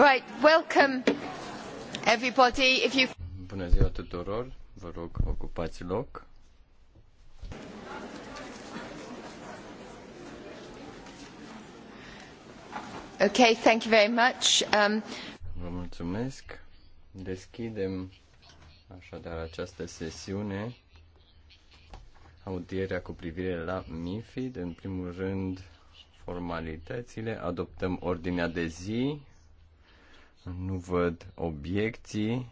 Right, welcome everybody. If you... Bună ziua tuturor, vă rog ocupați loc. Okay, thank you very much. Um... Vă mulțumesc. Deschidem așadar această sesiune audierea cu privire la MIFID. În primul rând, formalitățile, adoptăm ordinea de zi, nu văd obiecții.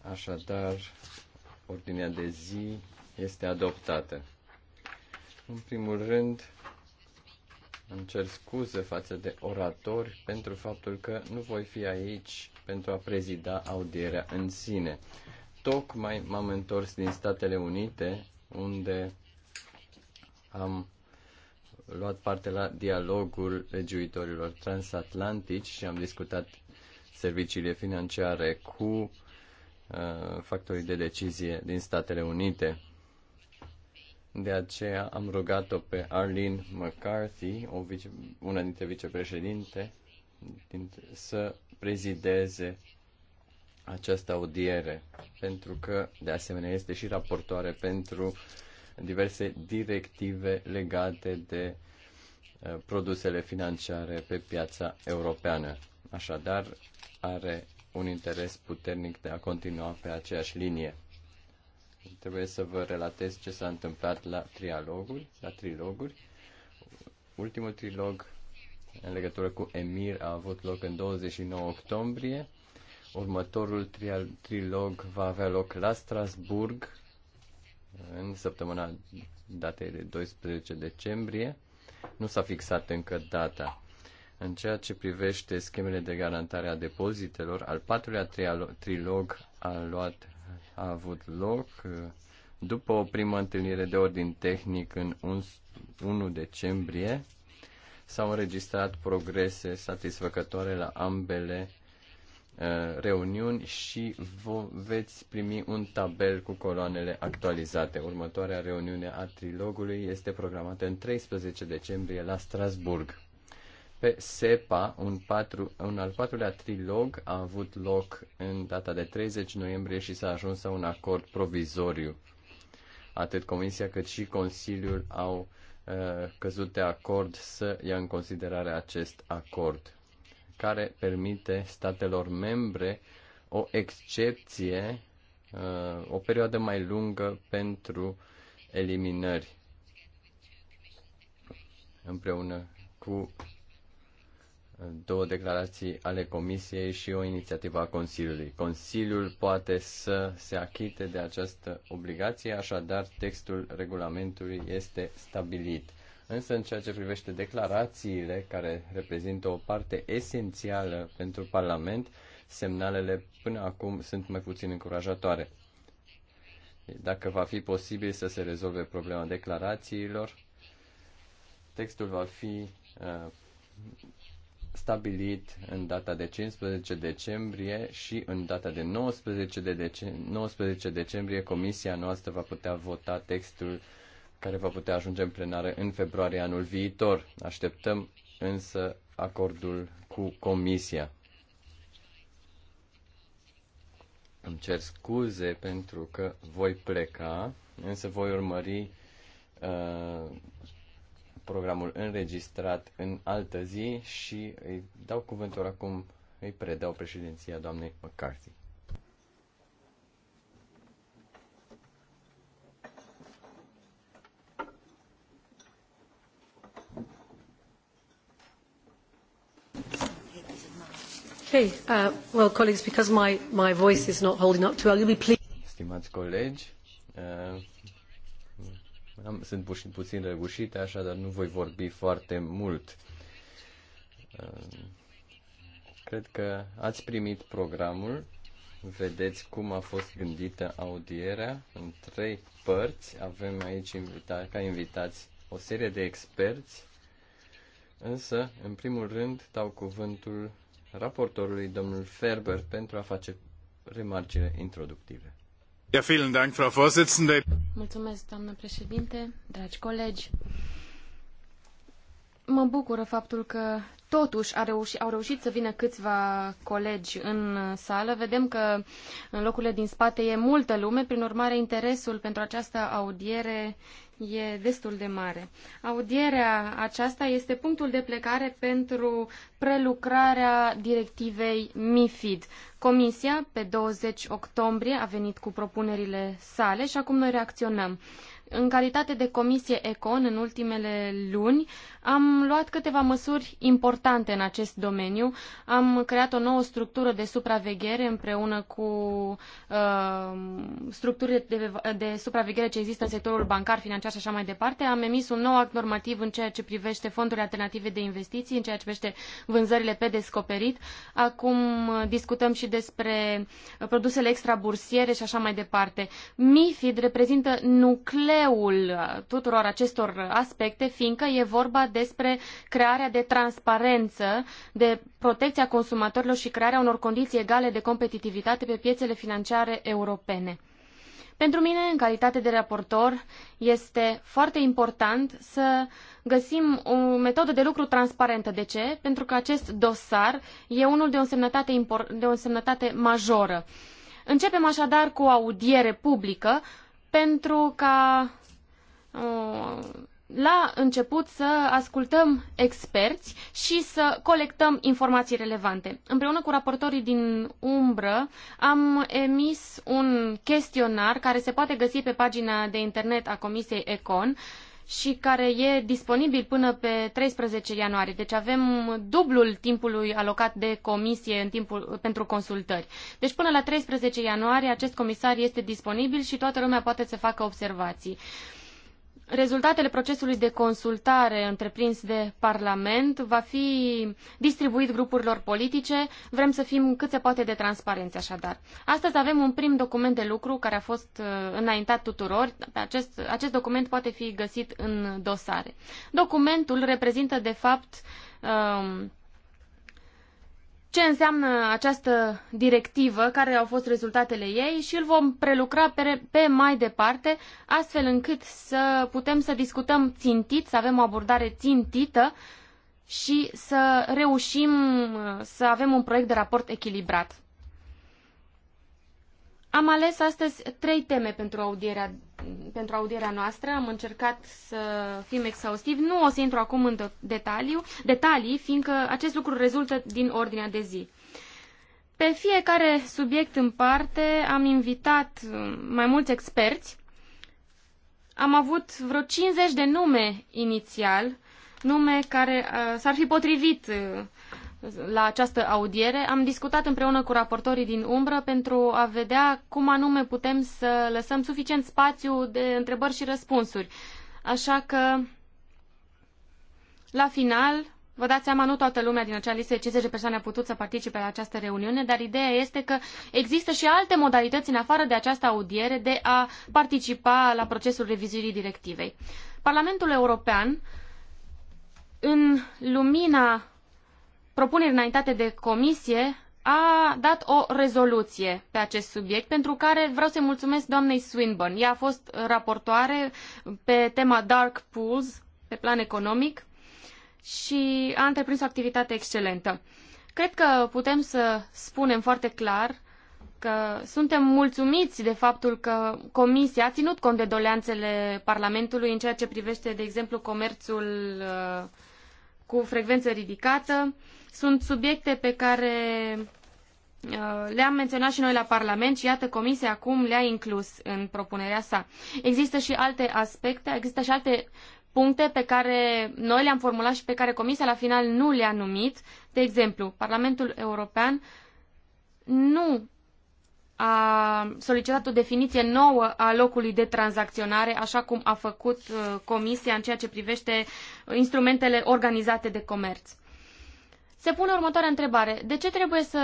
Așadar, ordinea de zi este adoptată. În primul rând, îmi cer scuze față de oratori pentru faptul că nu voi fi aici pentru a prezida audierea în sine. Tocmai m-am întors din Statele Unite, unde am luat parte la dialogul legiuitorilor transatlantici și am discutat serviciile financiare cu uh, factorii de decizie din Statele Unite. De aceea am rugat-o pe Arlene McCarthy, o vice, una dintre vicepreședinte, din, să prezideze această audiere, pentru că, de asemenea, este și raportoare pentru diverse directive legate de uh, produsele financiare pe piața europeană. Așadar, are un interes puternic de a continua pe aceeași linie. Trebuie să vă relatez ce s-a întâmplat la trialoguri, la triloguri. Ultimul trilog în legătură cu Emir a avut loc în 29 octombrie. Următorul trial, trilog va avea loc la Strasburg în săptămâna datei de 12 decembrie. Nu s-a fixat încă data. În ceea ce privește schemele de garantare a depozitelor, al patrulea trilog a, luat, a avut loc uh, după o primă întâlnire de ordin tehnic în 1 decembrie. S-au înregistrat progrese satisfăcătoare la ambele Uh, reuniuni și vă veți primi un tabel cu coloanele actualizate. Următoarea reuniune a trilogului este programată în 13 decembrie la Strasburg. Pe SEPA, un, patru, un al patrulea trilog a avut loc în data de 30 noiembrie și s-a ajuns la un acord provizoriu. Atât Comisia cât și Consiliul au uh, căzut de acord să ia în considerare acest acord care permite statelor membre o excepție, uh, o perioadă mai lungă pentru eliminări împreună cu uh, două declarații ale Comisiei și o inițiativă a Consiliului. Consiliul poate să se achite de această obligație, așadar textul regulamentului este stabilit. Însă, în ceea ce privește declarațiile, care reprezintă o parte esențială pentru Parlament, semnalele până acum sunt mai puțin încurajatoare. Dacă va fi posibil să se rezolve problema declarațiilor, textul va fi uh, stabilit în data de 15 decembrie și în data de 19, de dece- 19 decembrie Comisia noastră va putea vota textul care va putea ajunge în plenare în februarie anul viitor. Așteptăm însă acordul cu Comisia. Îmi cer scuze pentru că voi pleca, însă voi urmări uh, programul înregistrat în altă zi și îi dau cuvântul acum, îi predau președinția doamnei McCarthy. Stimați colegi, uh, am, sunt puțin, puțin răgușit, așa, dar nu voi vorbi foarte mult. Uh, cred că ați primit programul. Vedeți cum a fost gândită audierea în trei părți. Avem aici invita- ca invitați o serie de experți, însă, în primul rând, dau cuvântul raportorului, domnul Ferber, pentru a face remarcile introductive. Mulțumesc, doamnă președinte, dragi colegi. Mă bucură faptul că totuși reuși, au reușit să vină câțiva colegi în sală. Vedem că în locurile din spate e multă lume, prin urmare interesul pentru această audiere e destul de mare. Audierea aceasta este punctul de plecare pentru prelucrarea directivei MIFID. Comisia, pe 20 octombrie, a venit cu propunerile sale și acum noi reacționăm. Uh, în calitate de comisie ECON, în ultimele luni, am luat câteva măsuri importante în acest domeniu. Am creat o nouă structură de supraveghere împreună cu uh, structurile de, de supraveghere ce există în sectorul bancar, financiar și așa mai departe. Am emis un nou act normativ în ceea ce privește fondurile alternative de investiții, în ceea ce privește vânzările pe descoperit. Acum uh, discutăm și despre produsele extrabursiere și așa mai departe. MIFID reprezintă nucleul nucleul uh, tuturor acestor aspecte, fiindcă e vorba despre crearea de transparență, de protecția consumatorilor și crearea unor condiții egale de competitivitate pe piețele financiare europene. Pentru mine, în calitate de raportor, este foarte important să găsim o metodă de lucru transparentă. De ce? Pentru că acest dosar e unul de o însemnătate, de o majoră. Începem așadar cu o audiere publică, pentru ca uh, la început să ascultăm experți și să colectăm informații relevante. Împreună cu raportorii din umbră am emis un chestionar care se poate găsi pe pagina de internet a Comisiei Econ și care e disponibil până pe 13 ianuarie. Deci avem dublul timpului alocat de comisie în timpul, pentru consultări. Deci până la 13 ianuarie acest comisar este disponibil și toată lumea poate să facă observații. Uh, Rezultatele procesului de consultare întreprins de Parlament va fi distribuit grupurilor politice. Vrem să fim cât se poate de transparenți așadar. Astăzi avem un prim document de lucru care a fost uh, înaintat tuturor. Acest, acest document poate fi găsit în dosare. Documentul reprezintă de fapt um, ce înseamnă această directivă, care au fost rezultatele ei și îl vom prelucra pe, pe mai departe, astfel încât să putem să discutăm țintit, să avem o abordare țintită și să reușim să avem un proiect de raport echilibrat. Am ales astăzi trei teme pentru audierea, pentru audierea noastră. Am încercat să fim exhaustivi. Nu o să intru acum în detaliu, detalii, fiindcă acest lucru rezultă din ordinea de zi. Pe fiecare subiect în parte am invitat um, mai mulți experți. Am avut vreo 50 de nume inițial, nume care uh, s-ar fi potrivit uh, la această audiere, am discutat împreună cu raportorii din umbră pentru a vedea cum anume putem să lăsăm suficient spațiu de întrebări și răspunsuri. Așa că, la final, vă dați seama, nu toată lumea din acea listă de 50 de persoane a putut să participe la această reuniune, dar ideea este că există și alte modalități în afară de această audiere de a participa la procesul revizuirii directivei. Parlamentul European, în lumina propuneri înaintate de comisie a dat o rezoluție pe acest subiect, pentru care vreau să-i mulțumesc doamnei Swinburne. Ea a fost raportoare pe tema Dark Pools, pe plan economic, și a întreprins o activitate excelentă. Cred că putem să spunem foarte clar că suntem mulțumiți de faptul că Comisia a ținut cont de doleanțele Parlamentului în ceea ce privește, de exemplu, comerțul uh, cu frecvență ridicată, uh, sunt subiecte pe care uh, le-am menționat și noi la Parlament și iată Comisia acum le-a inclus în propunerea sa. Există și alte aspecte, există și alte puncte pe care noi le-am formulat și pe care Comisia la final nu le-a numit. De exemplu, Parlamentul European nu a solicitat o definiție nouă a locului de tranzacționare, așa cum a făcut uh, Comisia în ceea ce privește uh, instrumentele organizate de comerț. Se pune următoarea întrebare. De ce trebuie să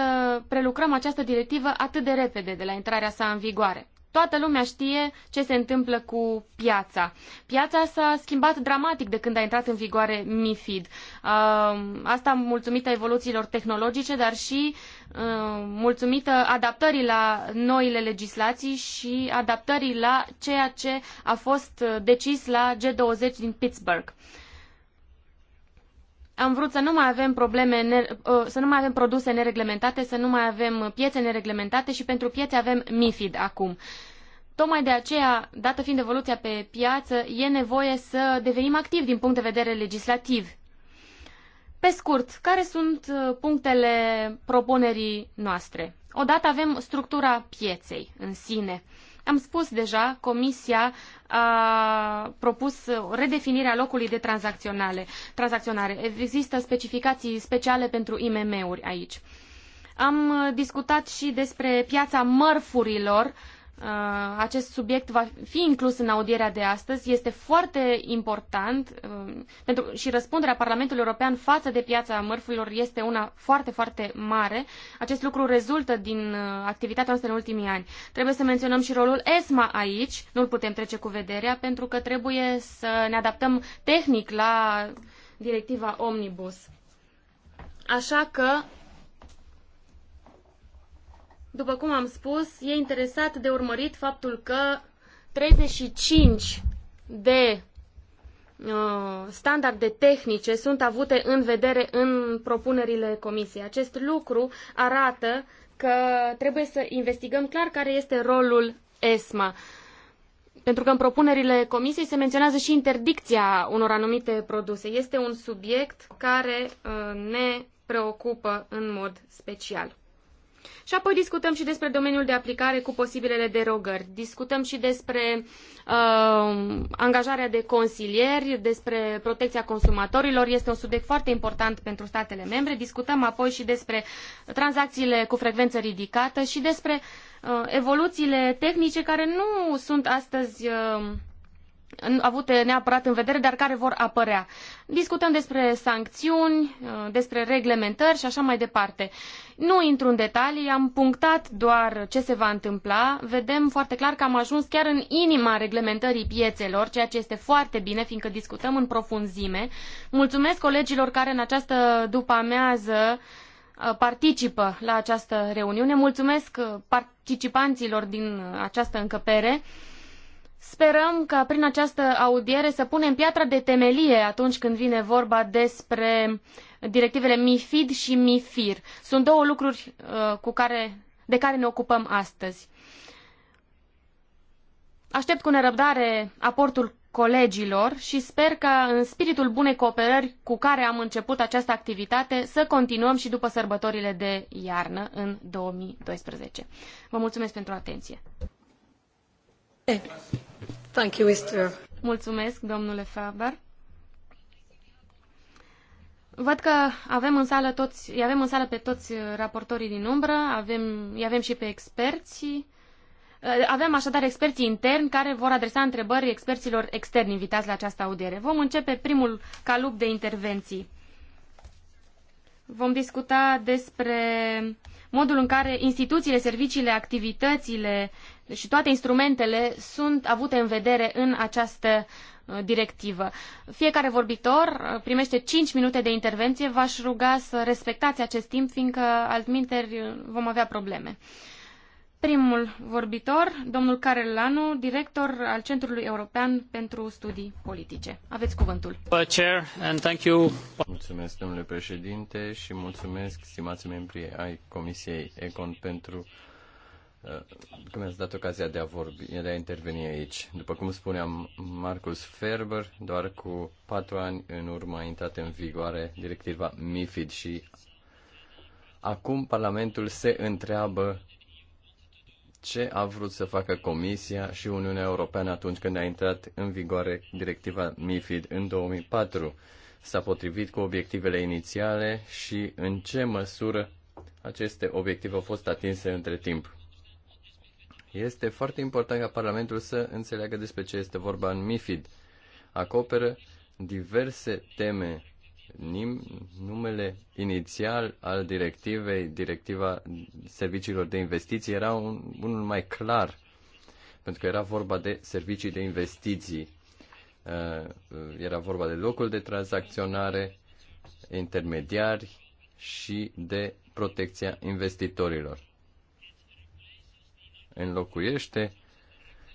prelucrăm această directivă atât de repede de la intrarea sa în vigoare? Toată lumea știe ce se întâmplă cu piața. Piața s-a schimbat dramatic de când a intrat în vigoare MIFID. Uh, asta mulțumită evoluțiilor tehnologice, dar și uh, mulțumită adaptării la noile legislații și adaptării la ceea ce a fost uh, decis la G20 din Pittsburgh. Am vrut să nu mai avem probleme, uh, să nu mai avem produse nereglementate, să nu mai avem piețe nereglementate și pentru piețe avem MIFID acum. Tocmai de aceea, dată fiind evoluția pe piață, e nevoie să devenim activi din punct de vedere legislativ. Pe scurt, care sunt uh, punctele propunerii noastre? Odată avem structura pieței în sine. Am spus deja, Comisia a propus redefinirea locului de tranzacționale, tranzacționare. Există specificații speciale pentru IMM-uri aici. Am discutat și despre piața mărfurilor, uh, Uh, acest subiect va fi inclus în audierea de astăzi. Este foarte important uh, pentru, și răspunderea Parlamentului European față de piața mărfurilor este una foarte, foarte mare. Acest lucru rezultă din uh, activitatea noastră în ultimii ani. Trebuie să menționăm și rolul ESMA aici, nu-l putem trece cu vederea, pentru că trebuie să ne adaptăm tehnic la directiva Omnibus. Așa că după cum am spus, e interesat de urmărit faptul că 35 de uh, standarde tehnice sunt avute în vedere în propunerile comisiei. Acest lucru arată că trebuie să investigăm clar care este rolul ESMA. Pentru că în propunerile comisiei se menționează și interdicția unor anumite produse. Este un subiect care uh, ne preocupă în mod special. Și apoi discutăm și despre domeniul de aplicare cu posibilele derogări. Discutăm și despre uh, angajarea de consilieri, despre protecția consumatorilor. Este un subiect foarte important pentru statele membre. Discutăm apoi și despre tranzacțiile cu frecvență ridicată și despre uh, evoluțiile tehnice care nu sunt astăzi uh, avute neapărat în vedere, dar care vor apărea. Discutăm despre sancțiuni, uh, despre reglementări și așa mai departe. Nu intru în detalii, am punctat doar ce se va întâmpla. Vedem foarte clar că am ajuns chiar în inima reglementării piețelor, ceea ce este foarte bine, fiindcă discutăm în profunzime. Mulțumesc colegilor care în această după-amiază uh, participă la această reuniune. Mulțumesc uh, participanților din această încăpere. Sperăm ca prin această audiere să punem piatra de temelie atunci când vine vorba despre directivele MIFID și MIFIR. Sunt două lucruri uh, cu care, de care ne ocupăm astăzi. Aștept cu nerăbdare aportul colegilor și sper ca în spiritul bunei cooperări cu care am început această activitate să continuăm și după sărbătorile de iarnă în 2012. Vă mulțumesc pentru atenție. Eh, Mulțumesc, domnule Faber. Văd că avem în sală îi avem în sală pe toți uh, raportorii din umbră, avem, îi avem și pe experți. Uh, avem așadar experții interni care vor adresa întrebări experților externi invitați la această audiere. Vom începe primul calup de intervenții. Vom discuta despre modul în care instituțiile, serviciile, activitățile și toate instrumentele sunt avute în vedere în această uh, directivă. Fiecare vorbitor uh, primește 5 minute de intervenție. V-aș ruga să respectați acest timp, fiindcă altminteri uh, vom avea probleme. Primul vorbitor, domnul Karel Lanu, director al Centrului European pentru Studii Politice. Aveți cuvântul. Mulțumesc, domnule președinte, și mulțumesc, stimați membri ai Comisiei Econ, pentru că mi-ați dat ocazia de a vorbi, de a interveni aici. După cum spuneam, Marcus Ferber, doar cu patru ani în urmă a intrat în vigoare directiva MIFID și acum Parlamentul se întreabă ce a vrut să facă Comisia și Uniunea Europeană atunci când a intrat în vigoare directiva MIFID în 2004. S-a potrivit cu obiectivele inițiale și în ce măsură aceste obiective au fost atinse între timp este foarte important ca Parlamentul să înțeleagă despre ce este vorba în MIFID. Acoperă diverse teme. Nim, numele inițial al directivei, directiva serviciilor de investiții, era un, unul mai clar, pentru că era vorba de servicii de investiții. Uh, era vorba de locul de tranzacționare, intermediari și de protecția investitorilor înlocuiește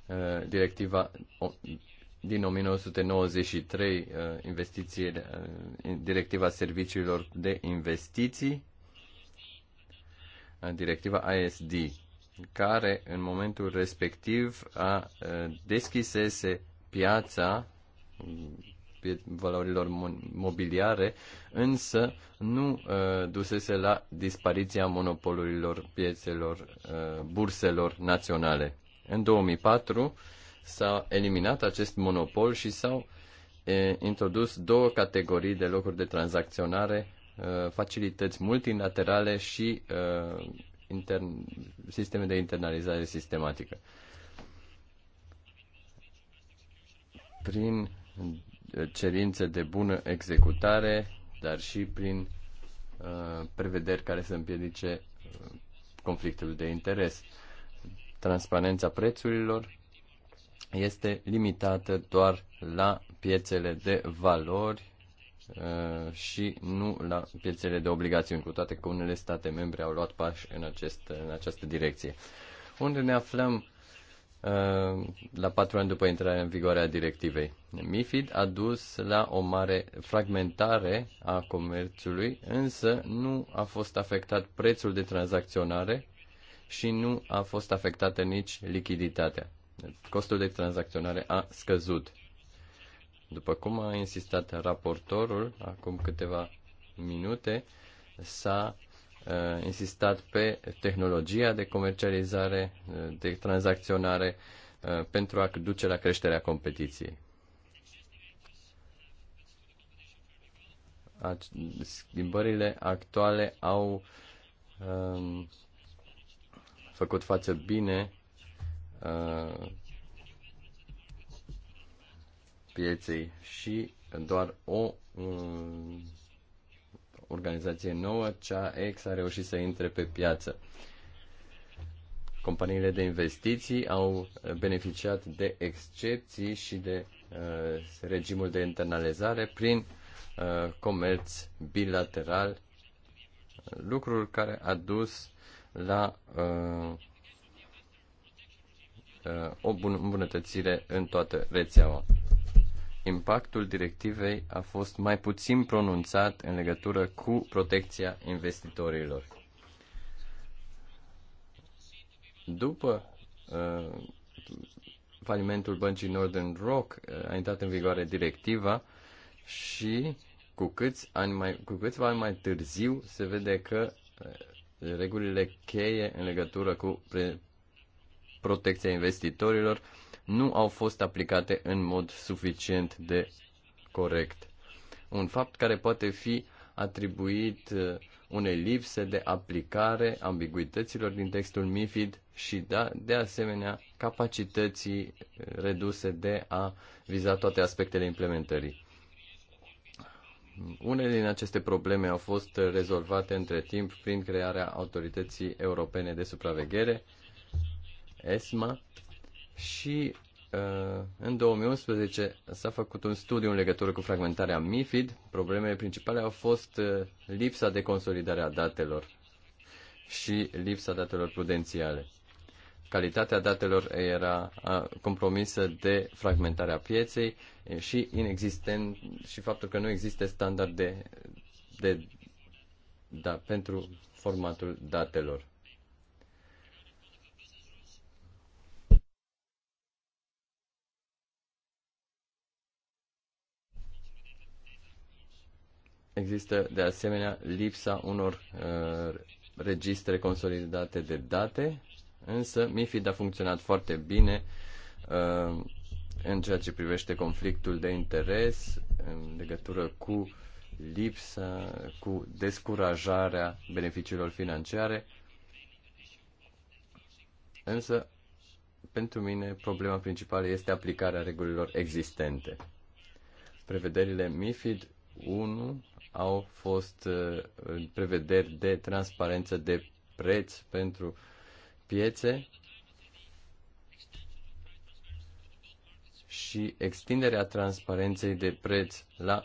uh, directiva din 1993, uh, uh, directiva serviciilor de investiții, directiva ISD, care în momentul respectiv a deschisese piața valorilor mobiliare, însă nu uh, dusese la dispariția monopolurilor piețelor, uh, burselor naționale. În 2004 s-a eliminat acest monopol și s-au uh, introdus două categorii de locuri de tranzacționare, uh, facilități multilaterale și uh, intern, sisteme de internalizare sistematică. Prin cerințe de bună executare, dar și prin uh, prevederi care să împiedice uh, conflictul de interes. Transparența prețurilor este limitată doar la piețele de valori uh, și nu la piețele de obligațiuni, cu toate că unele state membre au luat pași în, acest, în această direcție. Unde ne aflăm Uh, la patru ani după intrarea în vigoare a directivei. MIFID a dus la o mare fragmentare a comerțului, însă nu a fost afectat prețul de tranzacționare și nu a fost afectată nici lichiditatea. Costul de tranzacționare a scăzut. După cum a insistat raportorul acum câteva minute, s-a Uh, insistat pe tehnologia de comercializare, uh, de tranzacționare uh, pentru a duce la creșterea competiției. Schimbările actuale au um, făcut față bine uh, pieței și doar o um, organizație nouă, cea EX, a reușit să intre pe piață. Companiile de investiții au beneficiat de excepții și de uh, regimul de internalizare prin uh, comerț bilateral, lucrul care a dus la uh, uh, o bunătățire în toată rețeaua impactul directivei a fost mai puțin pronunțat în legătură cu protecția investitorilor. După uh, falimentul băncii Northern Rock uh, a intrat în vigoare directiva și cu, câți ani mai, cu câțiva ani mai târziu se vede că uh, regulile cheie în legătură cu protecția investitorilor uh, nu au fost aplicate în mod suficient de corect. Un fapt care poate fi atribuit uh, unei lipse de aplicare ambiguităților din textul MIFID și da, de asemenea capacității uh, reduse de a viza toate aspectele implementării. Unele din aceste probleme au fost rezolvate între timp prin crearea Autorității Europene de Supraveghere, ESMA, și uh, în 2011 s-a făcut un studiu în legătură cu fragmentarea MIFID. Problemele principale au fost uh, lipsa de consolidare a datelor și lipsa datelor prudențiale. Calitatea datelor era compromisă de fragmentarea pieței și inexistent și faptul că nu există standarde de, de, da, pentru formatul datelor. Există, de asemenea, lipsa unor uh, registre consolidate de date, însă MIFID a funcționat foarte bine uh, în ceea ce privește conflictul de interes în legătură cu lipsa, cu descurajarea beneficiilor financiare. Însă, pentru mine, problema principală este aplicarea regulilor existente. Prevederile MIFID 1 au fost uh, prevederi de transparență de preț pentru piețe și extinderea transparenței de preț la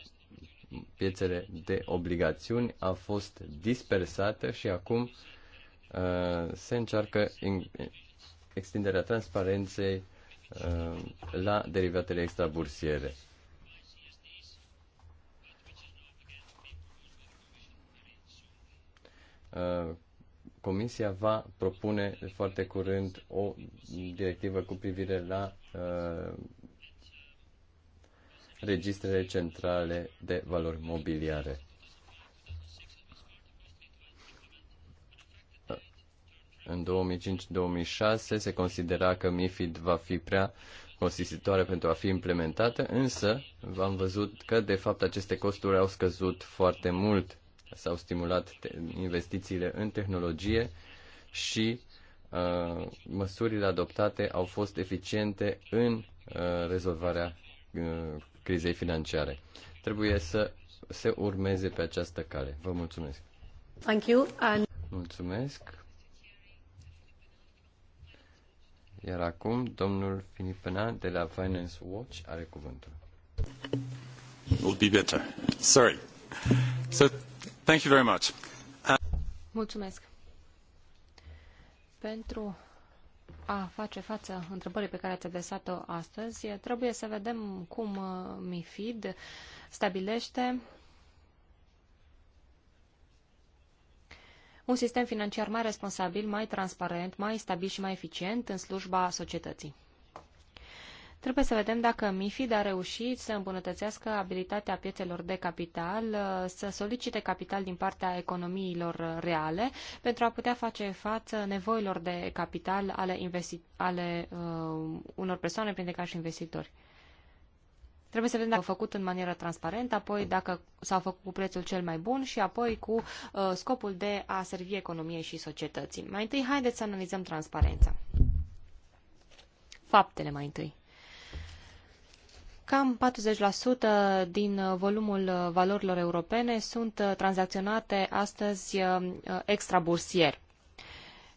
piețele de obligațiuni a fost dispersată și acum uh, se încearcă in, extinderea transparenței uh, la derivatele extrabursiere. Uh, Comisia va propune foarte curând o directivă cu privire la uh, registrele centrale de valori mobiliare. Uh, în 2005-2006 se considera că MIFID va fi prea consistitoare pentru a fi implementată, însă am văzut că, de fapt, aceste costuri au scăzut foarte mult s-au stimulat investițiile în tehnologie și uh, măsurile adoptate au fost eficiente în uh, rezolvarea uh, crizei financiare. Trebuie să se urmeze pe această cale. Vă mulțumesc. Thank you and... Mulțumesc. Iar acum, domnul Finipena de la Finance Watch are cuvântul. Will be better. Sorry. So Thank you very much. Mulțumesc. Pentru a face față întrebării pe care ați adresat-o astăzi, trebuie să vedem cum uh, MIFID stabilește un sistem financiar mai responsabil, mai transparent, mai stabil și mai eficient în slujba societății. Trebuie să vedem dacă MIFID a reușit să îmbunătățească abilitatea piețelor de capital, uh, să solicite capital din partea economiilor reale pentru a putea face față nevoilor de capital ale, investi- ale uh, unor persoane, printre care și investitori. Trebuie să vedem dacă au făcut în manieră transparentă, apoi dacă s-au făcut cu prețul cel mai bun și apoi cu uh, scopul de a servi economiei și societății. Mai întâi, haideți să analizăm transparența. Faptele mai întâi. Cam 40% din uh, volumul uh, valorilor europene sunt uh, tranzacționate astăzi extrabursier.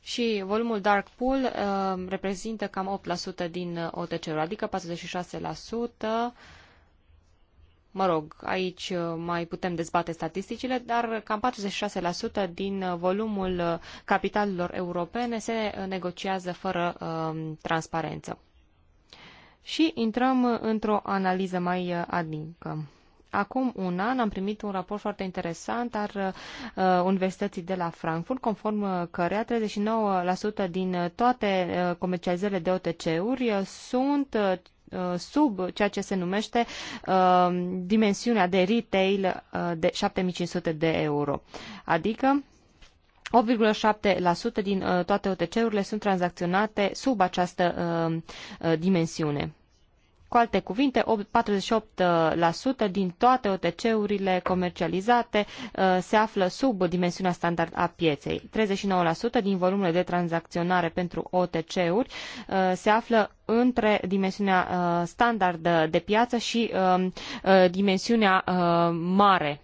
Și volumul dark pool uh, reprezintă cam 8% din OTC-uri, adică 46%. Mă rog, aici mai putem dezbate statisticile, dar cam 46% din volumul capitalelor europene se negociază fără uh, transparență și intrăm într-o analiză mai uh, adâncă. Acum un an am primit un raport foarte interesant al uh, Universității de la Frankfurt, conform uh, căreia 39% din uh, toate uh, comercializările de OTC-uri sunt uh, sub ceea ce se numește uh, dimensiunea de retail uh, de 7500 de euro. Adică 8,7% din uh, toate OTC-urile sunt tranzacționate sub această uh, uh, dimensiune. Cu alte cuvinte, 48% din toate OTC-urile comercializate se află sub dimensiunea standard a pieței. 39% din volumul de tranzacționare pentru OTC-uri se află între dimensiunea standard de piață și um, dimensiunea mare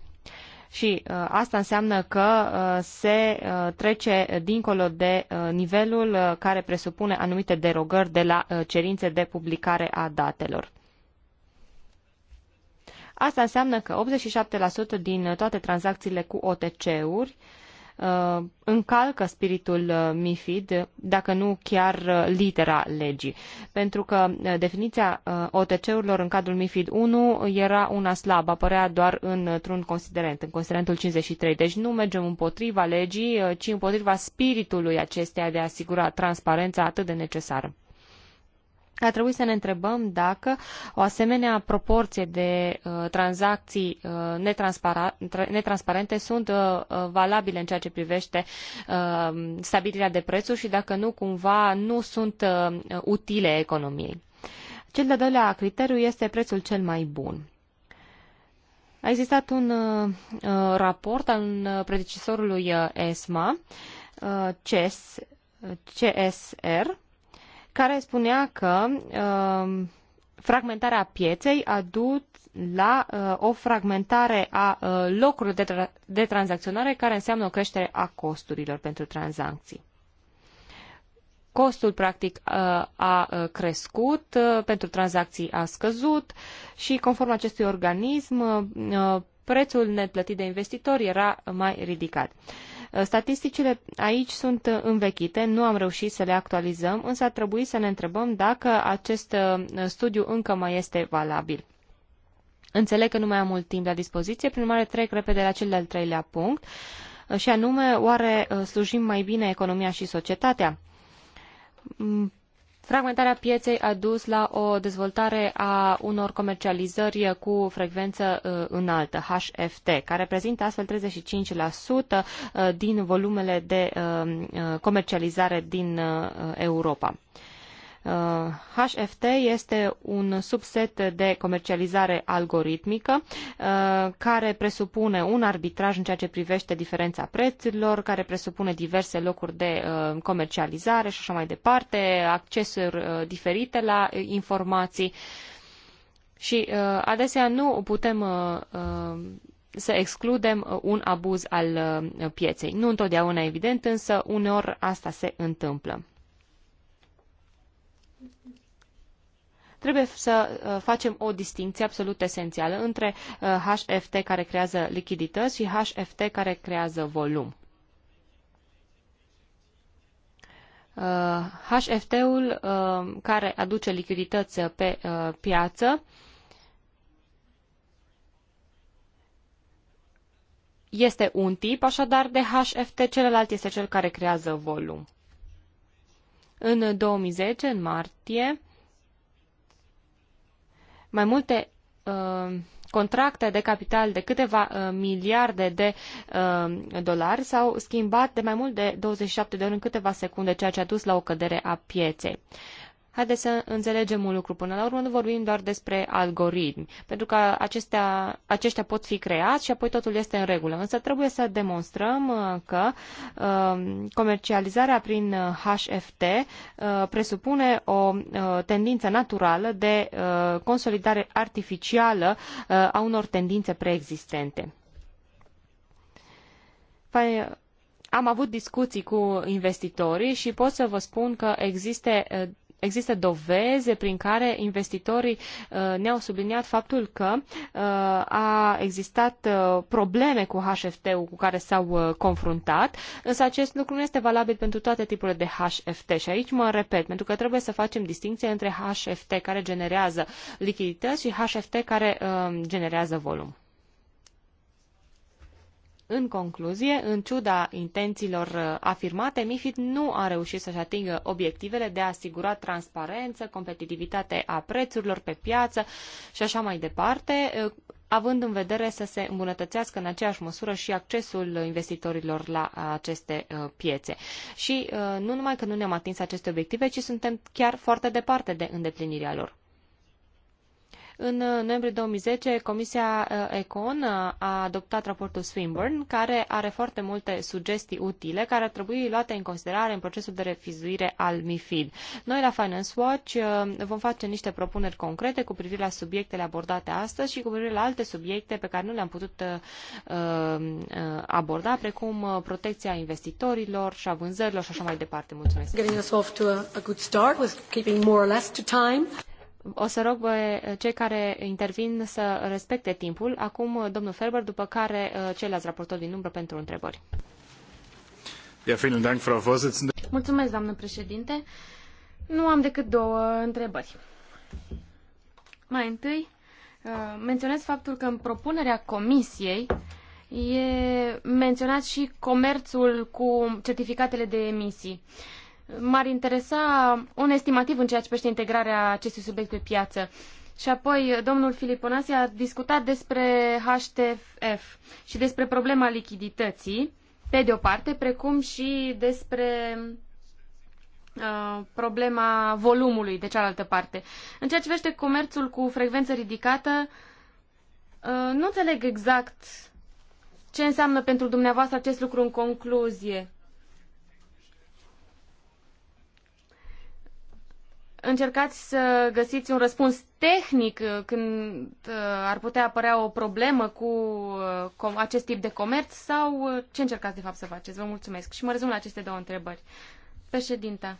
și uh, asta înseamnă că uh, se uh, trece dincolo de uh, nivelul uh, care presupune anumite derogări de la uh, cerințe de publicare a datelor. Asta înseamnă că 87% din uh, toate tranzacțiile cu OTC-uri uh, uh, încalcă spiritul uh, MIFID, dacă nu chiar uh, litera legii. Pentru că uh, definiția uh, OTC-urilor în cadrul MIFID 1 era una slabă, apărea doar într-un considerent, în considerentul 53. Deci nu mergem împotriva legii, uh, ci împotriva spiritului acesteia de a asigura transparența atât de necesară ar trebui să ne întrebăm dacă o asemenea proporție de uh, tranzacții uh, netransparente sunt uh, uh, valabile în ceea ce privește uh, stabilirea de prețuri și dacă nu, cumva, nu sunt uh, utile economiei. Cel de-al doilea criteriu este prețul cel mai bun. A existat un uh, uh raport al predecesorului ESMA, uh, CES, CSR, care spunea că uh, fragmentarea pieței a dus la uh, o fragmentare a uh, locurilor de, tra- de tranzacționare care înseamnă o creștere a costurilor pentru tranzacții. Costul, practic, uh, a uh, crescut, uh, pentru tranzacții a scăzut și, conform acestui organism, prețul net plătit de investitori era mai ridicat. Uh, Eh, statisticile aici sunt eh, învechite, nu am reușit să le actualizăm, însă ar trebui să ne întrebăm dacă acest eh, studiu încă mai este valabil. Înțeleg că nu mai am mult timp la dispoziție, prin urmare trec repede la cel de-al treilea punct, și anume, oare slujim mai bine economia și societatea? Mm, Fragmentarea pieței a dus la o dezvoltare a unor comercializări cu frecvență uh, înaltă, HFT, care prezintă astfel 35% uh, din volumele de uh, comercializare din Europa. HFT uh, este un subset de comercializare algoritmică uh, care presupune un arbitraj în ceea ce privește diferența prețurilor, care presupune diverse locuri de uh, comercializare și așa mai departe, accesuri diferite la informații. Și adesea nu putem să excludem un abuz al pieței. Nu întotdeauna evident, însă uneori asta se întâmplă. trebuie să uh, facem o distinție absolut esențială între HFT uh, care creează lichidități și HFT care creează volum. HFT-ul uh, care aduce lichidități pe piață este un tip, așadar de HFT, celălalt este cel care creează volum. În 2010, în martie, mai multe uh, contracte de capital de câteva uh, miliarde de uh, dolari s-au schimbat de mai mult de 27 de ori în câteva secunde, ceea ce a dus la o cădere a pieței. Uh, Haideți să înțelegem un lucru. Până la urmă nu vorbim doar despre algoritmi, pentru că acestea, aceștia pot fi creați și apoi totul este în regulă. Însă trebuie să demonstrăm uh, că uh, comercializarea prin HFT uh, uh, presupune o uh, tendință naturală de uh, consolidare artificială a unor tendințe preexistente. Am avut discuții cu investitorii și pot să vă spun că există există doveze prin care investitorii uh, ne-au subliniat faptul că uh, a existat uh, probleme cu HFT-ul cu care s-au confruntat, însă acest lucru nu este valabil pentru toate tipurile de HFT și aici mă repet, pentru că trebuie să facem distinție între HFT care generează lichidități și HFT care generează volum. În concluzie, în ciuda intențiilor uh, afirmate, MIFID nu a reușit să-și atingă obiectivele de a asigura transparență, competitivitate a prețurilor pe piață și așa mai departe, uh, având în vedere să se îmbunătățească în aceeași măsură și accesul investitorilor la uh, aceste piețe. Și nu numai că nu ne-am atins aceste obiective, ci suntem chiar foarte departe de îndeplinirea lor. În uh, noiembrie 2010, Comisia uh, Econ uh, a adoptat raportul Swinburne, care are foarte multe sugestii utile, care ar trebui luate în considerare în procesul de refizuire al MIFID. Noi la Finance Watch vom face niște propuneri concrete cu privire la subiectele abordate astăzi și cu privire la alte subiecte pe care nu le-am putut aborda, precum protecția investitorilor și a vânzărilor și așa mai departe. Mulțumesc! O să rog pe cei care intervin să respecte timpul. Acum, domnul Ferber, după care uh, ceilalți raportori din umbră pentru întrebări. Mulțumesc, doamnă președinte. Nu am decât două întrebări. Mai întâi, uh, menționez faptul că în propunerea comisiei e menționat și comerțul cu certificatele de emisii m-ar interesa un estimativ în ceea ce privește integrarea acestui subiect pe piață. Și apoi domnul Filiponasi a discutat despre HTF și despre problema lichidității, pe de o parte, precum și despre uh, problema volumului de cealaltă parte. În ceea ce vește comerțul cu frecvență ridicată, uh, nu înțeleg exact ce înseamnă pentru dumneavoastră acest lucru în concluzie. încercați să găsiți un răspuns tehnic uh, când uh, ar putea apărea o problemă cu uh, acest tip de comerț sau ce încercați de fapt să faceți? Vă mulțumesc și mă rezum la aceste două întrebări. Președinta,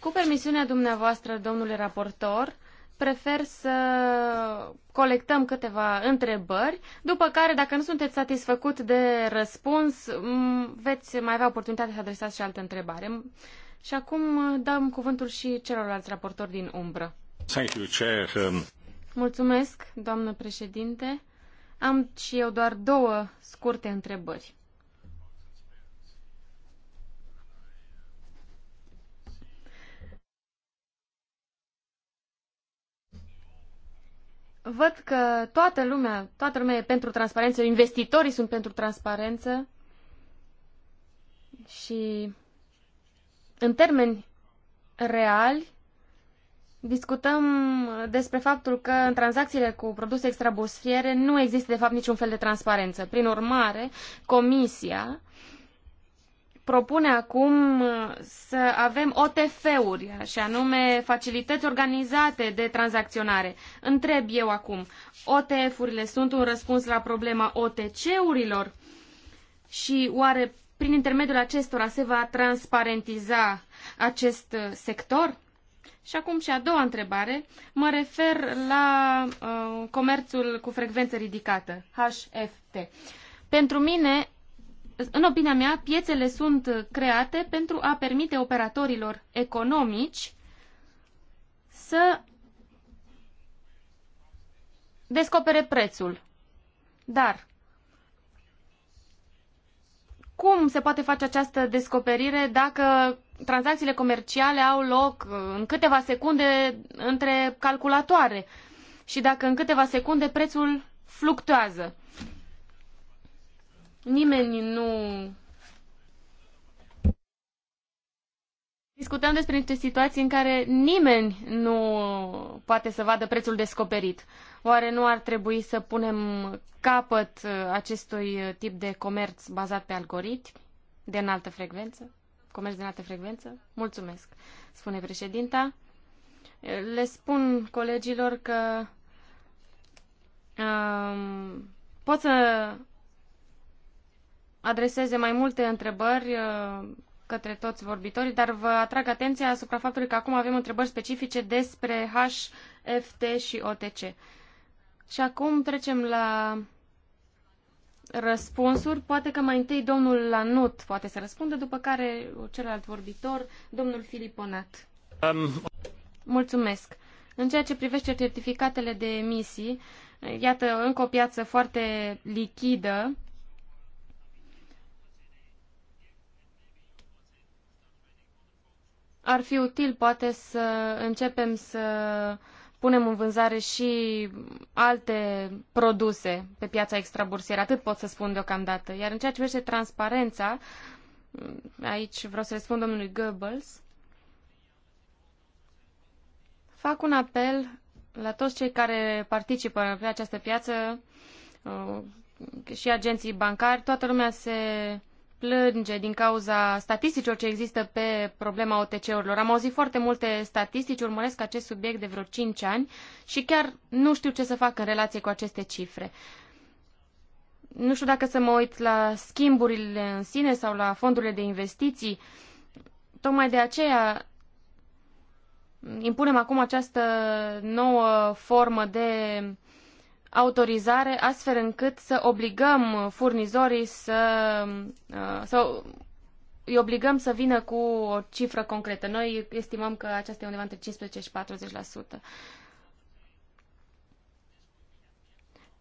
cu permisiunea dumneavoastră, domnule raportor, prefer să colectăm câteva întrebări, după care, dacă nu sunteți satisfăcut de răspuns, veți mai avea oportunitatea să adresați și altă întrebare. Și acum uh, dăm cuvântul și celorlalți raportori din umbră. Thank you, Chair. Um, Mulțumesc, doamnă președinte. Am și eu doar două scurte întrebări. Văd că toată lumea, toată lumea e pentru transparență, investitorii sunt pentru transparență și în termeni reali, discutăm despre faptul că în tranzacțiile cu produse extrabusfiere nu există de fapt niciun fel de transparență. Prin urmare, Comisia propune acum să avem OTF-uri, și anume facilități organizate de tranzacționare. Întreb eu acum, OTF-urile sunt un răspuns la problema OTC-urilor? Și oare prin intermediul acestora se va transparentiza acest uh, sector? Și acum și a doua întrebare, mă refer la uh, comerțul cu frecvență ridicată, HFT. Pentru mine, în opinia mea, piețele sunt create pentru a permite operatorilor economici să descopere prețul. Dar cum se poate face această descoperire dacă tranzacțiile comerciale au loc uh, în câteva secunde între calculatoare și dacă în câteva secunde prețul fluctuează? Nimeni nu Discutăm despre niște situații în care nimeni nu poate să vadă prețul descoperit. Oare nu ar trebui să punem capăt uh, acestui uh, tip de comerț bazat pe algoritmi de înaltă frecvență? Comerț de înaltă frecvență? Mulțumesc, spune președinta. Le spun colegilor că um, pot să adreseze mai multe întrebări uh, către toți vorbitorii, dar vă atrag atenția asupra faptului că acum avem întrebări specifice despre HFT și OTC. Și acum trecem la răspunsuri. Poate că mai întâi domnul Lanut poate să răspundă, după care celălalt vorbitor, domnul Filiponat. Um... Mulțumesc. În ceea ce privește certificatele de emisii, iată, încă o piață foarte lichidă, ar fi util poate să începem să punem în vânzare și alte produse pe piața extrabursieră. Atât pot să spun deocamdată. Iar în ceea ce privește transparența, aici vreau să răspund domnului Goebbels, fac un apel la toți cei care participă pe această piață uh, și agenții bancari. Toată lumea se plânge din cauza statisticilor ce există pe problema OTC-urilor. Am auzit foarte multe statistici, urmăresc acest subiect de vreo 5 ani și chiar nu știu ce să fac în relație cu aceste cifre. Nu știu dacă să mă uit la schimburile în sine sau la fondurile de investiții. Tocmai de aceea impunem acum această nouă formă de autorizare astfel încât să obligăm furnizorii să, uh, să îi obligăm să vină cu o cifră concretă. Noi estimăm că aceasta e undeva între 15 și 40%.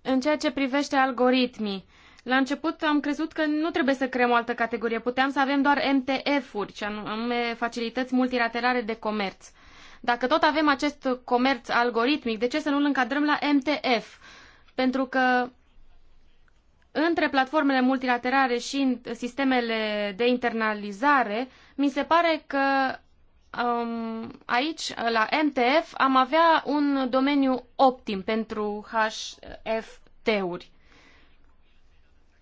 În ceea ce privește algoritmii, la început am crezut că nu trebuie să creăm o altă categorie. Puteam să avem doar MTF-uri, ce anume facilități multilaterale de comerț. Dacă tot avem acest comerț algoritmic, de ce să nu-l încadrăm la MTF? Pentru că între platformele multilaterale și sistemele de internalizare, mi se pare că um, aici, la MTF, am avea un domeniu optim pentru HFT-uri.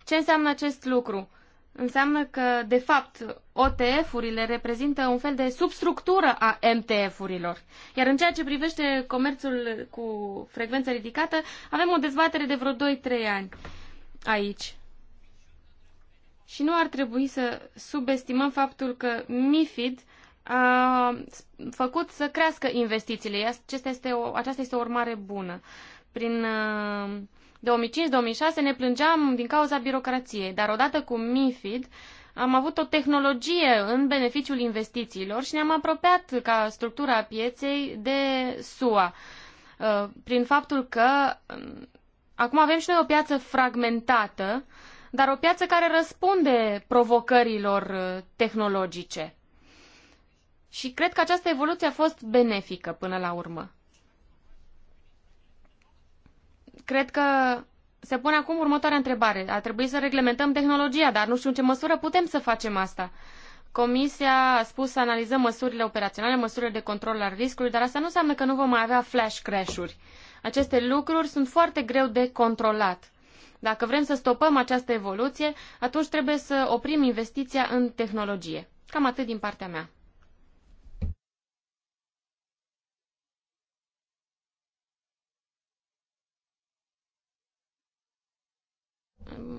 Ce înseamnă acest lucru? înseamnă că, de fapt, OTF-urile reprezintă un fel de substructură a MTF-urilor. Iar în ceea ce privește comerțul cu frecvență ridicată, avem o dezbatere de vreo 2-3 ani aici. Și nu ar trebui să subestimăm faptul că MIFID a făcut să crească investițiile. Aceasta este o, aceasta este o urmare bună. Prin uh, 2005-2006 ne plângeam din cauza birocrației, dar odată cu MIFID am avut o tehnologie în beneficiul investițiilor și ne-am apropiat ca structura pieței de SUA uh, prin faptul că um, acum avem și noi o piață fragmentată, dar o piață care răspunde provocărilor uh, tehnologice. Și cred că această evoluție a fost benefică până la urmă cred că se pune acum următoarea întrebare. Ar trebui să reglementăm tehnologia, dar nu știu în ce măsură putem să facem asta. Comisia a spus să analizăm măsurile operaționale, măsurile de control al riscului, dar asta nu înseamnă că nu vom mai avea flash crash-uri. Aceste lucruri sunt foarte greu de controlat. Dacă vrem să stopăm această evoluție, atunci trebuie să oprim investiția în tehnologie. Cam atât din partea mea.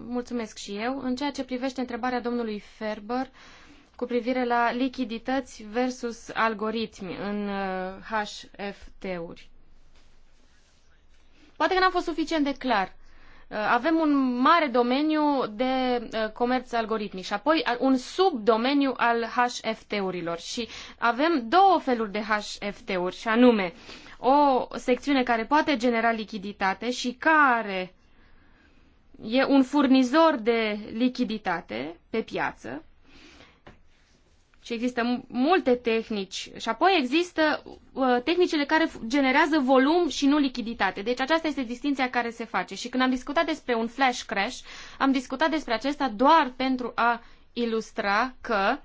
Mulțumesc și eu. În ceea ce privește întrebarea domnului Ferber cu privire la lichidități versus algoritmi în HFT-uri. Uh, poate că n-am fost suficient de clar. Uh, avem un mare domeniu de uh, comerț algoritmic și apoi un subdomeniu al HFT-urilor și avem două feluri de HFT-uri și anume o secțiune care poate genera lichiditate și care e un furnizor de lichiditate pe piață și există multe tehnici și apoi există uh, tehnicile care generează volum și nu lichiditate. Deci aceasta este distinția care se face. Și când am discutat despre un flash crash, am discutat despre acesta doar pentru a ilustra că uh,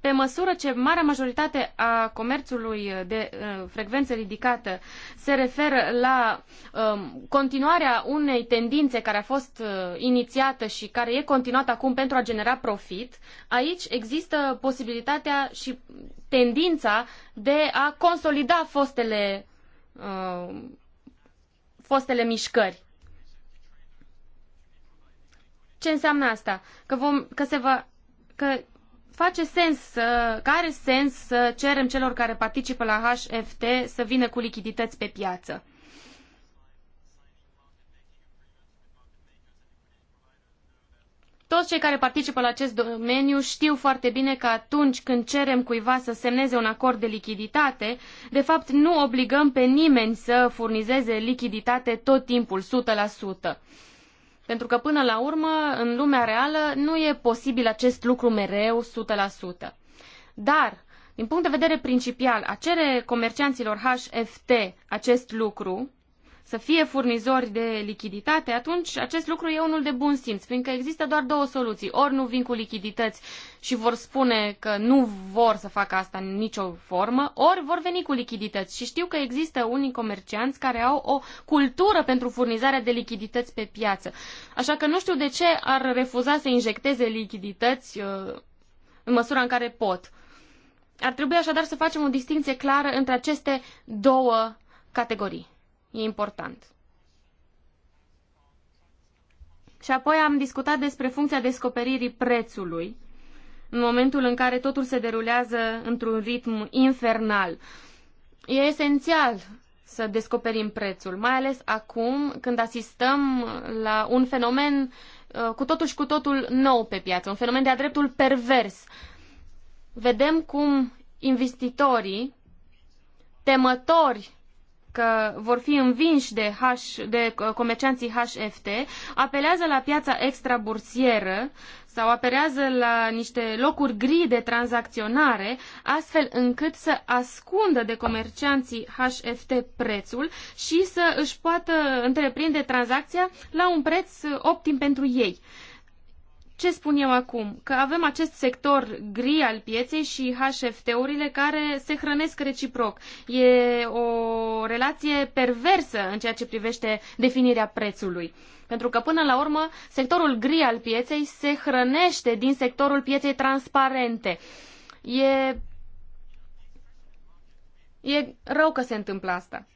pe măsură ce marea majoritate a comerțului de uh, frecvență ridicată se referă la um, continuarea unei tendințe care a fost uh, inițiată și care e continuată acum pentru a genera profit, aici există posibilitatea și tendința de a consolida fostele, uh, fostele mișcări. Ce înseamnă asta? Că, vom, că se va că face sens să, că are sens să cerem celor care participă la HFT să vină cu lichidități pe piață. Toți cei care participă la acest domeniu știu foarte bine că atunci când cerem cuiva să semneze un acord de lichiditate, de fapt nu obligăm pe nimeni să furnizeze lichiditate tot timpul, 100%. Pentru că până la urmă, în lumea reală, nu e posibil acest lucru mereu 100%. Dar, din punct de vedere principial, a cere comercianților HFT acest lucru, să fie furnizori de lichiditate, atunci acest lucru e unul de bun simț, fiindcă există doar două soluții. Ori nu vin cu lichidități și vor spune că nu vor să facă asta în nicio formă, ori vor veni cu lichidități. Și știu că există unii comercianți care au o cultură pentru furnizarea de lichidități pe piață. Așa că nu știu de ce ar refuza să injecteze lichidități uh, în măsura în care pot. Ar trebui așadar să facem o distinție clară între aceste două categorii. E important. Și apoi am discutat despre funcția descoperirii prețului în momentul în care totul se derulează într-un ritm infernal. E esențial să descoperim prețul, mai ales acum când asistăm la un fenomen uh, cu totul și cu totul nou pe piață, un fenomen de-a dreptul pervers. Vedem cum investitorii, temători că vor fi învinși de, H, de uh, comercianții HFT, apelează la piața extrabursieră sau apelează la niște locuri gri de tranzacționare, astfel încât să ascundă de comercianții HFT prețul și să își poată întreprinde tranzacția la un preț optim pentru ei. Ce spun eu acum? Că avem acest sector gri al pieței și HFT-urile care se hrănesc reciproc. E o relație perversă în ceea ce privește definirea prețului. Pentru că, până la urmă, sectorul gri al pieței se hrănește din sectorul pieței transparente. E, e rău că se întâmplă asta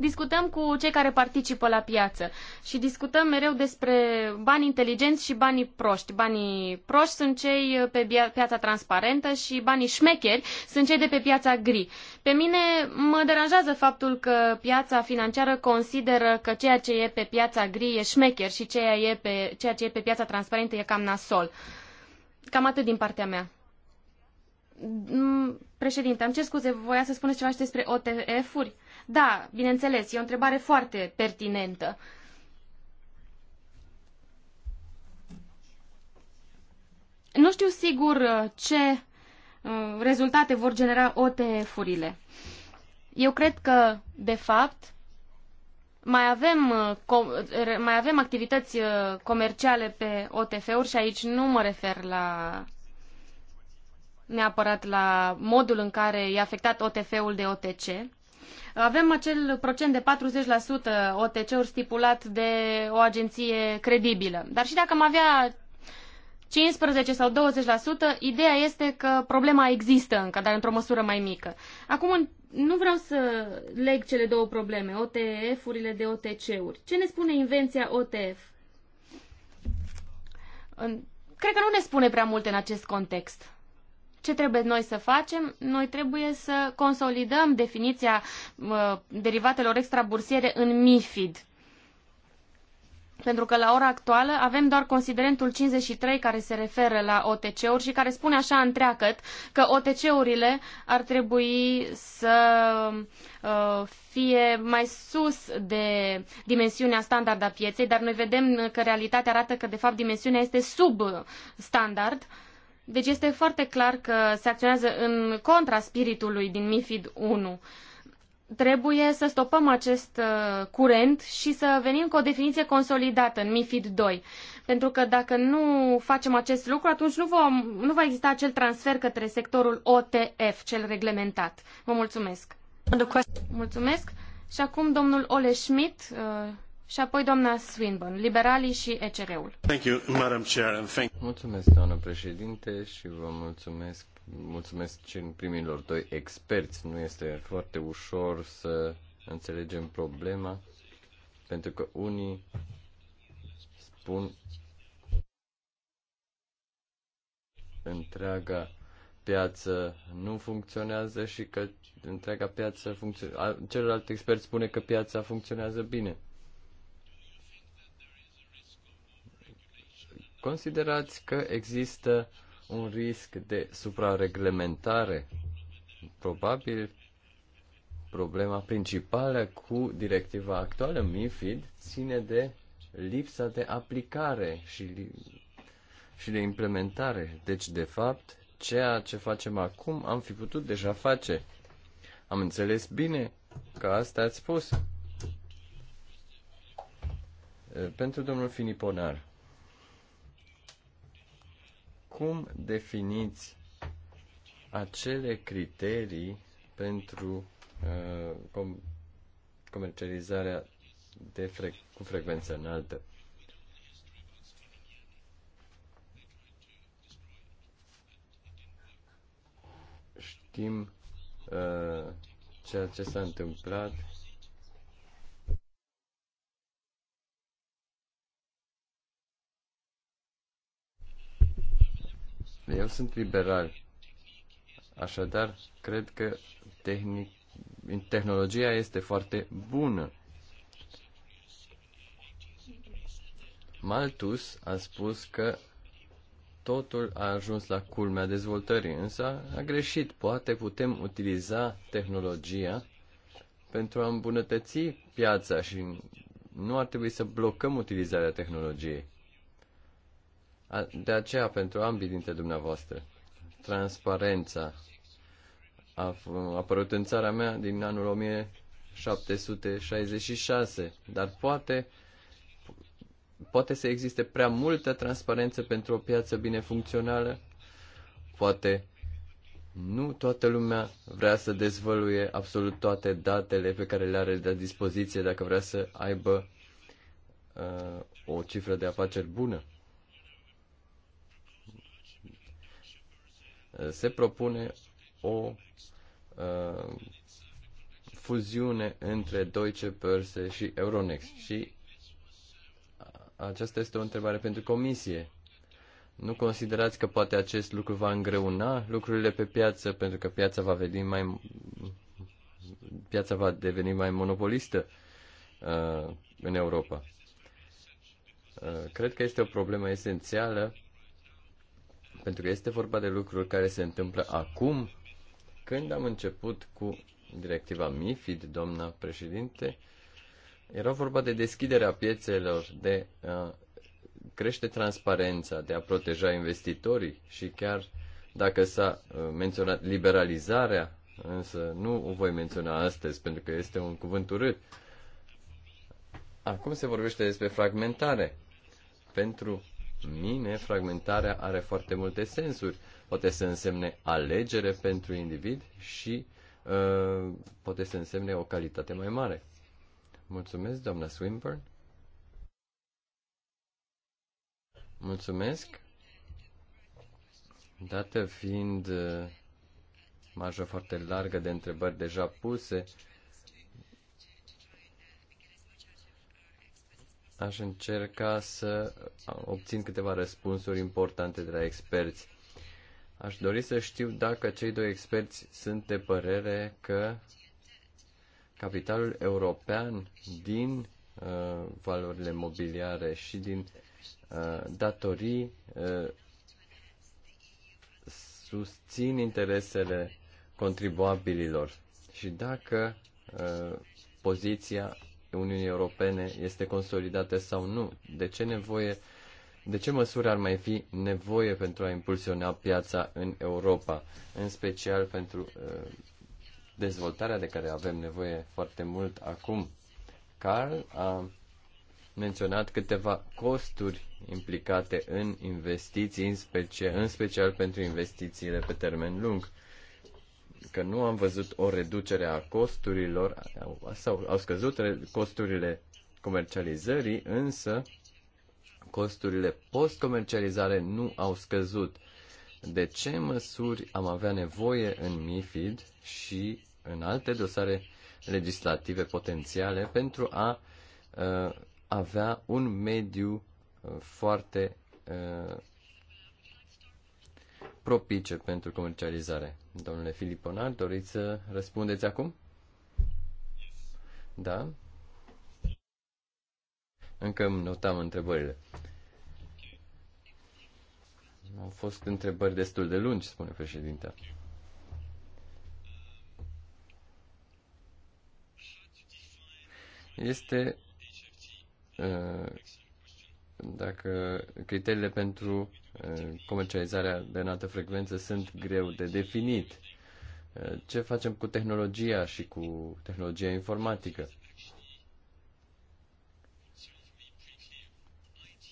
discutăm cu cei care participă la piață și discutăm mereu despre bani inteligenți și banii proști. Banii proști sunt cei pe piața transparentă și banii șmecheri sunt cei de pe piața gri. Pe mine mă deranjează faptul că piața financiară consideră că ceea ce e pe piața gri e șmecher și ceea, e pe, ceea ce e pe piața transparentă e cam nasol. Cam atât din partea mea. Mm, președinte, am ce scuze, voia să spuneți ceva și despre OTF-uri? Uh, da, bineînțeles, e o întrebare foarte pertinentă. Nu știu sigur uh, ce uh, rezultate vor genera OTF-urile. Eu cred că, de fapt, mai avem, uh, mai avem activități comerciale pe OTF-uri și aici nu mă refer la neapărat la modul în care e afectat OTF-ul de OTC. Avem acel procent de 40% OTC-uri stipulat de o agenție credibilă. Dar și dacă am avea 15 sau 20%, ideea este că problema există încă, dar într-o măsură mai mică. Acum nu vreau să leg cele două probleme, OTF-urile de OTC-uri. Ce ne spune invenția OTF? Cred că nu ne spune prea multe în acest context. Ce trebuie noi să facem? Noi trebuie să consolidăm definiția uh, derivatelor extrabursiere în MIFID. Pentru că la ora actuală avem doar considerentul 53 care se referă la OTC-uri și care spune așa întreagăt că OTC-urile ar trebui să uh, fie mai sus de dimensiunea standard a pieței, dar noi vedem că realitatea arată că de fapt dimensiunea este sub standard uh, deci este foarte clar că se acționează în contra spiritului din MIFID 1. Trebuie să stopăm acest uh, curent și să venim cu o definiție consolidată în MIFID 2. Pentru că dacă nu facem acest lucru, atunci nu, vom, nu va exista acel transfer către sectorul OTF, cel reglementat. Vă mulțumesc. Mulțumesc. Și acum domnul Ole Schmidt, uh, și apoi doamna Swinburne, liberalii și ECR-ul. Mulțumesc, doamnă președinte, și vă mulțumesc, mulțumesc și în primilor doi experți. Nu este foarte ușor să înțelegem problema, pentru că unii spun întreaga piață nu funcționează și că întreaga piață funcționează. Celălalt expert spune că piața funcționează bine. considerați că există un risc de suprareglementare? Probabil problema principală cu directiva actuală MIFID ține de lipsa de aplicare și, și de implementare. Deci, de fapt, ceea ce facem acum am fi putut deja face. Am înțeles bine că asta ați spus. Pentru domnul Finiponar cum definiți acele criterii pentru uh, com- comercializarea de fre- cu frecvență înaltă? Știm uh, ceea ce s-a întâmplat Eu sunt liberal. Așadar, cred că tehnic, tehnologia este foarte bună. Malthus a spus că totul a ajuns la culmea dezvoltării, însă a greșit. Poate putem utiliza tehnologia pentru a îmbunătăți piața și nu ar trebui să blocăm utilizarea tehnologiei. De aceea, pentru ambii dintre dumneavoastră, transparența a apărut în țara mea din anul 1766, dar poate poate să existe prea multă transparență pentru o piață bine funcțională, poate nu toată lumea vrea să dezvăluie absolut toate datele pe care le are la dispoziție dacă vrea să aibă uh, o cifră de afaceri bună. se propune o uh, fuziune între Deutsche Börse și Euronext și aceasta este o întrebare pentru comisie. Nu considerați că poate acest lucru va îngreuna lucrurile pe piață pentru că piața va deveni mai piața va deveni mai monopolistă uh, în Europa. Uh, cred că este o problemă esențială pentru că este vorba de lucruri care se întâmplă acum. Când am început cu directiva MIFID, doamna președinte, era vorba de deschiderea piețelor, de a crește transparența, de a proteja investitorii și chiar dacă s-a menționat liberalizarea, însă nu o voi menționa astăzi pentru că este un cuvânt urât. Acum se vorbește despre fragmentare. Pentru mine, fragmentarea are foarte multe sensuri. Poate să însemne alegere pentru individ și uh, poate să însemne o calitate mai mare. Mulțumesc, doamna Swinburne. Mulțumesc. Dată fiind uh, marja foarte largă de întrebări deja puse, aș încerca să obțin câteva răspunsuri importante de la experți. Aș dori să știu dacă cei doi experți sunt de părere că capitalul european din uh, valorile mobiliare și din uh, datorii uh, susțin interesele contribuabililor și dacă uh, poziția Uniunii Europene este consolidată sau nu? De ce nevoie, de ce măsuri ar mai fi nevoie pentru a impulsiona piața în Europa, în special pentru uh, dezvoltarea de care avem nevoie foarte mult acum? Carl a menționat câteva costuri implicate în investiții, în special, în special pentru investițiile pe termen lung că nu am văzut o reducere a costurilor, sau au scăzut costurile comercializării, însă costurile post-comercializare nu au scăzut. De ce măsuri am avea nevoie în MIFID și în alte dosare legislative potențiale pentru a uh, avea un mediu uh, foarte uh, propice pentru comercializare. Domnule Filiponar, doriți să răspundeți acum? Da? Încă îmi notam întrebările. Au fost întrebări destul de lungi, spune președinta. Este uh, dacă criteriile pentru Eh, comercializarea de înaltă frecvență sunt greu de definit. Eh, ce facem cu tehnologia și cu tehnologia informatică?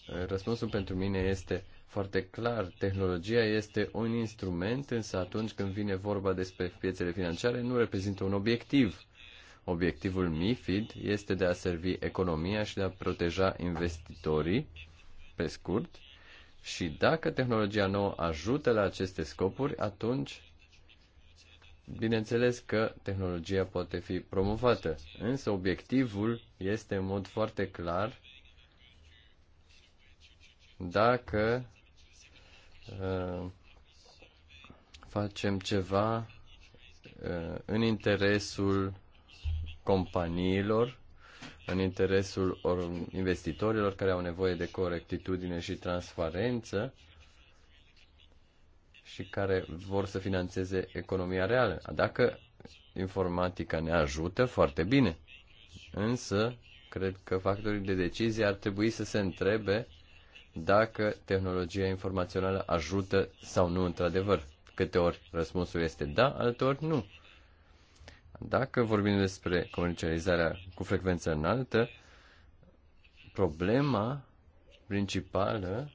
Eh, răspunsul pentru mine este foarte clar. Tehnologia este un instrument, însă atunci când vine vorba despre piețele financiare, nu reprezintă un obiectiv. Obiectivul MIFID este de a servi economia și de a proteja investitorii, pe scurt, și dacă tehnologia nouă ajută la aceste scopuri, atunci bineînțeles că tehnologia poate fi promovată. Însă obiectivul este în mod foarte clar dacă uh, facem ceva uh, în interesul companiilor în interesul investitorilor care au nevoie de corectitudine și transparență și care vor să financeze economia reală. Dacă informatica ne ajută, foarte bine. Însă, cred că factorii de decizie ar trebui să se întrebe dacă tehnologia informațională ajută sau nu într-adevăr. Câte ori răspunsul este da, ori nu. Dacă vorbim despre comercializarea cu frecvență înaltă, problema principală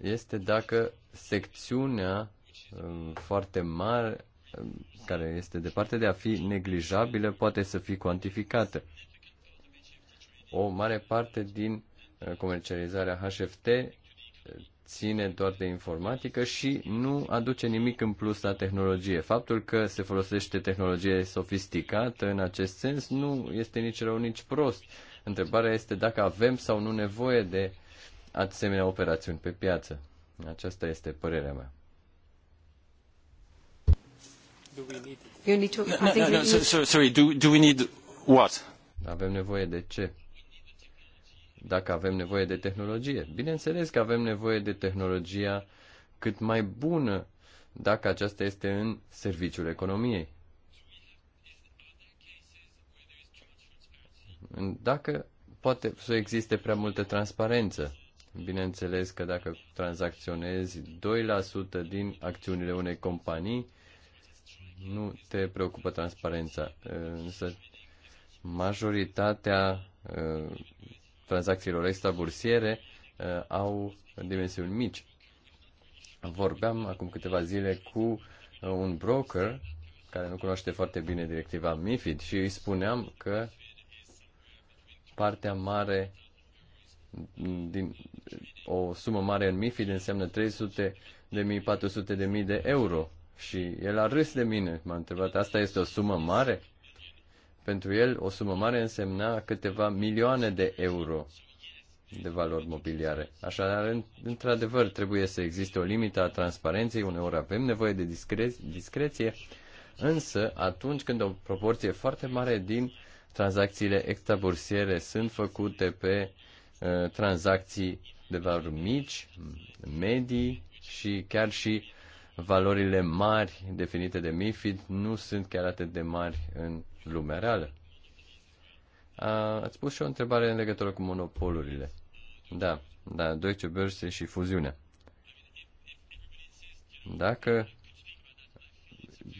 este dacă secțiunea um, foarte mare, um, care este departe de a fi neglijabilă, poate să fie cuantificată. O mare parte din uh, comercializarea HFT ține doar de informatică și nu aduce nimic în plus la tehnologie. Faptul că se folosește tehnologie sofisticată în acest sens nu este nici rău, nici prost. Întrebarea este dacă avem sau nu nevoie de asemenea operațiuni pe piață. Aceasta este părerea mea. You need to, no, no, no, sorry, do, do we need what? Avem nevoie de ce? dacă avem nevoie de tehnologie. Bineînțeles că avem nevoie de tehnologia cât mai bună dacă aceasta este în serviciul economiei. Dacă poate să existe prea multă transparență. Bineînțeles că dacă tranzacționezi 2% din acțiunile unei companii, nu te preocupă transparența. Însă majoritatea tranzacțiilor extrabursiere uh, au dimensiuni mici. Vorbeam acum câteva zile cu uh, un broker care nu cunoaște foarte bine directiva MIFID și îi spuneam că partea mare din o sumă mare în MIFID înseamnă 300 de mii, 400 de mii de euro. Și el a râs de mine, m-a întrebat, asta este o sumă mare? Pentru el, o sumă mare însemna câteva milioane de euro de valori mobiliare. Așadar, într-adevăr, trebuie să existe o limită a transparenței, uneori avem nevoie de discre- discreție, însă atunci când o proporție foarte mare din tranzacțiile extrabursiere sunt făcute pe uh, tranzacții de valori mici, medii și chiar și valorile mari definite de MIFID nu sunt chiar atât de mari în lumea reală. Ați pus și o întrebare în legătură cu monopolurile. Da, da, Deutsche Börse și fuziunea. Dacă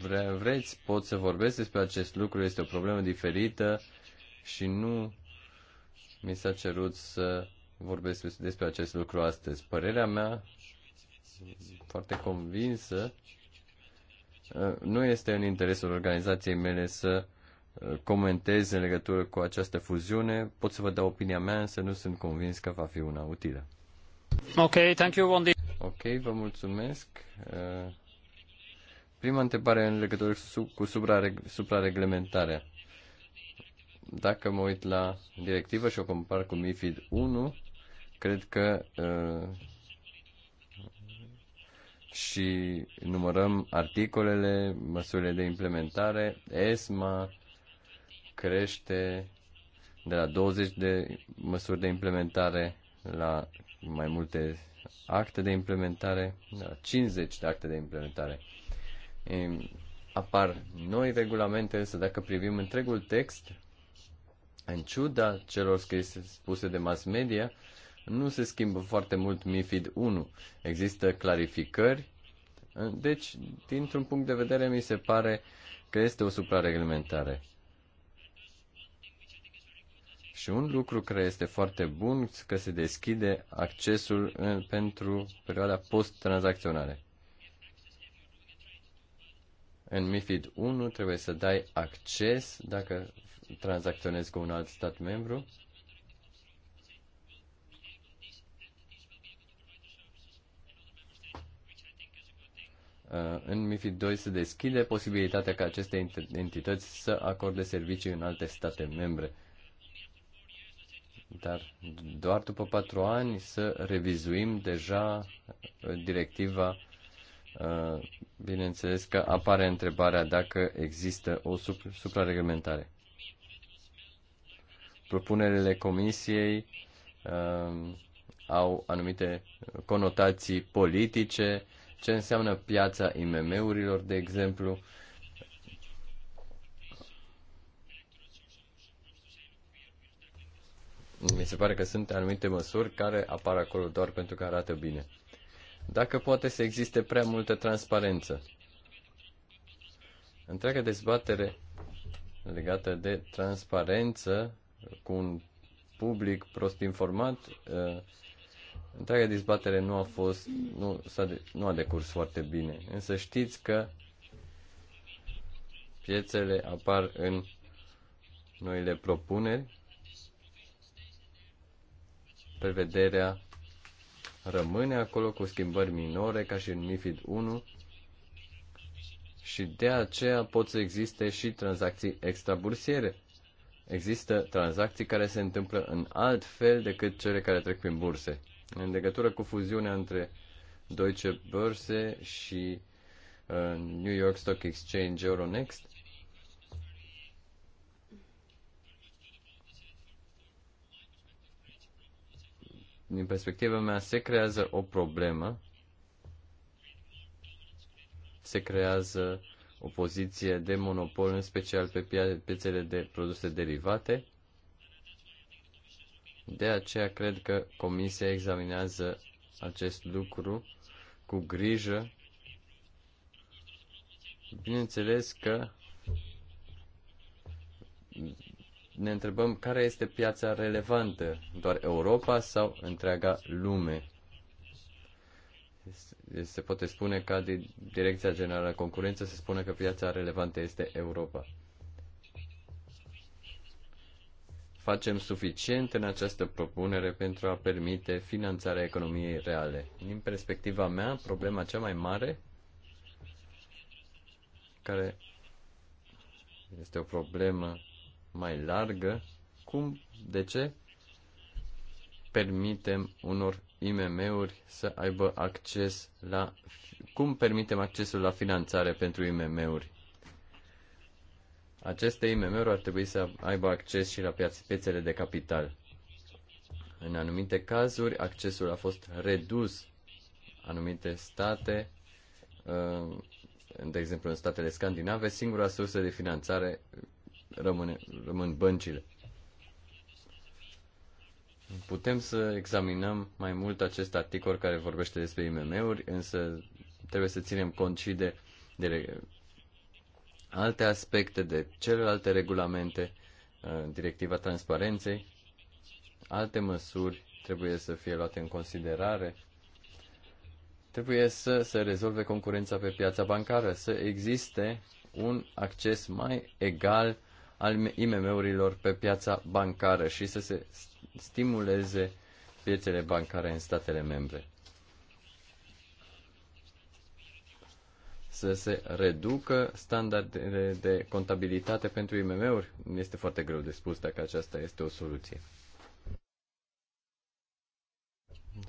vre, vreți, pot să vorbesc despre acest lucru, este o problemă diferită și nu mi s-a cerut să vorbesc despre acest lucru astăzi. Părerea mea, foarte convinsă, nu este în interesul organizației mele să uh, comentez în legătură cu această fuziune. Pot să vă dau opinia mea, însă nu sunt convins că va fi una utilă. Ok, thank you, Wendy. Ok, vă mulțumesc. Uh, prima întrebare în legătură cu suprareglementarea. Dacă mă uit la directivă și o compar cu MIFID 1, cred că uh, și numărăm articolele, măsurile de implementare, ESMA, crește de la 20 de măsuri de implementare la mai multe acte de implementare, la 50 de acte de implementare. E, apar noi regulamente, însă dacă privim întregul text, în ciuda celor scrise spuse de mass media, nu se schimbă foarte mult MIFID 1. Există clarificări, deci, dintr-un punct de vedere, mi se pare că este o suprareglementare. Și un lucru care este foarte bun, că se deschide accesul în, pentru perioada post-tranzacționale. În MIFID 1 trebuie să dai acces dacă tranzacționezi cu un alt stat membru. În MIFID 2 se deschide posibilitatea ca aceste entități să acorde servicii în alte state membre dar doar după patru ani să revizuim deja uh, directiva. Uh, bineînțeles că apare întrebarea dacă există o suprareglementare. Propunerile comisiei um, au anumite conotații politice, ce înseamnă piața IMM-urilor, de exemplu, Mi se pare că sunt anumite măsuri care apar acolo doar pentru că arată bine. Dacă poate să existe prea multă transparență. Întreaga dezbatere legată de transparență cu un public prost informat, ă, întreaga dezbatere nu a fost, nu, a de, nu a decurs foarte bine. Însă știți că piețele apar în noile propuneri prevederea rămâne acolo cu schimbări minore, ca și în MIFID 1, și de aceea pot să existe și tranzacții extrabursiere. Există tranzacții care se întâmplă în alt fel decât cele care trec prin burse. În legătură cu fuziunea între Deutsche Börse și uh, New York Stock Exchange Euronext, din perspectiva mea, se creează o problemă, se creează o poziție de monopol, în special pe piețele de produse derivate. De aceea cred că Comisia examinează acest lucru cu grijă. Bineînțeles că ne întrebăm care este piața relevantă, doar Europa sau întreaga lume. Se poate spune ca de Direcția Generală a Concurență se spune că piața relevantă este Europa. Facem suficient în această propunere pentru a permite finanțarea economiei reale. Din perspectiva mea, problema cea mai mare care este o problemă mai largă, cum, de ce permitem unor IMM-uri să aibă acces la, cum permitem accesul la finanțare pentru IMM-uri? Aceste IMM-uri ar trebui să aibă acces și la piețele de capital. În anumite cazuri, accesul a fost redus. Anumite state, uh, de exemplu în statele scandinave, singura sursă de finanțare rămâne, rămân băncile. Putem să examinăm mai mult acest articol care vorbește despre IMM-uri, însă trebuie să ținem cont și de, de alte aspecte, de celelalte regulamente, uh, directiva transparenței, alte măsuri trebuie să fie luate în considerare. Trebuie să se rezolve concurența pe piața bancară, să existe un acces mai egal al IMM-urilor pe piața bancară și să se stimuleze piețele bancare în statele membre. Să se reducă standardele de contabilitate pentru IMM-uri? Este foarte greu de spus dacă aceasta este o soluție.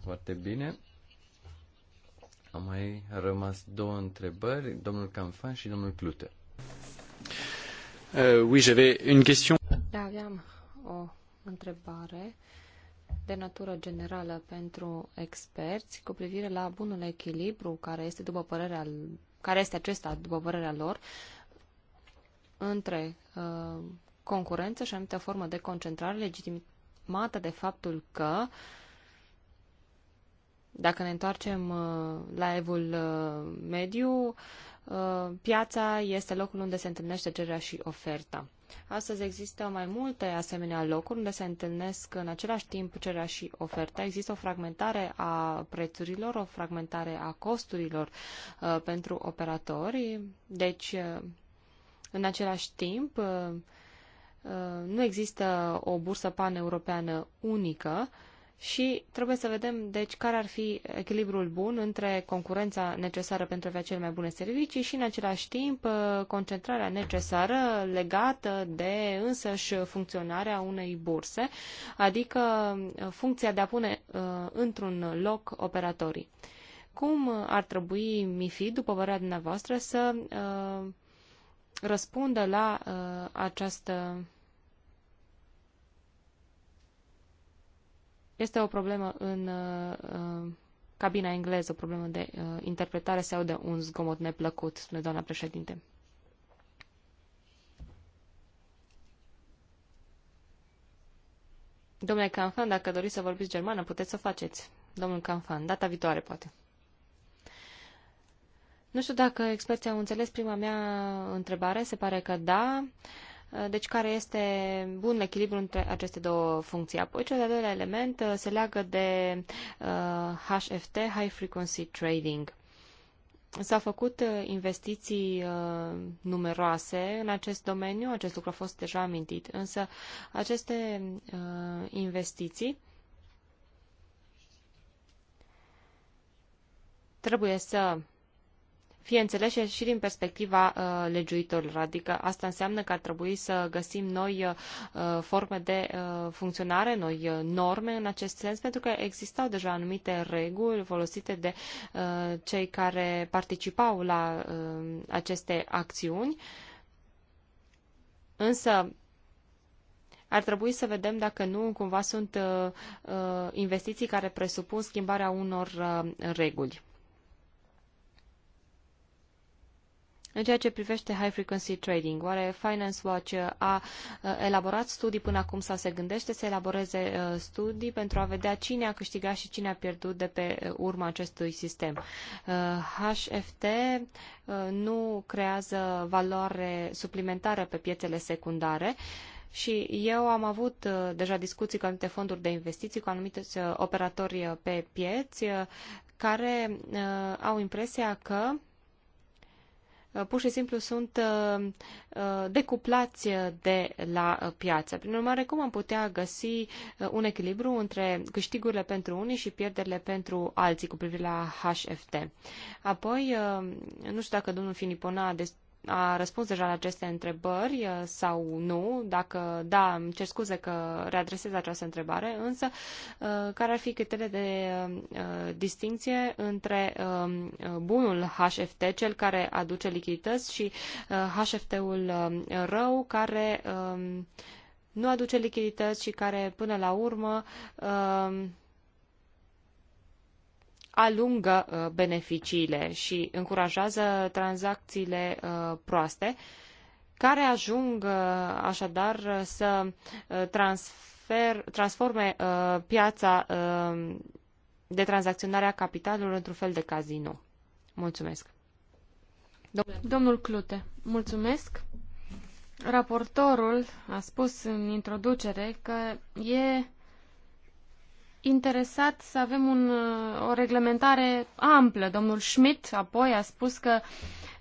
Foarte bine. Am mai rămas două întrebări, domnul Canfan și domnul Clute. Euh, oui, j'avais une question. Da, aveam o întrebare de natură generală pentru experți cu privire la bunul echilibru care este, după părerea, care este acesta, după părerea lor, între uh, concurență și anumită formă de concentrare legitimată de faptul că dacă ne întoarcem uh, la evul uh, mediu, uh, Uh, piața este locul unde se întâlnește cererea și oferta. Astăzi există mai multe asemenea locuri unde se întâlnesc în același timp cererea și oferta. Există o fragmentare a prețurilor, o fragmentare a costurilor uh, pentru operatori. Deci, uh, în același timp, uh, uh nu există o bursă paneuropeană unică, uh, și trebuie să vedem, deci, care ar fi echilibrul bun între concurența necesară pentru a avea cele mai bune servicii și, în același timp, uh, concentrarea necesară legată de însăși funcționarea unei burse, adică uh, funcția de a pune uh, într-un loc operatorii. Cum ar trebui MIFI, după părerea dumneavoastră, să răspundă la această Este o problemă în uh, cabina engleză, o problemă de uh, interpretare, se aude un zgomot neplăcut, spune doamna președinte. Domnule Canfan, dacă doriți să vorbiți germană, puteți să faceți. Domnul Canfan, data viitoare, poate. Nu știu dacă experții au înțeles prima mea întrebare, se pare că da. Uh, Uh, deci care este bun echilibru între aceste două funcții. Apoi, cel de-al doilea element uh, se leagă de HFT, uh, High Frequency Trading. S-au făcut investiții numeroase în acest domeniu, acest lucru a fost deja amintit, însă aceste investiții trebuie să fie înțelese și din perspectiva uh, legiuitorilor. Adică asta înseamnă că ar trebui să găsim noi uh, forme de uh, funcționare, noi uh, norme în acest sens, pentru că existau deja anumite reguli folosite de uh, cei care participau la uh, aceste acțiuni. Însă, ar trebui să vedem dacă nu cumva sunt uh, uh investiții care presupun schimbarea unor uh, reguli. În ceea ce privește high frequency trading, oare Finance Watch uh, a uh, elaborat studii până acum sau se gândește să elaboreze uh, studii pentru a vedea cine a câștigat și cine a pierdut de pe urma acestui sistem? HFT nu creează valoare suplimentară pe piețele secundare. Și eu am avut deja discuții cu anumite fonduri de investiții, cu anumite operatori pe pieți, care au impresia că Uh, pur și simplu sunt uh, uh, decuplați de la piață. Prin urmare, cum am putea găsi un echilibru între câștigurile pentru unii și pierderile pentru alții cu privire la HFT? Apoi, nu știu dacă domnul Filipona a a răspuns deja la aceste întrebări uh, sau nu. Dacă da, îmi cer scuze că readresez această întrebare, însă uh, care ar fi criteriile de uh, distinție între um, bunul HFT, cel care aduce lichidități, și HFT-ul um, rău, care um, nu aduce lichidități și care până la urmă alungă uh, beneficiile și încurajează tranzacțiile uh, proaste, care ajung uh, așadar să transfer, transforme piața de tranzacționare a capitalului într-un fel de casino. Mulțumesc. Domnul Clute, mulțumesc. Raportorul a spus în introducere că e interesat să avem un, uh, o reglementare amplă. Domnul Schmidt apoi a spus că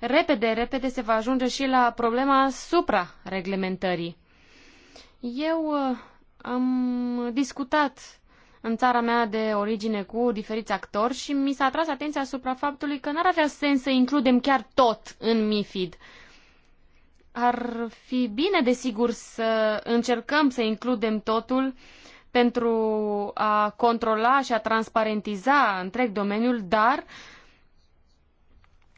repede, repede se va ajunge și la problema supra-reglementării. Eu uh, am discutat în țara mea de origine cu diferiți actori și mi s-a atras atenția asupra faptului că n-ar avea sens să includem chiar tot în MIFID. Ar fi bine, desigur, să încercăm să includem totul uh, pentru a controla și a transparentiza întreg domeniul, dar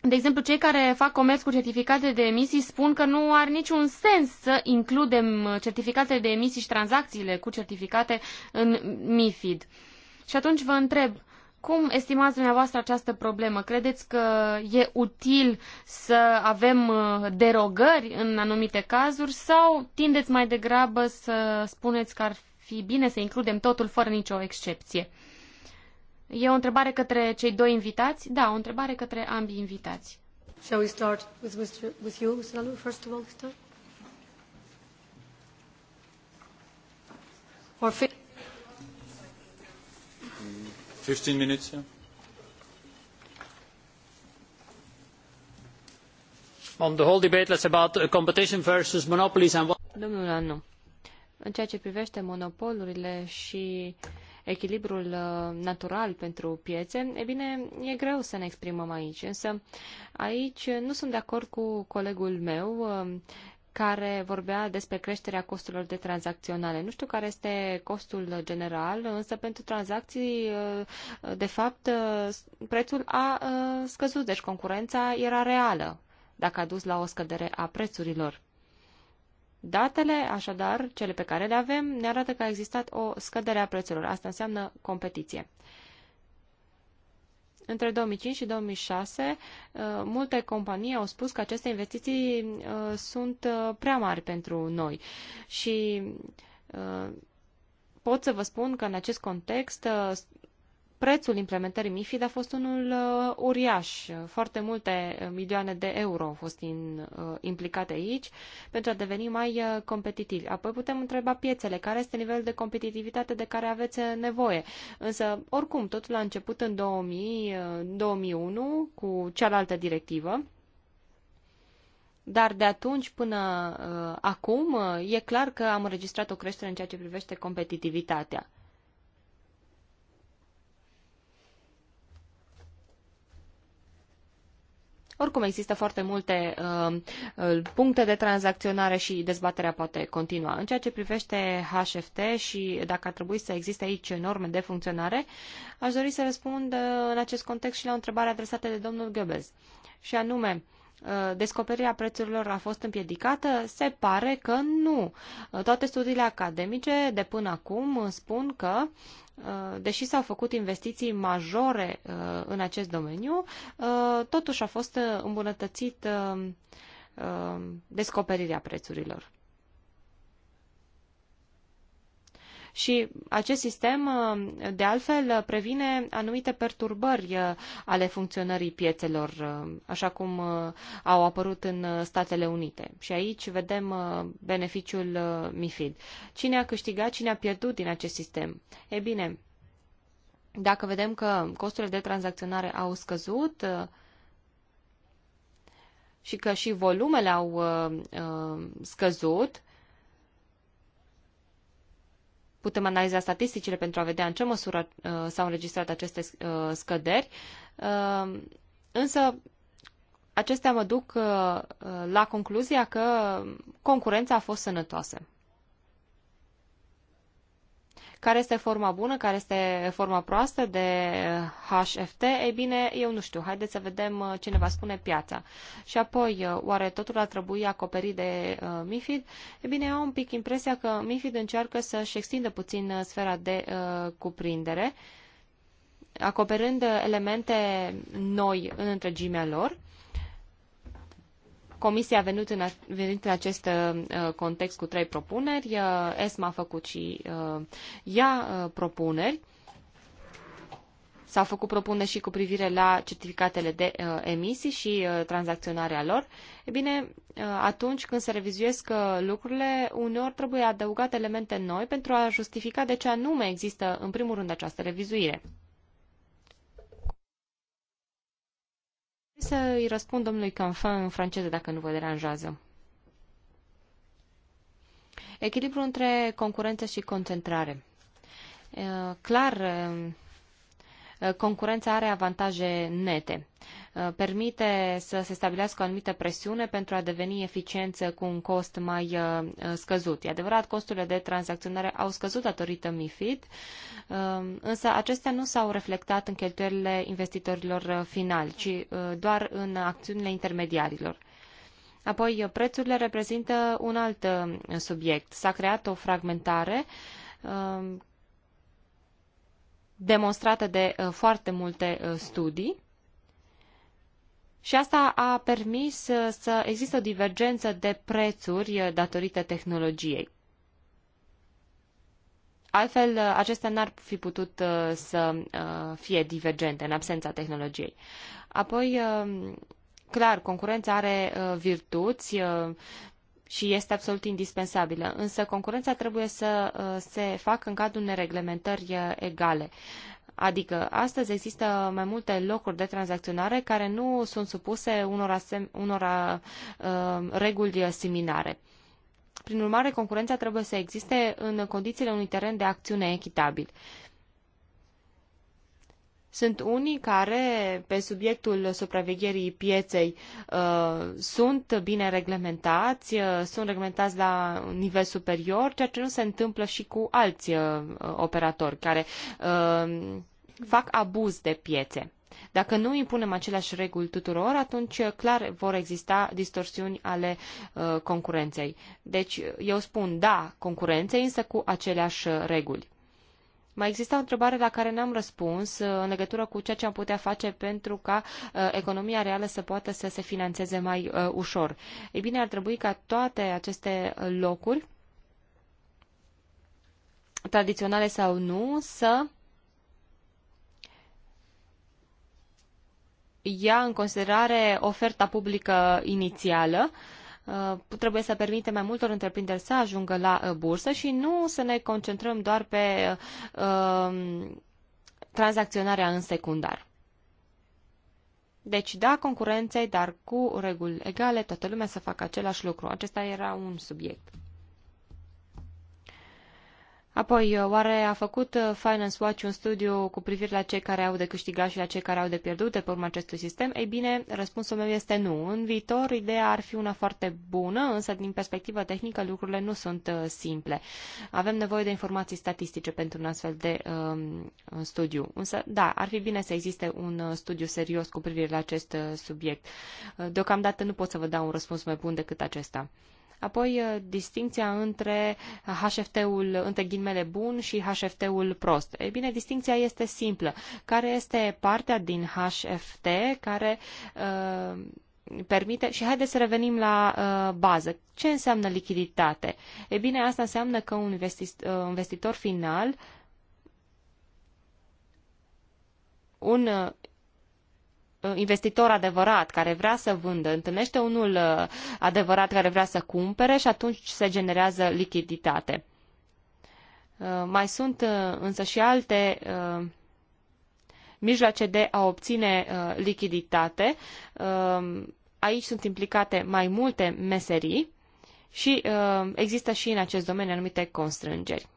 de exemplu, cei care fac comerț cu certificate de emisii spun că nu are niciun sens să includem certificatele de emisii și tranzacțiile cu certificate în MIFID. Și atunci vă întreb, cum estimați dumneavoastră această problemă? Credeți că e util să avem uh, derogări în anumite cazuri sau tindeți mai degrabă să spuneți că ar fi bine să includem totul fără nicio excepție. E o întrebare către cei doi invitați? Da, o întrebare către ambii invitați. Shall we start with, Mr., with you, Mr. Lalu, first of all, Mr. Or fi- 15 minutes, yeah. On the whole debate, let's about competition versus monopolies and what... Domnul Anu, în ceea ce privește monopolurile și echilibrul uh, natural pentru piețe, e bine, e greu să ne exprimăm aici. Însă aici uh, nu sunt de acord cu colegul meu uh, care vorbea despre creșterea costurilor de tranzacționale. Nu știu care este costul general, însă pentru tranzacții, de fapt, prețul a scăzut, deci concurența era reală, dacă a dus la o scădere a prețurilor. Datele, așadar, cele pe care le avem, ne arată că a existat o scădere a prețurilor. Asta înseamnă competiție. Între 2005 și 2006, uh, multe companii au spus că aceste investiții uh, sunt uh, prea mari pentru noi și pot să vă spun că în acest context prețul implementării MIFID a fost unul uh, uriaș. Foarte multe uh, milioane de euro au fost in, uh, implicate aici pentru a deveni mai competitivi. Apoi putem întreba piețele care este nivelul de competitivitate de care aveți nevoie. Însă, oricum, totul a început în 2000, 2001 cu cealaltă directivă. Dar de atunci până uh, acum, uh, e clar că am înregistrat o creștere în ceea ce privește competitivitatea. Oricum există foarte multe uh, uh, puncte de tranzacționare și dezbaterea poate continua. În ceea ce privește HFT și dacă ar trebui să existe aici norme de funcționare, aș dori să răspund uh, în acest context și la o întrebare adresată de domnul Goebbels. Și anume, uh, Uh, descoperirea prețurilor a fost împiedicată? Se pare că nu. Uh, toate studiile academice de până acum spun că uh, deși s-au făcut investiții majore în acest domeniu, totuși a fost îmbunătățit descoperirea prețurilor. și acest sistem, uh, de altfel, uh, previne anumite perturbări uh, ale funcționării piețelor, așa cum au apărut în Statele Unite. Și aici vedem beneficiul MIFID. Cine a câștigat, cine a pierdut din acest sistem? E bine, dacă vedem că costurile de tranzacționare au scăzut și că și volumele au scăzut, Putem analiza statisticile pentru a vedea în ce măsură uh, s-au înregistrat aceste uh, scăderi, uh, însă acestea mă duc uh, la concluzia că concurența a fost sănătoasă. Care este forma bună, care este forma proastă de HFT? Ei bine, eu nu știu. Haideți să vedem uh, ce ne va spune piața. Și apoi, uh, oare totul ar trebui acoperit de uh, MIFID? Ei bine, eu am un pic impresia că MIFID încearcă să-și extindă puțin uh, sfera de uh, cuprindere, acoperând elemente noi în întregimea lor Comisia a venit în, a, venit în acest uh, context cu trei propuneri, uh, ESMA a făcut și uh, ea uh, propuneri. S-au făcut propuneri și cu privire la certificatele de uh, emisii și uh, tranzacționarea lor. E bine, uh, atunci când se revizuiesc uh, lucrurile, uneori trebuie adăugate elemente noi pentru a justifica de ce anume există, în primul rând, această revizuire. să îi răspund domnului Canfin în franceză, dacă nu vă deranjează. Echilibru între concurență și concentrare. Eh, clar, eh, eh, concurența are avantaje nete. Uh, permite să se stabilească o anumită presiune pentru a deveni eficiență cu un cost mai uh, uh, scăzut. E adevărat, costurile de tranzacționare au scăzut datorită MIFID, însă acestea nu s-au reflectat în cheltuielile investitorilor finali, ci doar în acțiunile intermediarilor. Apoi, prețurile reprezintă un alt subiect. S-a creat o fragmentare demonstrată de foarte multe studii și asta a permis uh, să există o divergență de prețuri uh, datorită tehnologiei. Altfel, uh, acestea n-ar fi putut să fie divergente în absența tehnologiei. Apoi, um, clar, concurența are virtuți și este absolut indispensabilă, însă concurența trebuie să se facă în cadrul unei reglementări egale. Adică astăzi există mai multe locuri de tranzacționare care nu sunt supuse unor, asem- unor uh, reguli similare. Prin urmare, concurența trebuie să existe în condițiile unui teren de acțiune echitabil. Uh, sunt unii care, pe subiectul supravegherii pieței, uh, sunt bine reglementați, uh, sunt reglementați la nivel superior, ceea ce nu se întâmplă și cu alți uh, operatori care fac abuz de piețe. Dacă nu impunem aceleași reguli tuturor, atunci clar vor exista distorsiuni ale concurenței. Deci eu spun da concurenței, însă cu aceleași reguli. Mai exista o întrebare la care n-am răspuns uh, în legătură cu ceea ce am putea face pentru ca uh, economia reală să poată să se financeze mai uh, ușor. Ei bine, ar trebui ca toate aceste locuri, tradiționale sau nu, să ia în considerare oferta publică inițială uh, Uh, trebuie să permite mai multor întreprinderi să ajungă la uh, bursă și nu să ne concentrăm doar pe uh, tranzacționarea în secundar. Deci, da, concurenței, dar cu reguli egale, toată lumea să facă același lucru. Acesta era un subiect. Apoi, uh, oare a făcut uh, Finance Watch un studiu cu privire la cei care au de câștigat și la cei care au de pierdut de pe urma acestui sistem? Ei bine, răspunsul meu este nu. În viitor, ideea ar fi una foarte bună, însă din perspectivă tehnică lucrurile nu sunt uh, simple. Avem nevoie de informații statistice pentru un astfel de um, studiu. Însă, da, ar fi bine să existe un studiu serios cu privire la acest subiect. Deocamdată nu pot să vă dau un răspuns mai bun decât acesta. Apoi, uh, distinția între HFT-ul între ghilmele bun și HFT-ul prost. Ei bine, distinția este simplă. Care este partea din HFT care uh, permite și haideți să revenim la uh, bază. Ce înseamnă lichiditate? E bine, asta înseamnă că un investitor, uh, investitor final un uh, Uh, investitor adevărat care vrea să vândă întâlnește unul uh, adevărat care vrea să cumpere și atunci se generează lichiditate. Uh, mai sunt însă și alte mijloace de a obține lichiditate. Aici sunt implicate mai multe meserii și există și în acest domeniu anumite constrângeri.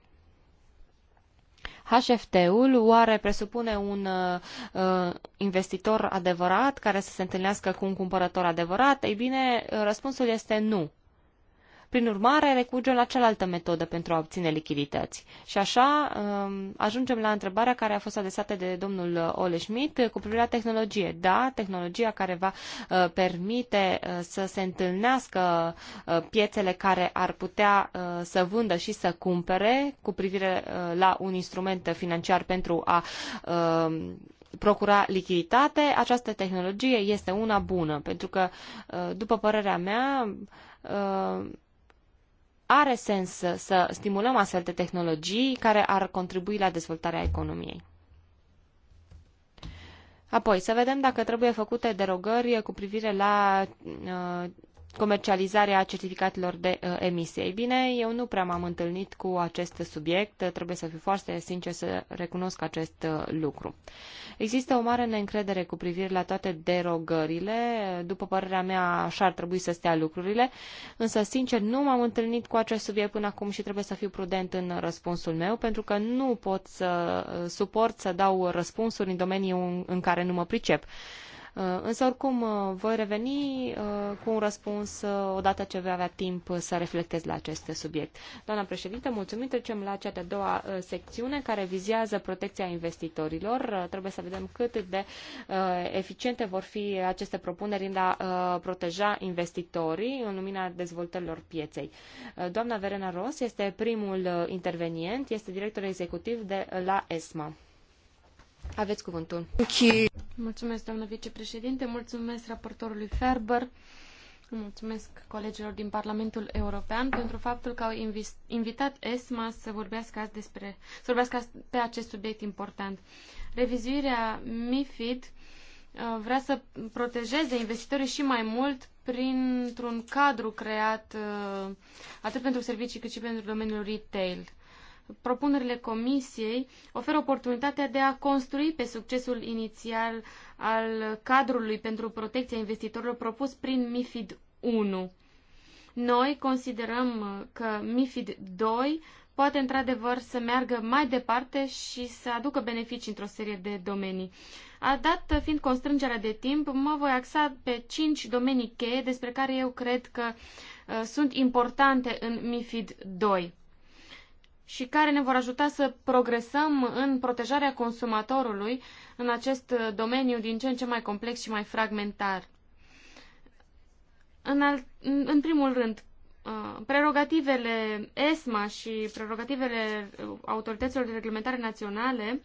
HFT-ul oare presupune un uh, investitor adevărat care să se întâlnească cu un cumpărător adevărat? Ei bine, răspunsul este nu. Prin urmare, recurgem la cealaltă metodă pentru a obține lichidități. Și așa um, ajungem la întrebarea care a fost adresată de domnul Ole Schmidt cu privire la tehnologie. Da, tehnologia care va uh, permite uh, să se întâlnească uh, piețele care ar putea să vândă și să cumpere cu privire la un instrument financiar pentru a um, procura lichiditate, această tehnologie este una bună, pentru că, după părerea mea, are sens să, să stimulăm astfel de tehnologii care ar contribui la dezvoltarea economiei. Apoi, să vedem dacă trebuie făcute derogări cu privire la uh, Comercializarea certificatelor de uh, emisie. Ei bine, eu nu prea m-am întâlnit cu acest subiect, trebuie să fiu foarte sincer să recunosc acest uh, lucru. Există o mare neîncredere cu privire la toate derogările, după părerea mea așa ar trebui să stea lucrurile, însă sincer nu m-am întâlnit cu acest subiect până acum și trebuie să fiu prudent în răspunsul meu, pentru că nu pot să uh, suport să dau răspunsuri în domenii în care nu mă pricep. Uh, însă, oricum, uh, voi reveni uh, cu un răspuns odată ce vei avea timp să reflectez la acest subiect. Doamna președinte, mulțumim. Trecem la cea de-a doua secțiune care vizează protecția investitorilor. Trebuie să vedem cât de eficiente vor fi aceste propuneri în a proteja investitorii în lumina dezvoltărilor pieței. Doamna Verena Ros este primul intervenient, este director executiv de la ESMA. Aveți cuvântul. Mulțumesc, doamnă vicepreședinte, mulțumesc raportorului Ferber, mulțumesc colegilor din Parlamentul European pentru faptul că au invitat ESMA să vorbească azi despre, să vorbească azi pe acest subiect important. Revizuirea MIFID uh, vrea să protejeze investitorii și mai mult printr-un cadru creat uh, atât pentru servicii cât și pentru domeniul retail propunerile Comisiei oferă oportunitatea de a construi pe succesul inițial al cadrului pentru protecția investitorilor propus prin MIFID 1. Noi considerăm că MIFID 2 poate într-adevăr să meargă mai departe și să aducă beneficii într-o serie de domenii. A dat fiind constrângerea de timp, mă voi axa pe cinci domenii cheie despre care eu cred că uh, sunt importante în MIFID 2 și care ne vor ajuta să progresăm în protejarea consumatorului în acest domeniu din ce în ce mai complex și mai fragmentar. În, al, în primul rând, uh, prerogativele ESMA și prerogativele autorităților de reglementare naționale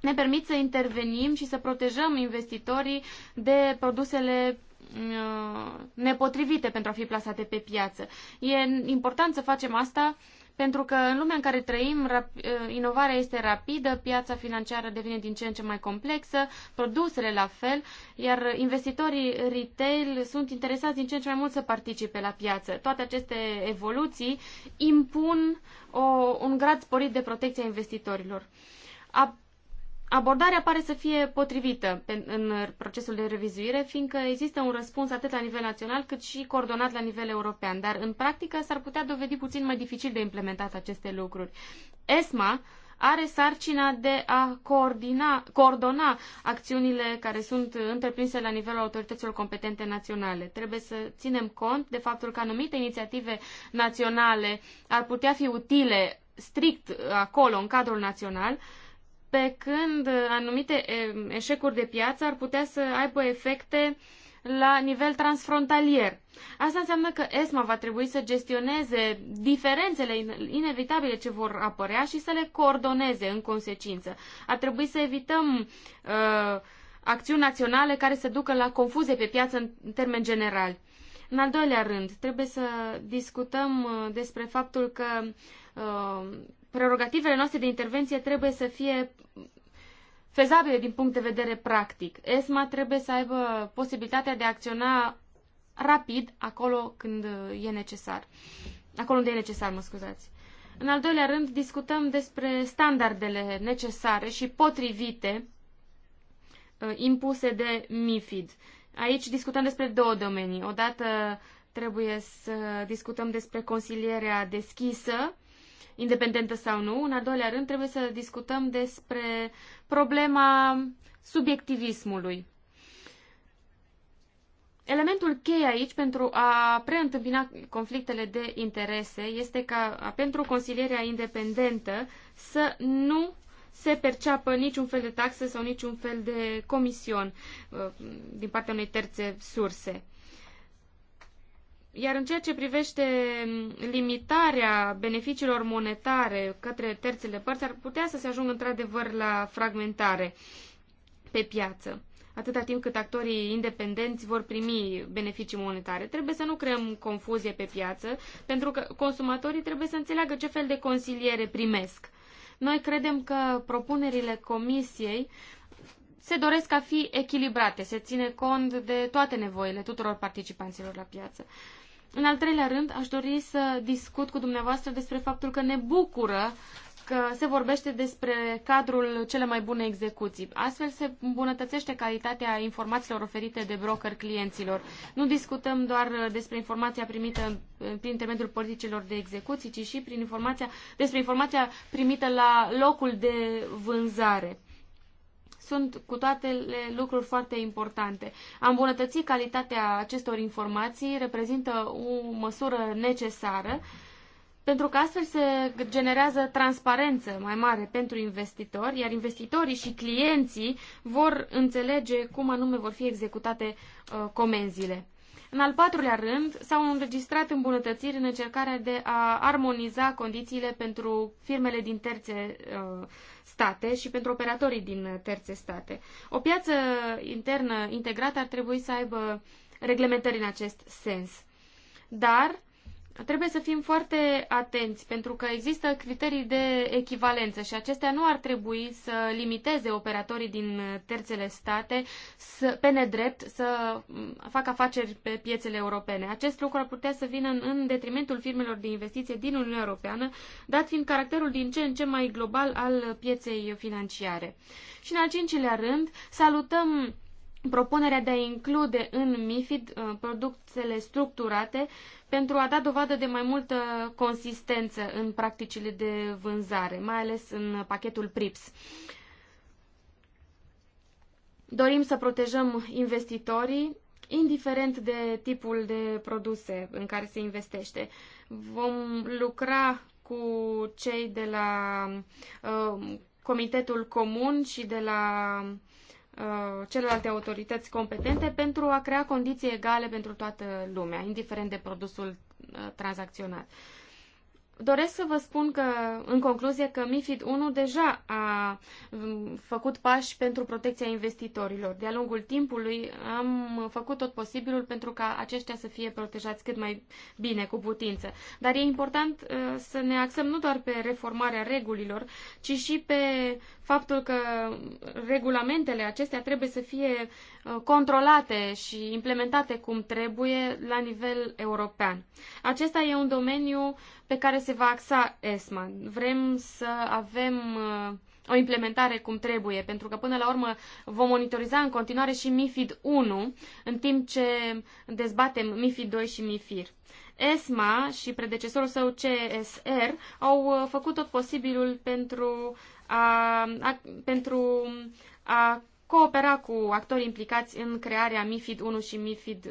ne permit să intervenim și să protejăm investitorii de produsele uh, nepotrivite pentru a fi plasate pe piață. E important să facem asta uh, pentru că în lumea în care trăim, ă, inovarea este rapidă, piața financiară devine din ce în ce mai complexă, produsele la fel, iar investitorii retail sunt interesați din ce în ce mai mult să participe la piață. Toate aceste evoluții impun o, un grad sporit de protecție a investitorilor. A abordarea pare să fie potrivită în procesul de revizuire, fiindcă există un răspuns atât la nivel național cât și coordonat la nivel european, dar în practică s-ar putea dovedi puțin mai dificil de implementat aceste lucruri. ESMA are sarcina de a coordina, coordona acțiunile care sunt întreprinse la nivelul autorităților competente naționale. Trebuie să ținem cont de faptul că anumite inițiative naționale ar putea fi utile strict acolo, în cadrul național, pe când anumite eșecuri de piață ar putea să aibă efecte la nivel transfrontalier. Asta înseamnă că ESMA va trebui să gestioneze diferențele inevitabile ce vor apărea și să le coordoneze în consecință. Ar trebui să evităm uh, acțiuni naționale care să ducă la confuzie pe piață în termen general. În al doilea rând, trebuie să discutăm ă, despre faptul că uh, prerogativele noastre de intervenție trebuie să fie fezabile din punct de vedere practic. ESMA trebuie să aibă posibilitatea de a acționa rapid acolo când e necesar. Acolo unde e necesar, mă scuzați. În al doilea rând, discutăm despre standardele necesare și potrivite uh, impuse de MIFID. Aici discutăm despre două domenii. Odată trebuie să discutăm despre consilierea deschisă independentă sau nu. În al doilea rând, trebuie să discutăm despre problema subiectivismului. Elementul cheie aici pentru a preîntâmpina conflictele de interese este ca pentru consilierea independentă să nu se perceapă niciun fel de taxă sau niciun fel de comision uh, din partea unei terțe surse. Iar în ceea ce privește mm, limitarea beneficiilor monetare către terțele părți, ar putea să se ajungă într-adevăr la fragmentare pe piață. Atâta timp cât actorii independenți vor primi beneficii monetare. Trebuie să nu creăm confuzie pe piață, pentru că consumatorii trebuie să înțeleagă ce fel de consiliere primesc. Noi credem că propunerile comisiei se doresc a fi echilibrate, se ține cont de toate nevoile tuturor participanților la piață. În al treilea rând, aș dori să discut cu dumneavoastră despre faptul că ne bucură că se vorbește despre cadrul cele mai bune execuții. Astfel se îmbunătățește calitatea informațiilor oferite de broker clienților. Nu discutăm doar despre informația primită prin intermediul politicilor de execuții, ci și prin informația, despre informația primită la locul de vânzare sunt cu toate lucruri foarte importante. A îmbunătăți calitatea acestor informații reprezintă o măsură necesară pentru că astfel se generează transparență mai mare pentru investitori, iar investitorii și clienții vor înțelege cum anume vor fi executate uh, comenzile. În al patrulea rând, s-au înregistrat îmbunătățiri în încercarea de a armoniza condițiile pentru firmele din terțe uh, state și pentru operatorii din terțe state. O piață internă integrată ar trebui să aibă reglementări în acest sens. Dar Trebuie să fim foarte atenți, pentru că există criterii de echivalență și acestea nu ar trebui să limiteze operatorii din terțele state să, pe nedrept să facă afaceri pe piețele europene. Acest lucru ar putea să vină în, în detrimentul firmelor de investiție din Uniunea Europeană, dat fiind caracterul din ce în ce mai global al pieței financiare. Și în al cincilea rând, salutăm propunerea de a include în MIFID uh, produsele structurate pentru a da dovadă de mai multă consistență în practicile de vânzare, mai ales în pachetul PRIPS. Dorim să protejăm investitorii, indiferent de tipul de produse în care se investește. Vom lucra cu cei de la uh, Comitetul Comun și de la Uh, celelalte autorități competente pentru a crea condiții egale pentru toată lumea, indiferent de produsul uh, tranzacționat. Doresc să vă spun că, în concluzie, că MIFID 1 deja a um, făcut pași pentru protecția investitorilor. De-a lungul timpului am făcut tot posibilul pentru ca aceștia să fie protejați cât mai bine, cu putință. Dar e important uh, să ne axăm nu doar pe reformarea regulilor, ci și pe faptul că regulamentele acestea trebuie să fie uh, controlate și implementate cum trebuie la nivel european. Acesta e un domeniu pe care se va axa ESMA. Vrem să avem uh, o implementare cum trebuie, pentru că până la urmă vom monitoriza în continuare și MIFID 1, în timp ce dezbatem MIFID 2 și MIFIR. ESMA și predecesorul său CSR au uh, făcut tot posibilul pentru a, a, pentru a coopera cu actorii implicați în crearea MIFID 1 și MIFID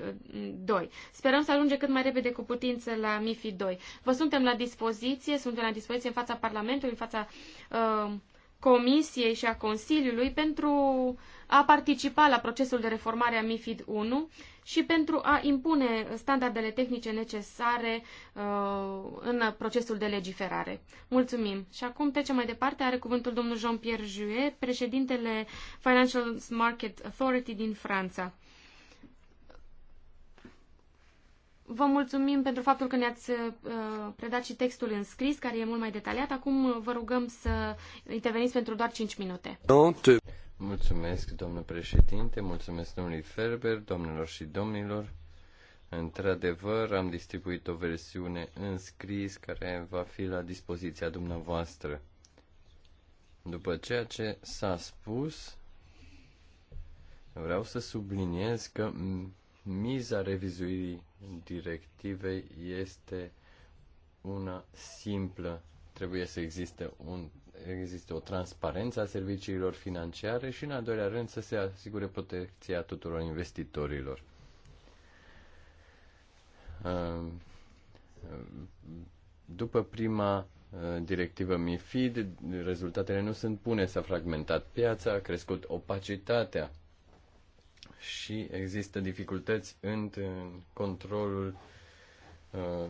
2. Uh, Sperăm să ajungem cât mai repede cu putință la MIFID 2. Vă suntem la dispoziție, suntem la dispoziție în fața Parlamentului, în fața uh, Comisiei și a Consiliului pentru a participa la procesul de reformare a MIFID 1 și pentru a impune standardele tehnice necesare uh, în procesul de legiferare. Mulțumim! Și acum trecem mai departe. Are cuvântul domnul Jean-Pierre Juet, președintele Financial Market Authority din Franța. Vă mulțumim pentru faptul că ne-ați uh, predat și textul în scris, care e mult mai detaliat. Acum uh, vă rugăm să interveniți pentru doar 5 minute. Mulțumesc, domnule președinte, mulțumesc domnului Ferber, domnilor și domnilor. Într-adevăr, am distribuit o versiune în scris care va fi la dispoziția dumneavoastră. După ceea ce s-a spus, vreau să subliniez că miza revizuirii directivei este una simplă. Trebuie să existe, un, există o transparență a serviciilor financiare și, în al doilea rând, să se asigure protecția tuturor investitorilor. După prima uh, directivă MIFID, rezultatele nu sunt bune, s-a fragmentat piața, a crescut opacitatea și există dificultăți în controlul uh,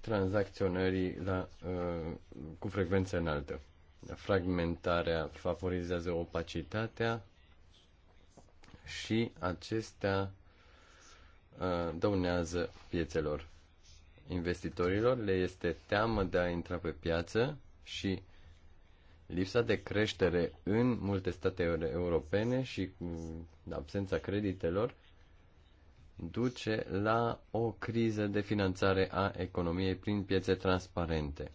tranzacționării la, uh, cu frecvență înaltă. Fragmentarea favorizează opacitatea și acestea uh, dăunează piețelor. Investitorilor le este teamă de a intra pe piață și uh, lipsa de creștere în multe state europene și mm, absența creditelor duce la o criză de finanțare a economiei prin piețe transparente.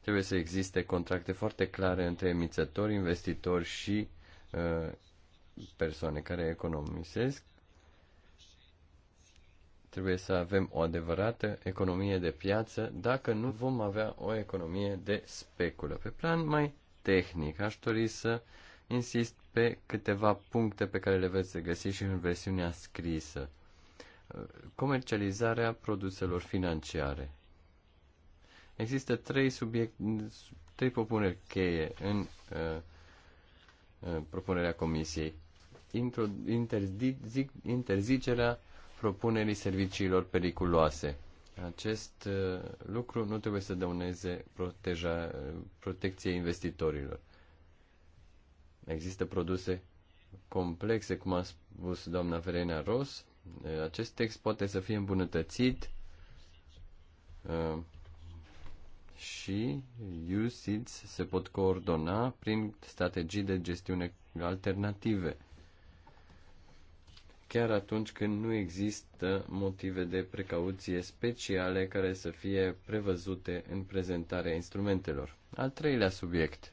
Trebuie să existe contracte foarte clare între emițători, investitori și uh, persoane care economisesc Trebuie să avem o adevărată economie de piață dacă nu vom avea o economie de speculă. Pe plan mai tehnic, aș dori să insist pe câteva puncte pe care le veți găsi și în versiunea scrisă. Comercializarea produselor financiare. Există trei, subiect, trei propuneri cheie în uh, uh, propunerea comisiei. interzicerea propunerii serviciilor periculoase. Acest uh, lucru nu trebuie să dăuneze proteja, protecției investitorilor. Există produse complexe, cum a spus doamna Verena Ros. Uh, acest text poate să fie îmbunătățit uh, și USIDS se pot coordona prin strategii de gestiune alternative chiar atunci când nu există motive de precauție speciale care să fie prevăzute în prezentarea instrumentelor. Al treilea subiect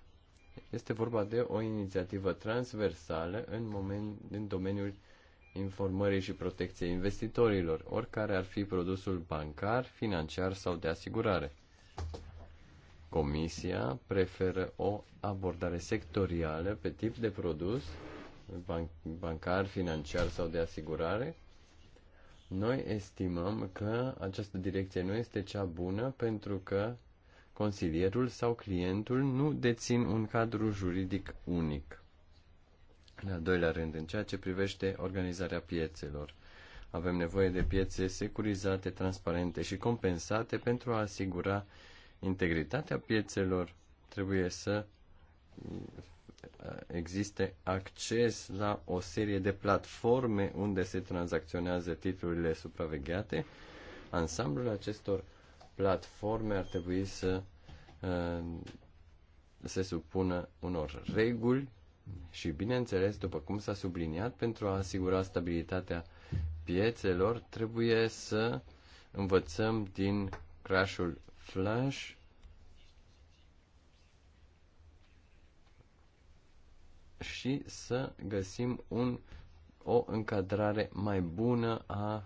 este vorba de o inițiativă transversală în, moment, în domeniul informării și protecției investitorilor, oricare ar fi produsul bancar, financiar sau de asigurare. Comisia preferă o abordare sectorială pe tip de produs bancar, financiar sau de asigurare, noi estimăm că această direcție nu este cea bună pentru că consilierul sau clientul nu dețin un cadru juridic unic. În al doilea rând, în ceea ce privește organizarea piețelor, avem nevoie de piețe securizate, transparente și compensate pentru a asigura integritatea piețelor. Trebuie să Uh, existe acces la o serie de platforme unde se tranzacționează titlurile supravegheate. Ansamblul acestor platforme ar trebui să uh, se supună unor reguli și, bineînțeles, după cum s-a subliniat, pentru a asigura stabilitatea piețelor, trebuie să învățăm din crashul Flash și să găsim un, o încadrare mai bună a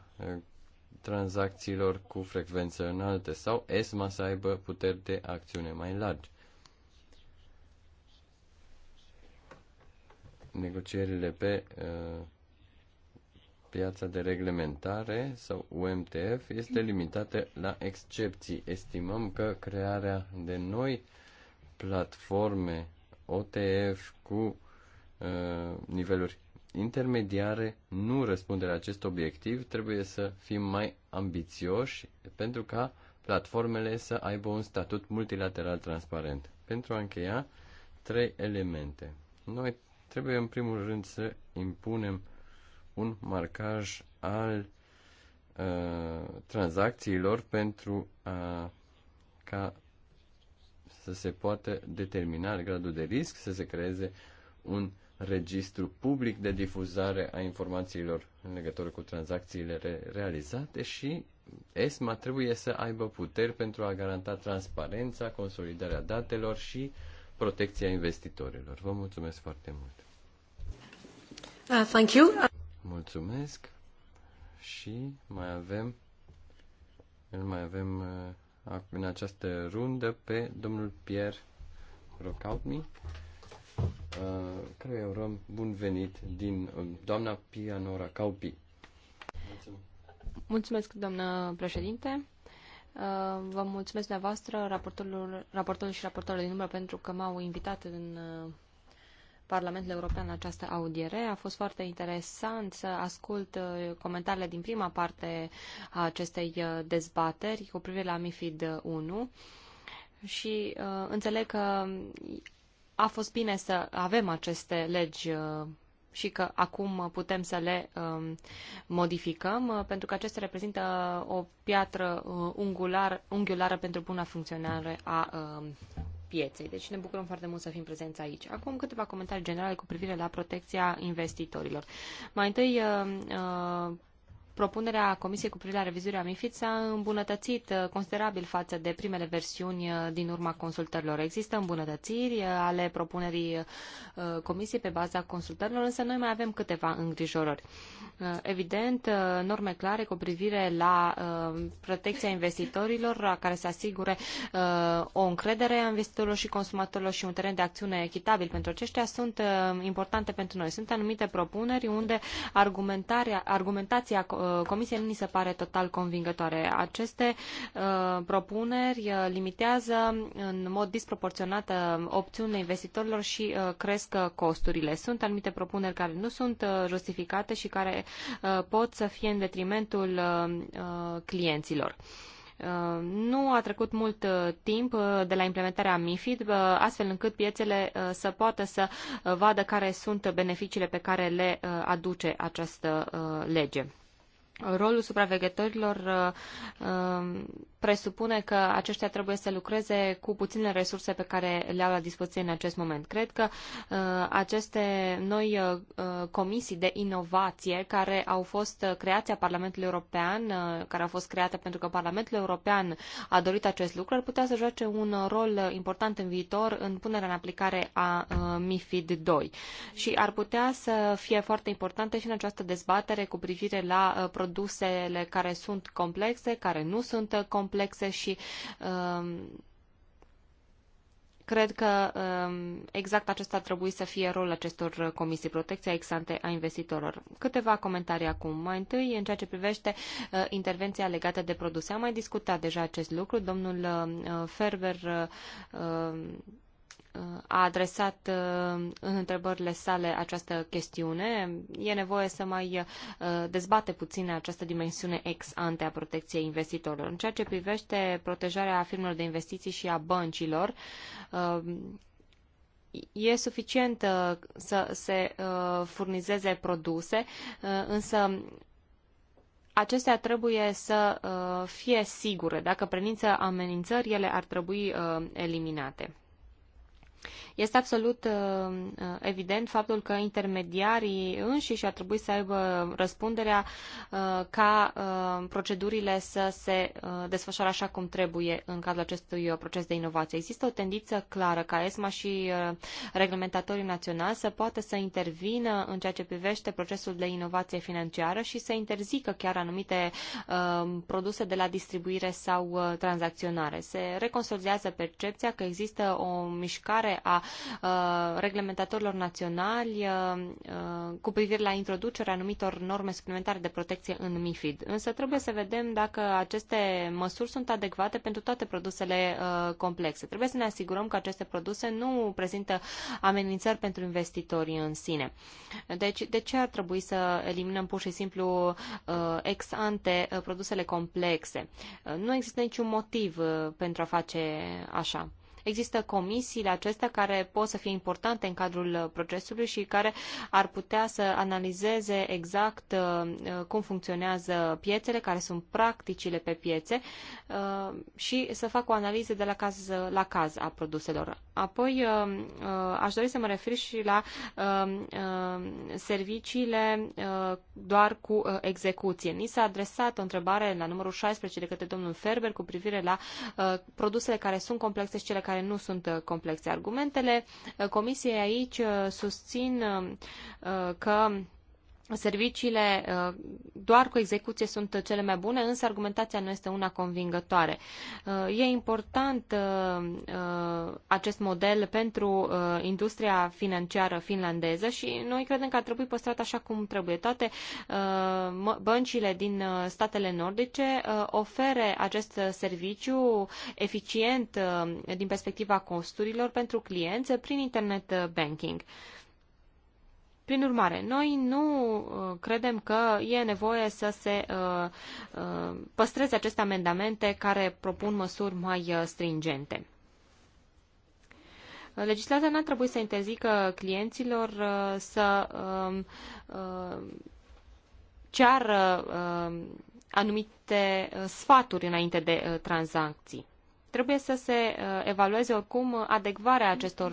tranzacțiilor cu frecvență înaltă sau ESMA să aibă puteri de acțiune mai largi. Negocierile pe piața de reglementare sau UMTF este limitată la excepții. Estimăm că crearea de noi platforme OTF cu Uh, niveluri intermediare nu răspunde la acest obiectiv, trebuie să fim mai ambițioși pentru ca platformele să aibă un statut multilateral transparent. Pentru a încheia, trei elemente. Noi trebuie în primul rând să impunem un marcaj al uh, tranzacțiilor pentru a, ca să se poată determina gradul de risc, să se creeze un uh, registru public de difuzare a informațiilor în legătură cu tranzacțiile re- realizate și ESMA trebuie să aibă puteri pentru a garanta transparența, consolidarea datelor și protecția investitorilor. Vă mulțumesc foarte mult. Uh, thank you. Mulțumesc. Și mai avem îl mai avem uh, în această rundă pe domnul Pierre Rocautmi care eu urăm bun venit din um, doamna Pia Nora Caupi. Mulțumesc. Mulțumesc, doamnă președinte. Uh, vă mulțumesc dumneavoastră, raportorul, raportorul și raportorul din număr, pentru că m-au invitat în uh, Parlamentul European la această audiere. A fost foarte interesant să ascult uh, comentariile din prima parte a acestei dezbateri cu privire la MIFID 1 și uh, înțeleg că a fost bine să avem aceste legi uh, și că acum putem să le um, modificăm, uh, pentru că acestea reprezintă o piatră uh, ungular, unghiulară pentru buna funcționare a um, pieței. Deci ne bucurăm foarte mult să fim prezenți aici. Acum câteva comentarii generale cu privire la protecția investitorilor. Mai întâi, propunerea Comisiei cu privire la revizuirea MIFID s-a îmbunătățit uh, considerabil față de primele versiuni uh, din urma consultărilor. Există îmbunătățiri uh, ale propunerii Comisiei pe baza consultărilor, însă noi mai avem câteva îngrijorări. Evident, norme clare cu privire la protecția investitorilor, care să asigure o încredere a investitorilor și consumatorilor și un teren de acțiune echitabil pentru aceștia sunt importante pentru noi. Sunt anumite propuneri unde argumentarea, argumentația Uh, comisiei nu ni se pare total convingătoare. Aceste uh, propuneri uh, limitează în mod disproporționat opțiunile investitorilor și cresc costurile. Sunt anumite propuneri care nu sunt justificate și care pot să fie în detrimentul clienților. Nu a trecut mult timp de la implementarea MIFID, astfel încât piețele să poată să vadă care sunt beneficiile pe care le aduce această lege rolul supraveghetorilor uh, um, presupune că aceștia trebuie să lucreze cu puține resurse pe care le au la dispoziție în acest moment. Cred că uh, aceste noi uh, comisii de inovație care au fost create a Parlamentului European, care au fost create pentru că Parlamentul European a dorit acest lucru, ar putea să joace un rol important în viitor în punerea în aplicare a MIFID 2 și ar putea să fie foarte importante și în această dezbatere cu privire la produsele care sunt complexe, care nu sunt complexe și um, cred că um, exact acesta trebuie să fie rolul acestor comisii, ex-ante a investitorilor. Câteva comentarii acum. Mai întâi, în ceea ce privește uh, intervenția legată de produse. Am mai discutat deja acest lucru. Domnul uh, Ferber uh, a adresat uh, în întrebările sale această chestiune. E nevoie să mai uh, dezbate puțin această dimensiune ex ante a protecției investitorilor. În ceea ce privește protejarea firmelor de investiții și a băncilor, uh, e suficient să se furnizeze produse, însă acestea trebuie să fie sigure. Dacă prenință amenințări, ele ar trebui eliminate. Este absolut uh, uh, evident faptul că intermediarii înșiși ar trebui să aibă răspunderea uh, ca procedurile să se desfășoare așa cum trebuie în cadrul acestui proces de inovație. Există o tendință clară ca ESMA și reglementatorii naționali să poată să intervină în ceea ce privește procesul de inovație financiară și să interzică chiar anumite produse de la distribuire sau tranzacționare. Se reconsolidează percepția că există o mișcare coordonare a uh, reglementatorilor naționali uh, uh, cu privire la introducerea anumitor norme suplimentare de protecție în MIFID. Însă trebuie să vedem dacă aceste măsuri sunt adecvate pentru toate produsele uh, complexe. Trebuie să ne asigurăm că aceste produse nu prezintă amenințări pentru investitorii în sine. Deci, de ce ar trebui să eliminăm pur și simplu uh, ex ante uh, produsele complexe? Nu există niciun motiv pentru a face așa. Există comisiile acestea care pot să fie importante în cadrul uh, procesului și care ar putea să analizeze exact uh, uh, cum funcționează piețele, care sunt practicile pe piețe și să facă o analiză de la caz la caz a produselor. Apoi aș dori să mă refer și la serviciile doar cu execuție. Ni s-a adresat o întrebare la numărul 16 de către domnul Ferber cu privire la produsele care sunt complexe și cele care care nu sunt uh, complexe. Argumentele uh, Comisiei aici uh, susțin că serviciile uh, doar cu execuție sunt cele mai bune, însă argumentația nu este una convingătoare. Uh, e important uh, acest model pentru industria financiară finlandeză și noi credem că ar trebui păstrat așa cum trebuie. Toate băncile din statele nordice ofere acest serviciu eficient din perspectiva costurilor pentru clienți prin internet banking. Prin urmare, noi nu uh, credem că e nevoie să se uh, uh, păstreze aceste amendamente care propun măsuri mai stringente. Legislația n-ar trebui să interzică clienților să um, ceară um, anumite sfaturi înainte de tranzacții trebuie să se evalueze oricum adecvarea acestor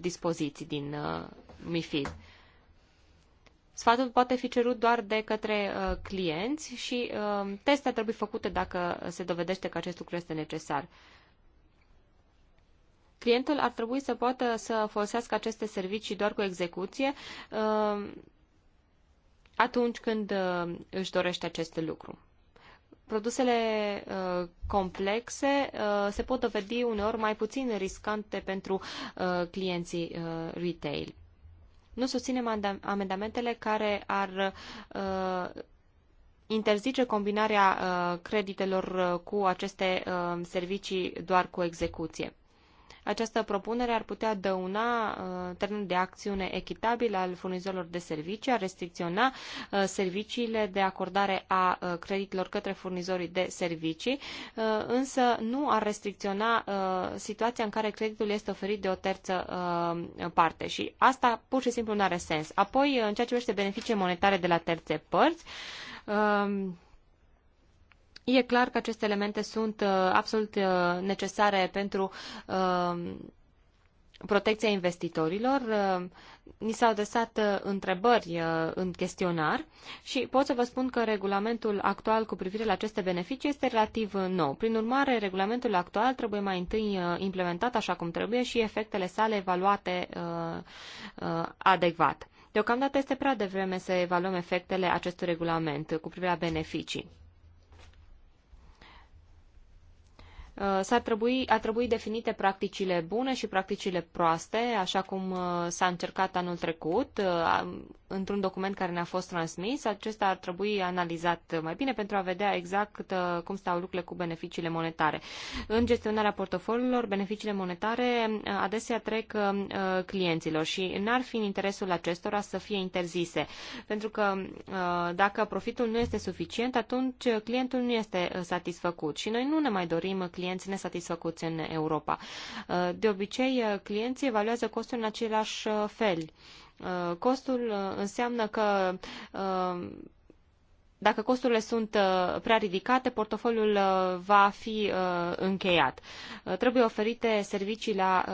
dispoziții din MIFID. Sfatul poate fi cerut doar de către uh, clienți și uh, teste ar trebui făcute dacă se dovedește că acest lucru este necesar. Clientul ar trebui să poată să folosească aceste servicii doar cu execuție uh, atunci când uh, își dorește acest lucru. Produsele uh, complexe uh, se pot dovedi uneori mai puțin riscante pentru uh, clienții uh, retail. Nu susținem amendamentele care ar uh, interzice combinarea uh, creditelor uh, cu aceste uh, servicii doar cu execuție. Această propunere ar putea dăuna uh, termenul de acțiune echitabil al furnizorilor de servicii, a restricționa uh, serviciile de acordare a uh, creditelor către furnizorii de servicii, uh, însă nu ar restricționa uh, situația în care creditul este oferit de o terță uh, parte și asta pur și simplu nu are sens. Apoi, în ceea ce privește beneficii monetare de la terțe părți, E clar că aceste elemente sunt uh, absolut uh, necesare pentru uh, protecția investitorilor. Ni s-au adresat întrebări în chestionar și pot să vă spun că regulamentul actual cu privire la aceste beneficii este relativ nou. Prin urmare, regulamentul actual trebuie mai întâi implementat așa cum trebuie și efectele sale evaluate adecvat. Deocamdată este prea devreme să evaluăm efectele acestui regulament cu privire la beneficii. Uh, s-ar trebui, trebui definite practicile bune și practicile proaste, așa cum uh, s-a încercat anul trecut, uh, într-un document care ne-a fost transmis. Acesta ar trebui analizat mai bine pentru a vedea exact cum stau lucrurile cu beneficiile monetare. În gestionarea portofoliilor, beneficiile monetare adesea trec clienților și n-ar fi în interesul acestora să fie interzise, pentru că dacă profitul nu este suficient, atunci clientul nu este satisfăcut și noi nu ne mai dorim clienți clienți nesatisfăcuți în Europa. Uh, de obicei, uh, clienții evaluează costul în același uh, fel. Costul înseamnă că dacă costurile sunt prea ridicate, portofoliul va fi încheiat. Trebuie oferite servicii la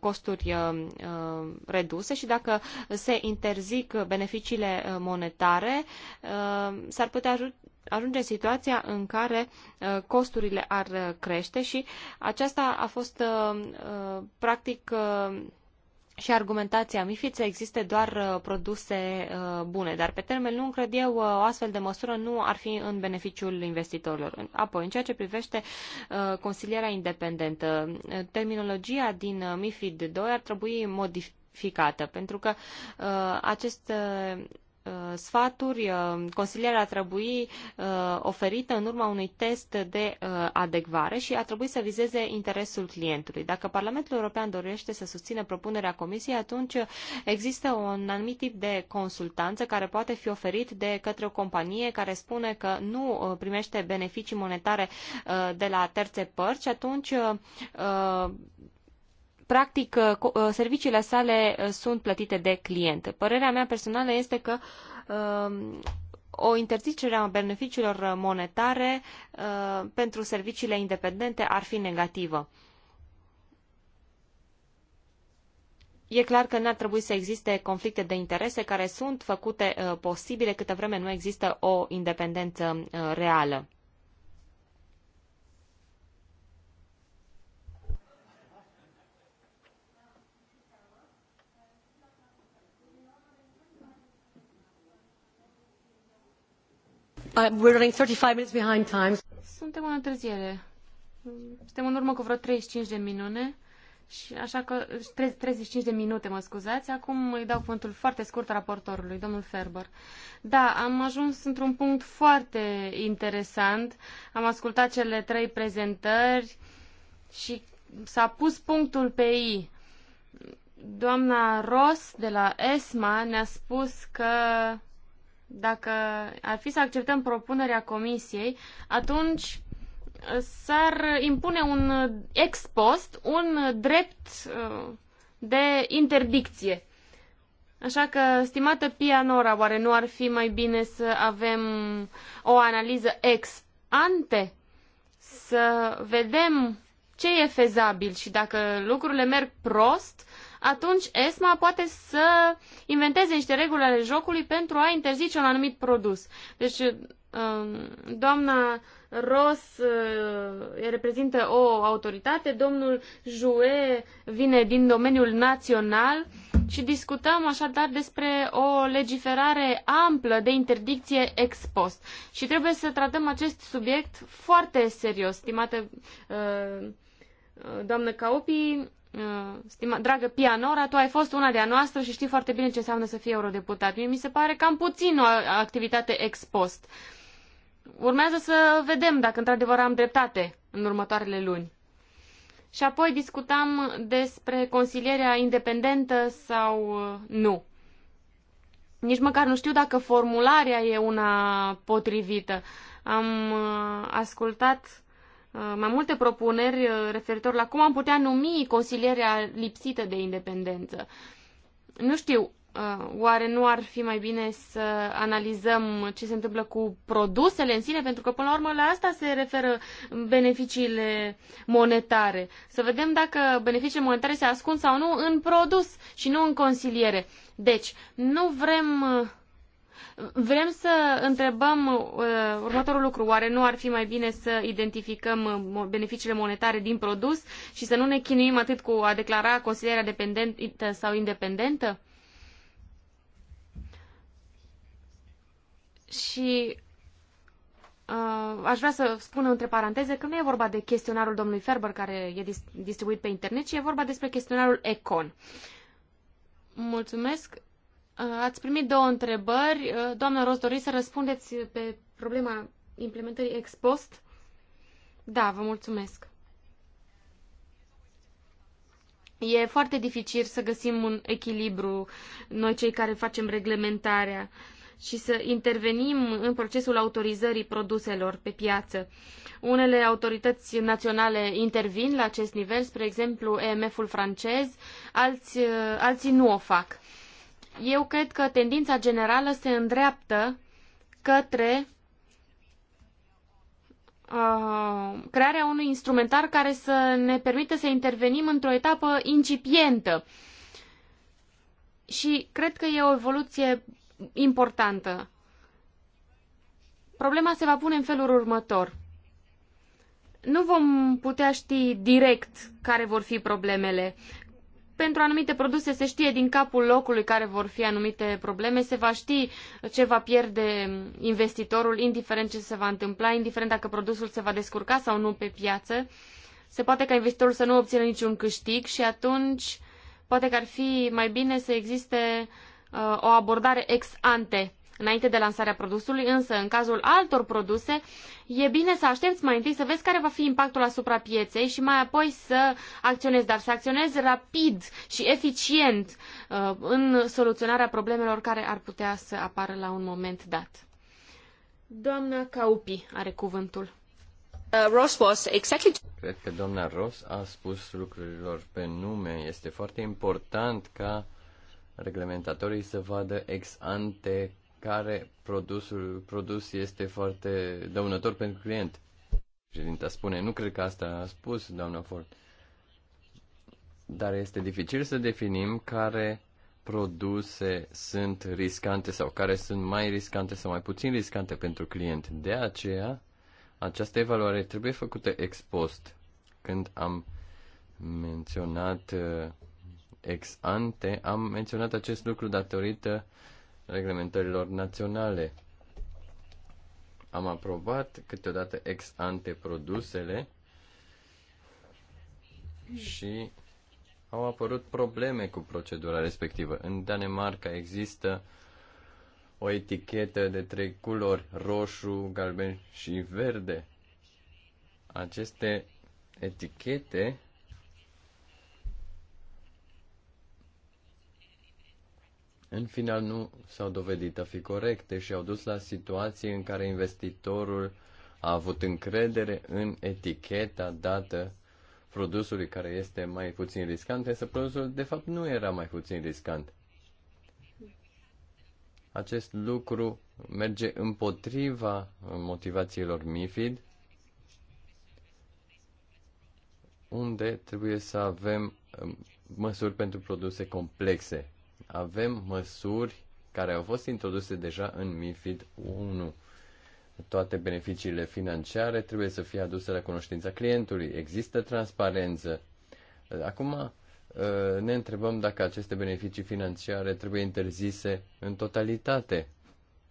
costuri reduse și dacă se interzic beneficiile monetare, s-ar putea ajunge situația în care uh, costurile ar uh, crește și aceasta a fost uh, practic și argumentația MIFID să existe doar produse bune, dar pe termen lung, cred eu, o astfel de măsură nu ar fi în beneficiul investitorilor. Apoi, în ceea ce privește consilierea independentă, terminologia din MIFID 2 ar trebui modificată, pentru că acest Uh, sfaturi, uh, consilierea ar trebui uh, oferită în urma unui test de adecvare și ar trebui să vizeze interesul clientului. Dacă Parlamentul European dorește să susțină propunerea Comisiei, atunci există un anumit tip de consultanță care poate fi oferit de către o companie care spune că nu primește beneficii monetare de la terțe părți, atunci practic, uh, uh, serviciile sale uh, sunt plătite de client. Părerea mea personală este că um, o interzicere a beneficiilor monetare pentru serviciile independente ar fi negativă. E clar că n-ar trebui să existe conflicte de interese care sunt făcute posibile câtă vreme nu există o independență reală. Uh, Suntem în întârziere. Suntem în urmă cu vreo 35 de minute. Și așa că 35 de minute, mă scuzați. Acum îi dau cuvântul foarte scurt raportorului, domnul Ferber. Da, am ajuns într-un punct foarte interesant. Am ascultat cele trei prezentări și s-a pus punctul pe I. Doamna Ross de la ESMA ne-a spus că dacă ar fi să acceptăm propunerea comisiei, atunci uh, s-ar impune un uh, ex post, un uh, drept de interdicție. Așa că, stimată Pianora, oare nu ar fi mai bine să avem o analiză ex ante? Să vedem ce e fezabil și dacă lucrurile merg prost, atunci ESMA poate să inventeze niște reguli ale jocului pentru a interzice un anumit produs. Deci, um, doamna Ros uh, reprezintă o autoritate, domnul Jue vine din domeniul național și discutăm așadar despre o legiferare amplă de interdicție ex post. Și trebuie să tratăm acest subiect foarte serios, stimată uh, doamnă Caopi, Uh, stima, dragă Pia Nora, tu ai fost una de-a noastră și știi foarte bine ce înseamnă să fii eurodeputat. Mie mi se pare cam puțin o activitate ex post. Urmează să vedem dacă într-adevăr am dreptate în următoarele luni. Și apoi discutam despre consilierea independentă sau uh, nu. Nici măcar nu știu dacă formularea e una potrivită. Am uh, ascultat Uh, mai multe propuneri uh, referitor la cum am putea numi consilierea lipsită de independență. Nu știu, uh, oare nu ar fi mai bine să analizăm ce se întâmplă cu produsele în sine, pentru că până la urmă la asta se referă beneficiile monetare. Să vedem dacă beneficiile monetare se ascund sau nu în produs și nu în consiliere. Deci, nu vrem Vrem să întrebăm uh, următorul lucru. Oare nu ar fi mai bine să identificăm uh, beneficiile monetare din produs și să nu ne chinuim atât cu a declara consilierea dependentă sau independentă? Și uh, aș vrea să spun între paranteze că nu e vorba de chestionarul domnului Ferber care e distribuit pe internet, ci e vorba despre chestionarul Econ. Mulțumesc. Uh, ați primit două întrebări. Uh, doamna Ros, doriți să răspundeți pe problema implementării ex post? Da, vă mulțumesc. E foarte dificil să găsim un echilibru noi cei care facem reglementarea și să intervenim în procesul autorizării produselor pe piață. Unele autorități naționale intervin la acest nivel, spre exemplu EMF-ul francez, alți, alții nu o fac eu cred că tendința generală se îndreaptă către uh, crearea unui instrumentar care să ne permită să intervenim într-o etapă incipientă. Și cred că e o evoluție importantă. Problema se va pune în felul următor. Nu vom putea ști direct care vor fi problemele pentru anumite produse se știe din capul locului care vor fi anumite probleme, se va ști ce va pierde investitorul, indiferent ce se va întâmpla, indiferent dacă produsul se va descurca sau nu pe piață. Se poate ca investitorul să nu obțină niciun câștig și atunci poate că ar fi mai bine să existe uh, o abordare ex ante înainte de lansarea produsului, însă în cazul altor produse e bine să aștepți mai întâi să vezi care va fi impactul asupra pieței și mai apoi să acționezi, dar să acționezi rapid și eficient uh, în soluționarea problemelor care ar putea să apară la un moment dat. Doamna Caupi are cuvântul. Uh, Ross was exactly... Cred că doamna Ross a spus lucrurilor pe nume. Este foarte important ca reglementatorii să vadă ex ante care produsul produs este foarte dăunător pentru client. Președinta spune, nu cred că asta a spus doamna Ford. Dar este dificil să definim care produse sunt riscante sau care sunt mai riscante sau mai puțin riscante pentru client. De aceea, această evaluare trebuie făcută ex post. Când am menționat uh, ex ante, am menționat acest lucru datorită uh, reglementărilor naționale. Am aprobat câteodată ex ante produsele și au apărut probleme cu procedura respectivă. În Danemarca există o etichetă de trei culori, roșu, galben și verde. Aceste etichete în final nu s-au dovedit a fi corecte și au dus la situații în care investitorul a avut încredere în eticheta dată produsului care este mai puțin riscant, însă produsul de fapt nu era mai puțin riscant. Acest lucru merge împotriva motivațiilor MIFID, unde trebuie să avem um, măsuri pentru produse complexe avem măsuri care au fost introduse deja în MIFID 1. Toate beneficiile financiare trebuie să fie aduse la cunoștința clientului. Există transparență. Acum uh, ne întrebăm dacă aceste beneficii financiare trebuie interzise în totalitate.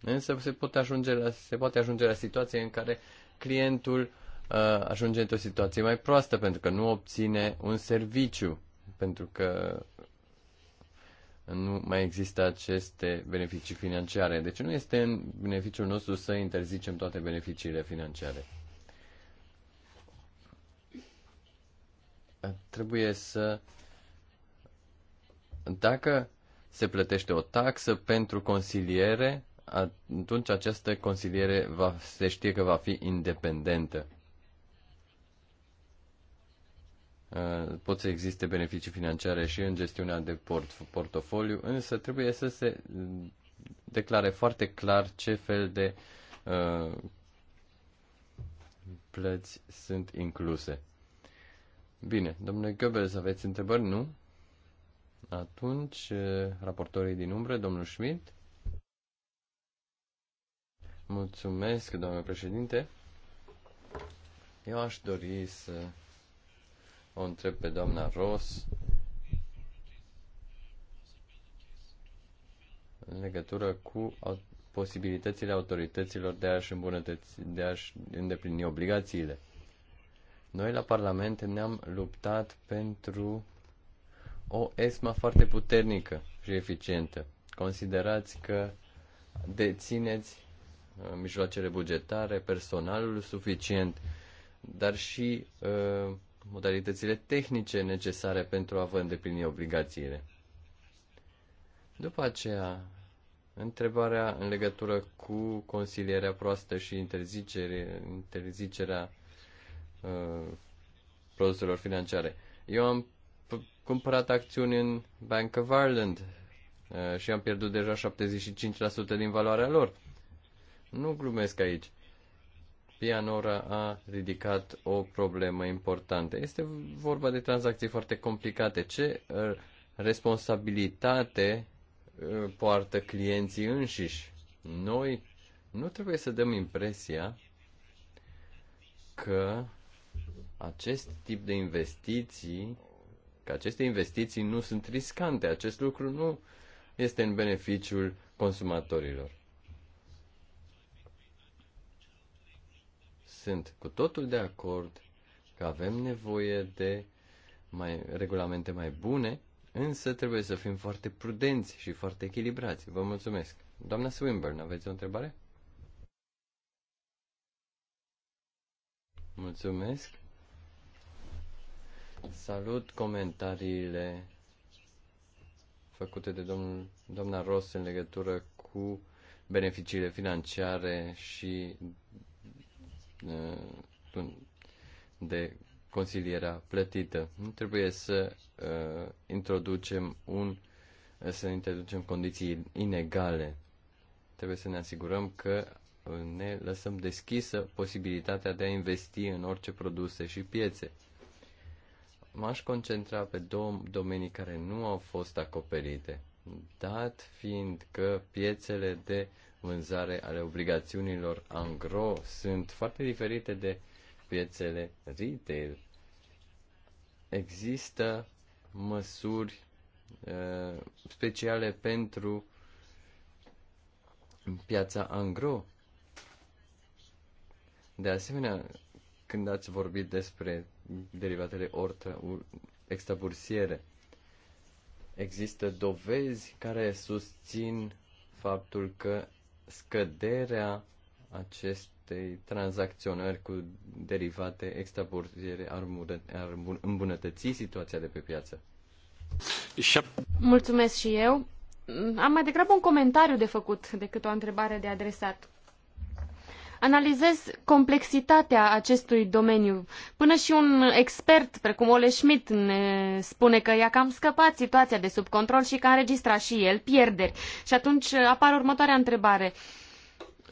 Însă se poate ajunge la, se poate ajunge la situație în care clientul uh, ajunge într-o situație mai proastă pentru că nu obține un serviciu, pentru că nu mai există aceste beneficii financiare. Deci nu este în beneficiul nostru să interzicem toate beneficiile financiare. Trebuie să. Dacă se plătește o taxă pentru consiliere, atunci această consiliere va, se știe că va fi independentă. Uh, pot să existe beneficii financiare și în gestiunea de port, portofoliu, însă trebuie să se declare foarte clar ce fel de uh, plăți sunt incluse. Bine, domnule Goebbels, aveți întrebări? Nu? Atunci, uh, raportorii din umbră, domnul Schmidt. Mulțumesc, domnule președinte. Eu aș dori să o întreb pe doamna Ross în legătură cu posibilitățile autorităților de a-și îmbunătăți, de a-și îndeplini obligațiile. Noi la Parlament ne-am luptat pentru o ESMA foarte puternică și eficientă. Considerați că dețineți uh, mijloacele bugetare, personalul suficient, dar și uh, modalitățile tehnice necesare pentru a vă îndeplini obligațiile. După aceea, întrebarea în legătură cu consilierea proastă și interzicere, interzicerea uh, produselor financiare. Eu am cumpărat acțiuni în Bank of Ireland uh, și am pierdut deja 75% din valoarea lor. Nu glumesc aici. Pianora a ridicat o problemă importantă. Este vorba de tranzacții foarte complicate. Ce uh, responsabilitate uh, poartă clienții înșiși? Noi nu trebuie să dăm impresia că acest tip de investiții, că aceste investiții nu sunt riscante. Acest lucru nu este în beneficiul consumatorilor. Sunt cu totul de acord că avem nevoie de mai, regulamente mai bune, însă trebuie să fim foarte prudenți și foarte echilibrați. Vă mulțumesc. Doamna Swinburne, aveți o întrebare? Mulțumesc. Salut comentariile făcute de domn, doamna Ross în legătură cu beneficiile financiare și Uh, de consilierea plătită. Nu trebuie să uh, introducem un uh, să introducem condiții inegale. Trebuie să ne asigurăm că uh, ne lăsăm deschisă posibilitatea de a investi în orice produse și piețe. M-aș concentra pe două domenii care nu au fost acoperite, dat fiind că piețele de uh, vânzare ale obligațiunilor angro sunt foarte diferite de piețele retail. Există măsuri uh, speciale pentru piața angro. De asemenea, când ați vorbit despre derivatele orta, extrabursiere, există dovezi care susțin faptul că scăderea acestei tranzacționări cu derivate extrabursiere ar îmbunătăți situația de pe piață. Mulțumesc și eu. Am mai degrabă un comentariu de făcut decât o întrebare de adresat analizez complexitatea acestui domeniu. Până și un expert precum Ole Schmidt ne spune că i-a cam scăpat situația de sub control și că a înregistrat și el pierderi. Și atunci apare următoarea întrebare.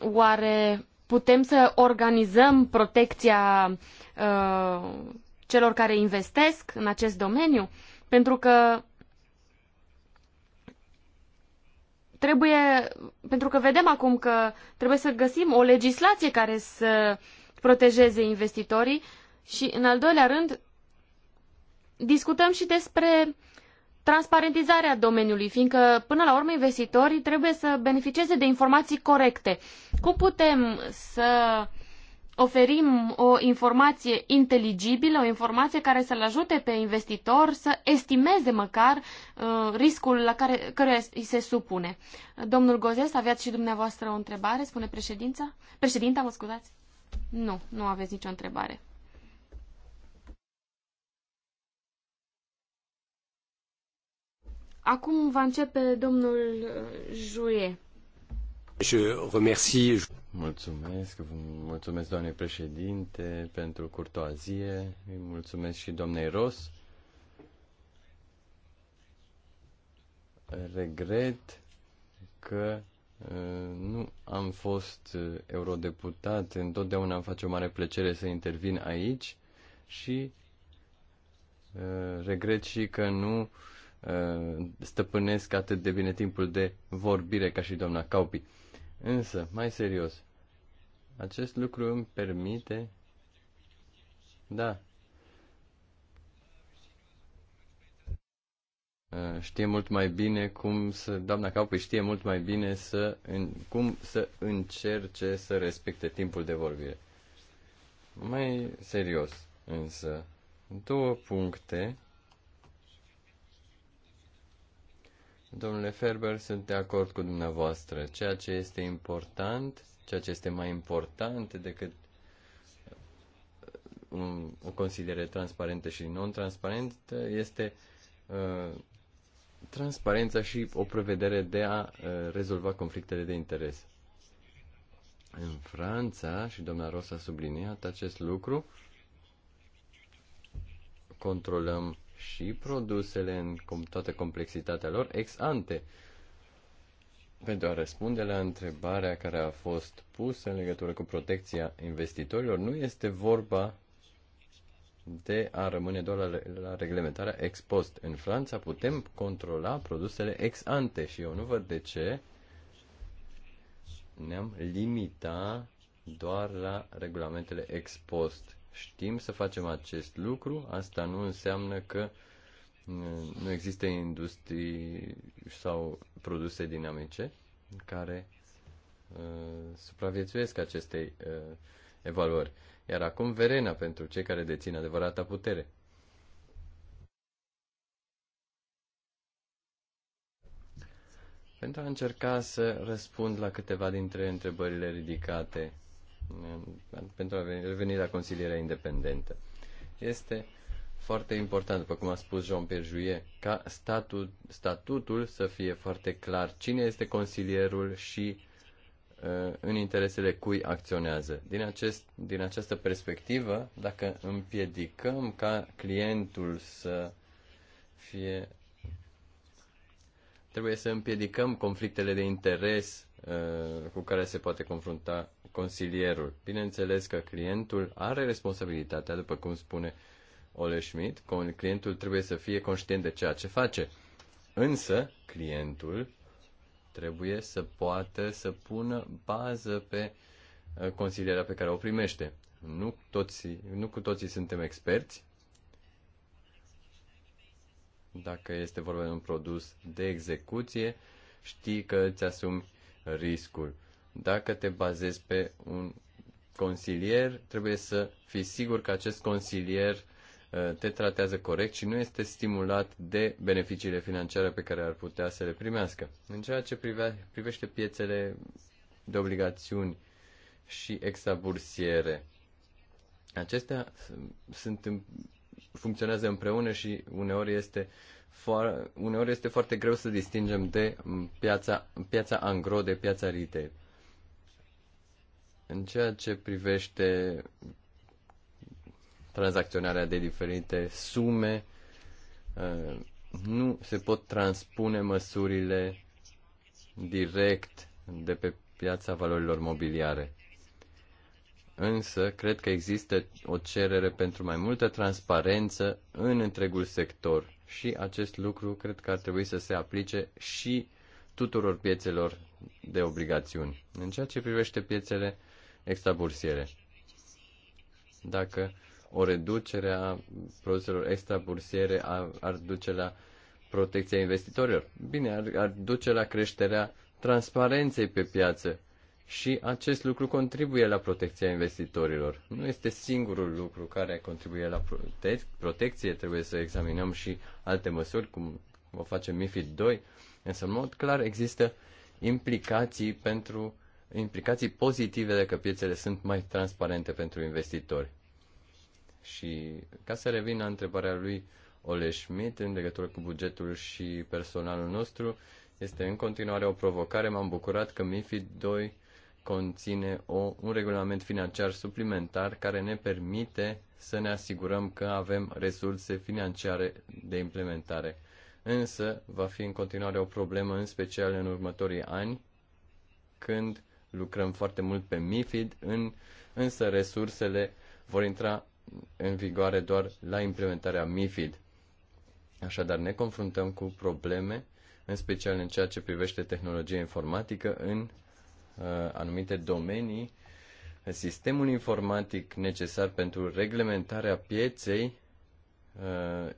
Oare putem să organizăm protecția uh, celor care investesc în acest domeniu? Pentru că trebuie, pentru că vedem acum că trebuie să găsim o legislație care să protejeze investitorii și, în al doilea rând, discutăm și despre transparentizarea domeniului, fiindcă, până la urmă, investitorii trebuie să beneficieze de informații corecte. Cum putem să oferim o informație inteligibilă, o informație care să-l ajute pe investitor să estimeze măcar uh, riscul la care, care îi se supune. Domnul Gozes, aveați și dumneavoastră o întrebare, spune președința? Președinta, mă scuzați? Nu, nu aveți nicio întrebare. Acum va începe domnul uh, Juie. Je remercie. Mulțumesc, mulțumesc doamne președinte pentru curtoazie, îi mulțumesc și doamnei Ros. Regret că uh, nu am fost uh, eurodeputat, întotdeauna îmi face o mare plăcere să intervin aici și uh, regret și că nu stăpânesc atât de bine timpul de vorbire ca și doamna Caupi. Însă, mai serios, acest lucru îmi permite, da, uh, știe mult mai bine cum să, doamna Caupui știe mult mai bine să, în, cum să încerce să respecte timpul de vorbire. Mai serios, însă, două puncte Domnule Ferber, sunt de acord cu dumneavoastră. Ceea ce este important, ceea ce este mai important decât uh, un, o considerare transparentă și non-transparentă este uh, transparența și o prevedere de a uh, rezolva conflictele de interes. În Franța, și doamna Rosa a subliniat acest lucru, controlăm și produsele în toată complexitatea lor ex ante. Pentru a răspunde la întrebarea care a fost pusă în legătură cu protecția investitorilor, nu este vorba de a rămâne doar la, la reglementarea ex post. În Franța putem controla produsele ex ante și eu nu văd de ce ne-am limita doar la regulamentele ex post știm să facem acest lucru, asta nu înseamnă că uh, nu există industrii sau produse dinamice care uh, supraviețuiesc acestei uh, evaluări. Iar acum verena pentru cei care dețin adevărata putere. Pentru a încerca să răspund la câteva dintre întrebările ridicate pentru a reveni la consilierea independentă. Este foarte important, după cum a spus Jean-Pierre Juillet, ca statut, statutul să fie foarte clar cine este consilierul și uh, în interesele cui acționează. Din, acest, din această perspectivă, dacă împiedicăm ca clientul să fie. Trebuie să împiedicăm conflictele de interes uh, cu care se poate confrunta consilierul. Bineînțeles că clientul are responsabilitatea, după cum spune Ole Schmidt, clientul trebuie să fie conștient de ceea ce face. Însă, clientul trebuie să poată să pună bază pe uh, consilierea pe care o primește. Nu, toți, nu cu toții suntem experți. Dacă este vorba de un produs de execuție, știi că îți asumi riscul dacă te bazezi pe un consilier, trebuie să fii sigur că acest consilier uh, te tratează corect și nu este stimulat de beneficiile financiare pe care ar putea să le primească. În ceea ce privea, privește piețele de obligațiuni și extrabursiere, acestea sunt funcționează împreună și uneori este, uneori este foarte greu să distingem de piața, piața angro de piața retail. În ceea ce privește tranzacționarea de diferite sume, uh, nu se pot transpune măsurile direct de pe piața valorilor mobiliare. Însă, cred că există o cerere pentru mai multă transparență în întregul sector și acest lucru cred că ar trebui să se aplice și tuturor piețelor de obligațiuni. În ceea ce privește piețele extrabursiere. Dacă o reducere a produselor extrabursiere ar, ar duce la protecția investitorilor. Bine, ar, ar duce la creșterea transparenței pe piață și acest lucru contribuie la protecția investitorilor. Nu este singurul lucru care contribuie la protecție, trebuie să examinăm și alte măsuri, cum o face MIFID 2, însă în mod clar există implicații pentru implicații pozitive dacă piețele sunt mai transparente pentru investitori. Și ca să revin la întrebarea lui Ole Schmidt în legătură cu bugetul și personalul nostru, este în continuare o provocare. M-am bucurat că MIFID 2 conține o, un regulament financiar suplimentar care ne permite să ne asigurăm că avem resurse financiare de implementare. Însă va fi în continuare o problemă, în special în următorii ani, când lucrăm foarte mult pe MIFID, în, însă resursele vor intra în vigoare doar la implementarea MIFID. Așadar, ne confruntăm cu probleme, în special în ceea ce privește tehnologia informatică, în uh, anumite domenii. Sistemul informatic necesar pentru reglementarea pieței uh,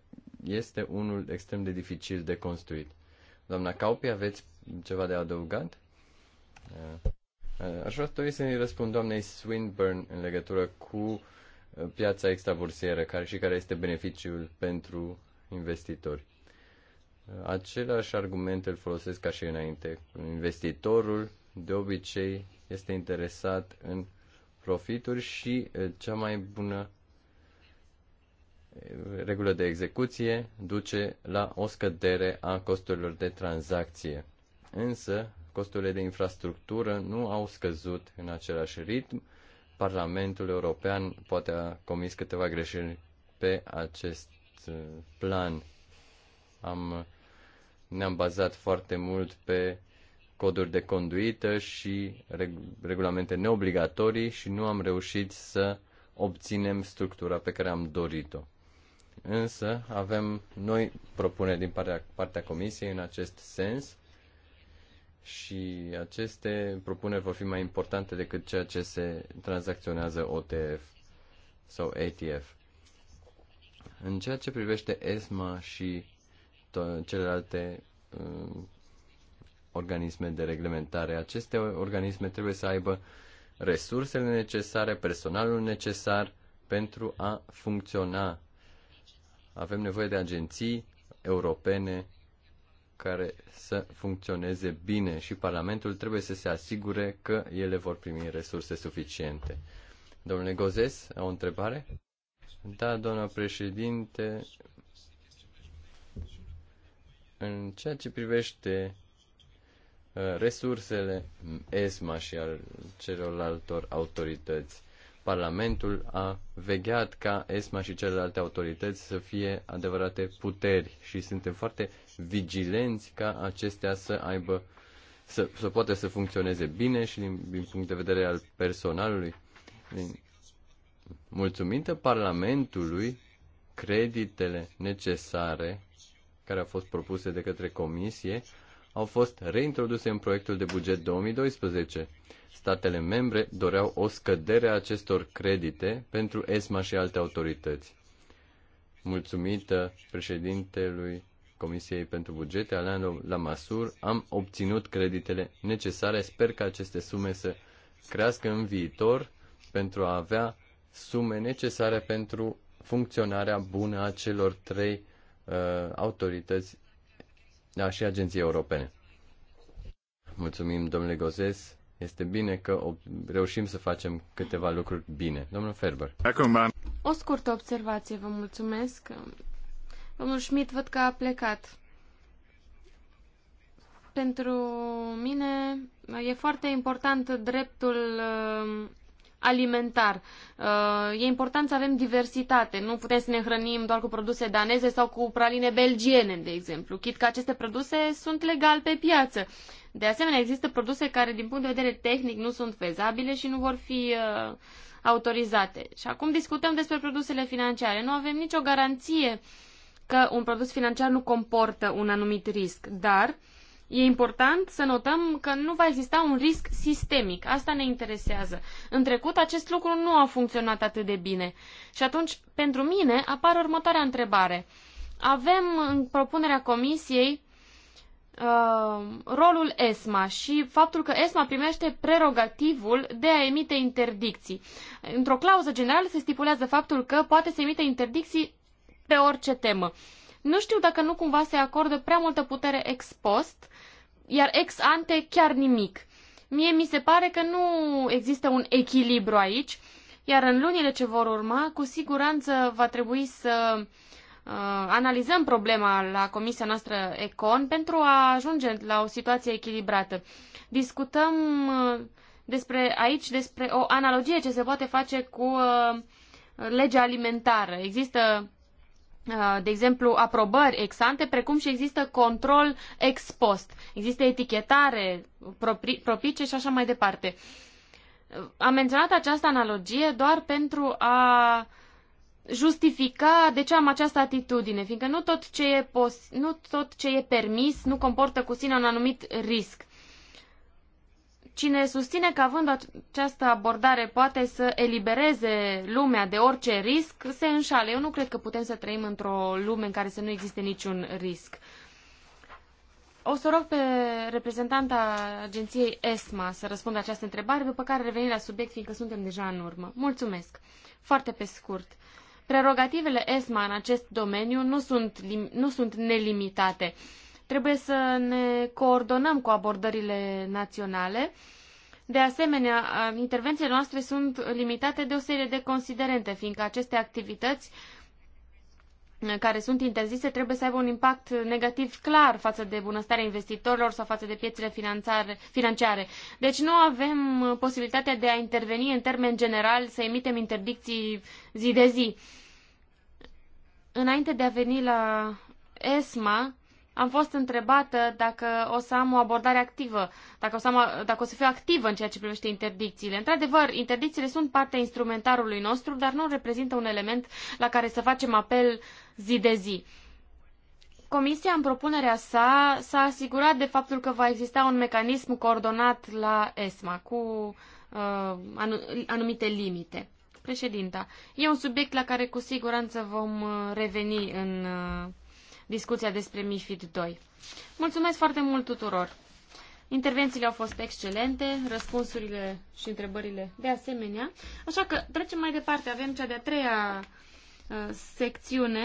este unul extrem de dificil de construit. Doamna Caupi, aveți ceva de adăugat? Uh. Uh, aș vrea tot să ne răspund doamnei Swinburne în legătură cu uh, piața extrabursieră care și care este beneficiul pentru investitori. Uh, același argument îl folosesc ca și înainte. Investitorul de obicei este interesat în profituri și cea mai bună regulă de execuție duce la o scădere a costurilor de tranzacție. Însă, costurile de infrastructură nu au scăzut în același ritm. Parlamentul European poate a comis câteva greșeli pe acest uh, plan. Am, ne-am bazat foarte mult pe coduri de conduită și regulamente neobligatorii și nu am reușit să obținem structura pe care am dorit-o. Însă avem noi propuneri din partea, partea Comisiei în acest sens și aceste propuneri vor fi mai importante decât ceea ce se tranzacționează OTF sau ATF. În ceea ce privește ESMA și celelalte uh, organisme de reglementare, aceste organisme trebuie să aibă resursele necesare, personalul necesar pentru a funcționa. Avem nevoie de agenții europene care să funcționeze bine și Parlamentul trebuie să se asigure că ele vor primi resurse suficiente. Domnule Gozes, o întrebare? Da, doamna președinte, în ceea ce privește uh, resursele ESMA și al celorlaltor autorități. Parlamentul a vegheat ca ESMA și celelalte autorități să fie adevărate puteri și suntem foarte vigilenți ca acestea să aibă să, să poată să funcționeze bine și din, din punct de vedere al personalului. Din, mulțumită Parlamentului, creditele necesare care au fost propuse de către Comisie au fost reintroduse în proiectul de buget 2012. Statele membre doreau o scădere a acestor credite pentru ESMA și alte autorități. Mulțumită președintelui Comisiei pentru Bugete, Alain Lamassur, am obținut creditele necesare. Sper că aceste sume să crească în viitor pentru a avea sume necesare pentru funcționarea bună a celor trei uh, autorități da, și agenții europene. Mulțumim, domnule Gozes. Este bine că reușim să facem câteva lucruri bine. Domnul Ferber. Acum, O scurtă observație, vă mulțumesc. Domnul Schmidt văd că a plecat. Pentru mine uh, e foarte important dreptul uh, alimentar. Uh, e important să avem diversitate. Nu putem să ne hrănim doar cu produse daneze sau cu praline belgiene, de exemplu. Chit că aceste produse sunt legal pe piață. De asemenea, există produse care, din punct de vedere tehnic, nu sunt fezabile și nu vor fi autorizate. Și acum discutăm despre produsele financiare. Nu avem nicio garanție uh, că un produs financiar nu comportă un anumit risc, dar e important să notăm că nu va exista un risc sistemic. Asta ne interesează. În trecut, acest lucru nu a funcționat atât de bine. Și atunci, pentru mine, apare următoarea întrebare. Avem în propunerea comisiei uh, rolul ESMA și faptul că ESMA primește prerogativul de a emite interdicții. Într-o clauză generală se stipulează faptul că poate să emite interdicții pe orice temă. Nu știu dacă nu cumva se acordă prea multă putere ex post, iar ex ante chiar nimic. Mie mi se pare că nu există un echilibru aici, iar în lunile ce vor urma, cu siguranță va trebui să uh, analizăm problema la comisia noastră Econ pentru a ajunge la o situație echilibrată. Discutăm uh, despre aici despre o analogie ce se poate face cu uh, legea alimentară. Există Ah, de exemplu, aprobări exante, precum și există control ex post. Există etichetare propice și așa mai departe. Am menționat această analogie doar pentru a justifica de ce am această atitudine, fiindcă nu tot ce e, pos- nu tot ce e permis nu comportă cu sine un anumit risc. Cine susține că având această abordare poate să elibereze lumea de orice risc, se înșală. Eu nu cred că putem să trăim într-o lume în care să nu existe niciun risc. O să rog pe reprezentanta agenției ESMA să răspundă această întrebare, după care revenim la subiect, fiindcă suntem deja în urmă. Mulțumesc. Foarte pe scurt. Prerogativele ESMA în acest domeniu nu sunt, nu sunt nelimitate. Uh, Trebuie să ne coordonăm cu abordările naționale. De asemenea, intervențiile noastre sunt limitate de o serie de considerente, fiindcă aceste activități care sunt interzise trebuie să aibă un impact negativ clar față de bunăstarea investitorilor sau față de piețele financiare. Deci nu avem uh, posibilitatea de a interveni în termen general, să emitem interdicții zi de zi. Înainte de a veni la ESMA, am fost întrebată dacă o să am o abordare activă, dacă o să, am, dacă o să fiu activă în ceea ce privește interdicțiile. Într-adevăr, interdicțiile sunt parte instrumentarului nostru, dar nu reprezintă un element la care să facem apel zi de zi. Comisia, în propunerea sa, s-a asigurat de faptul că va exista un mecanism coordonat la ESMA cu uh, anumite limite. Președinta, e un subiect la care cu siguranță vom uh, reveni în uh, discuția despre MIFID 2. Mulțumesc foarte mult tuturor! Intervențiile au fost excelente, răspunsurile și întrebările de asemenea. Așa că trecem mai departe. Avem cea de-a treia uh, secțiune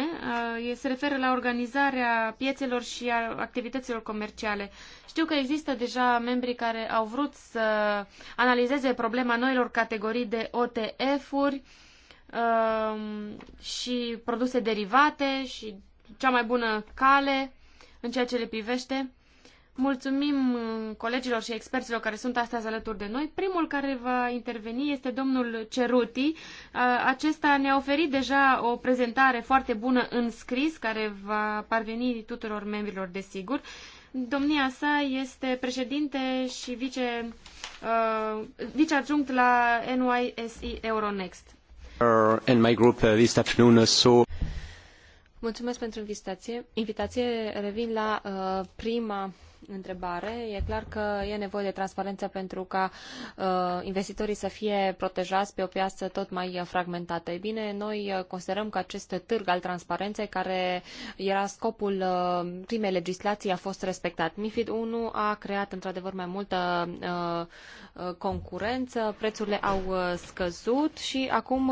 uh, se referă la organizarea piețelor și a activităților comerciale. Știu că există deja membri care au vrut să analizeze problema noilor categorii de OTF-uri um, și produse derivate și cea mai bună cale în ceea ce le privește. Mulțumim uh, colegilor și experților care sunt astăzi alături de noi. Primul care va interveni este domnul Ceruti. Uh, acesta ne-a oferit deja o prezentare foarte bună în scris, care va parveni tuturor membrilor, desigur. Domnia sa este președinte și vice, uh, vice-adjunct la NYSE Euronext. Uh, and my group uh, this uh, so Mulțumesc pentru invitație. invitație. Revin la uh, prima întrebare. E clar că e nevoie de transparență pentru ca uh, investitorii să fie protejați pe o piață tot mai uh, fragmentată. Ei bine, noi uh, considerăm că acest târg al transparenței, care era scopul uh, primei legislații, a fost respectat. MIFID 1 a creat într-adevăr mai multă uh, uh concurență, prețurile au scăzut și acum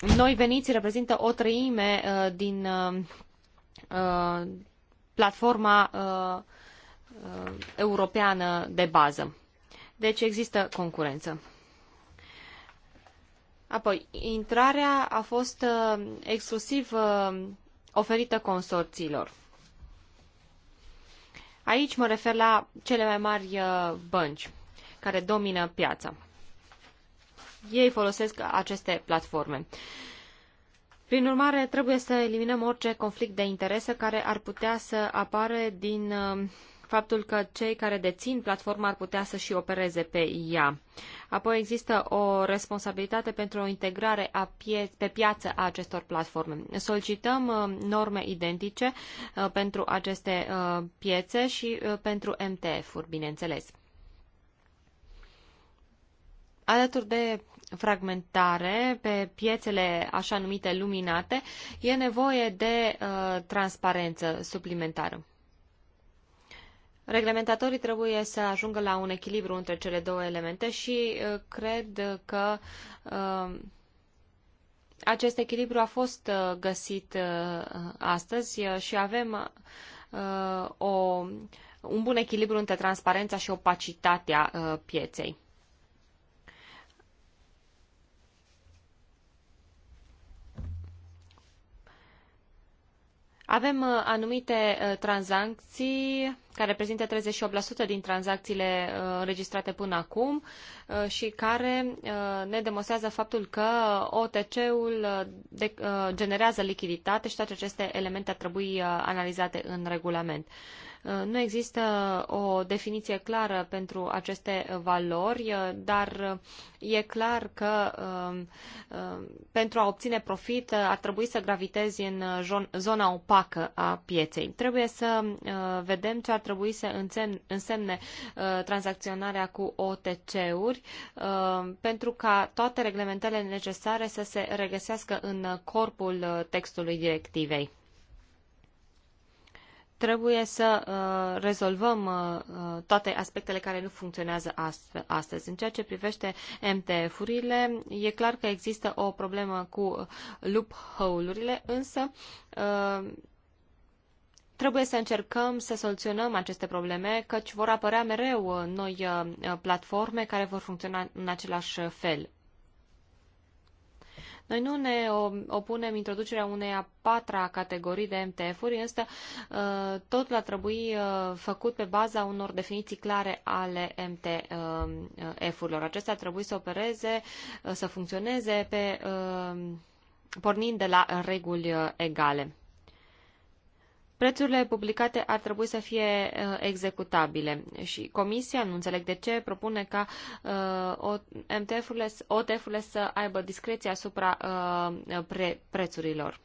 noi veniți reprezintă o treime uh, din uh, uh platforma uh, uh, europeană de bază. Deci există concurență. Apoi, intrarea a fost uh, exclusiv oferită consorțiilor. Aici mă refer la cele mai mari bănci care domină piața ei folosesc aceste platforme. Prin urmare, trebuie să eliminăm orice conflict de interese care ar putea să apare din uh, faptul că cei care dețin platforma ar putea să și opereze pe ea. Apoi există o responsabilitate pentru o integrare a pie- pe piață a acestor platforme. Solicităm uh, norme identice uh, pentru aceste uh, piețe și uh, pentru MTF-uri, bineînțeles. Alături de fragmentare pe piețele așa numite luminate, e nevoie de uh, transparență suplimentară. Reglementatorii trebuie să ajungă la un echilibru între cele două elemente și uh, cred că uh, acest echilibru a fost uh, găsit uh, astăzi și avem uh, o, un bun echilibru între transparența și opacitatea pieței. Avem uh, anumite uh, tranzacții care reprezintă 38% din tranzacțiile uh, înregistrate până acum și care ne demonstrează faptul că OTC-ul generează lichiditate și toate aceste elemente ar trebui analizate în regulament. Uh, nu există o definiție clară pentru aceste valori, uh, dar uh, e clar că pentru a obține profit ar trebui să gravitezi în zona opacă a pieței. Trebuie să vedem ce ar trebui să însemne tranzacționarea cu OTC-uri pentru ca toate reglementele necesare să se regăsească în corpul textului directivei trebuie să uh, rezolvăm uh, uh, toate aspectele care nu funcționează astăzi. În ceea ce privește MTF-urile, e clar că există o problemă cu uh, loophole-urile, însă uh, trebuie să încercăm să soluționăm aceste probleme, căci vor apărea mereu uh, noi platforme care vor funcționa în același fel. Noi nu ne opunem introducerea unei a patra categorii de MTF-uri, însă uh, tot va trebui uh, făcut pe baza unor definiții clare ale MTF-urilor. Uh, Acestea trebuie să opereze, să funcționeze pe pornind de la reguli egale. Prețurile publicate ar trebui să fie uh, executabile și Comisia, nu înțeleg de ce, propune ca MTF-urile, uh, OTF-urile să aibă discreție asupra uh, pre prețurilor.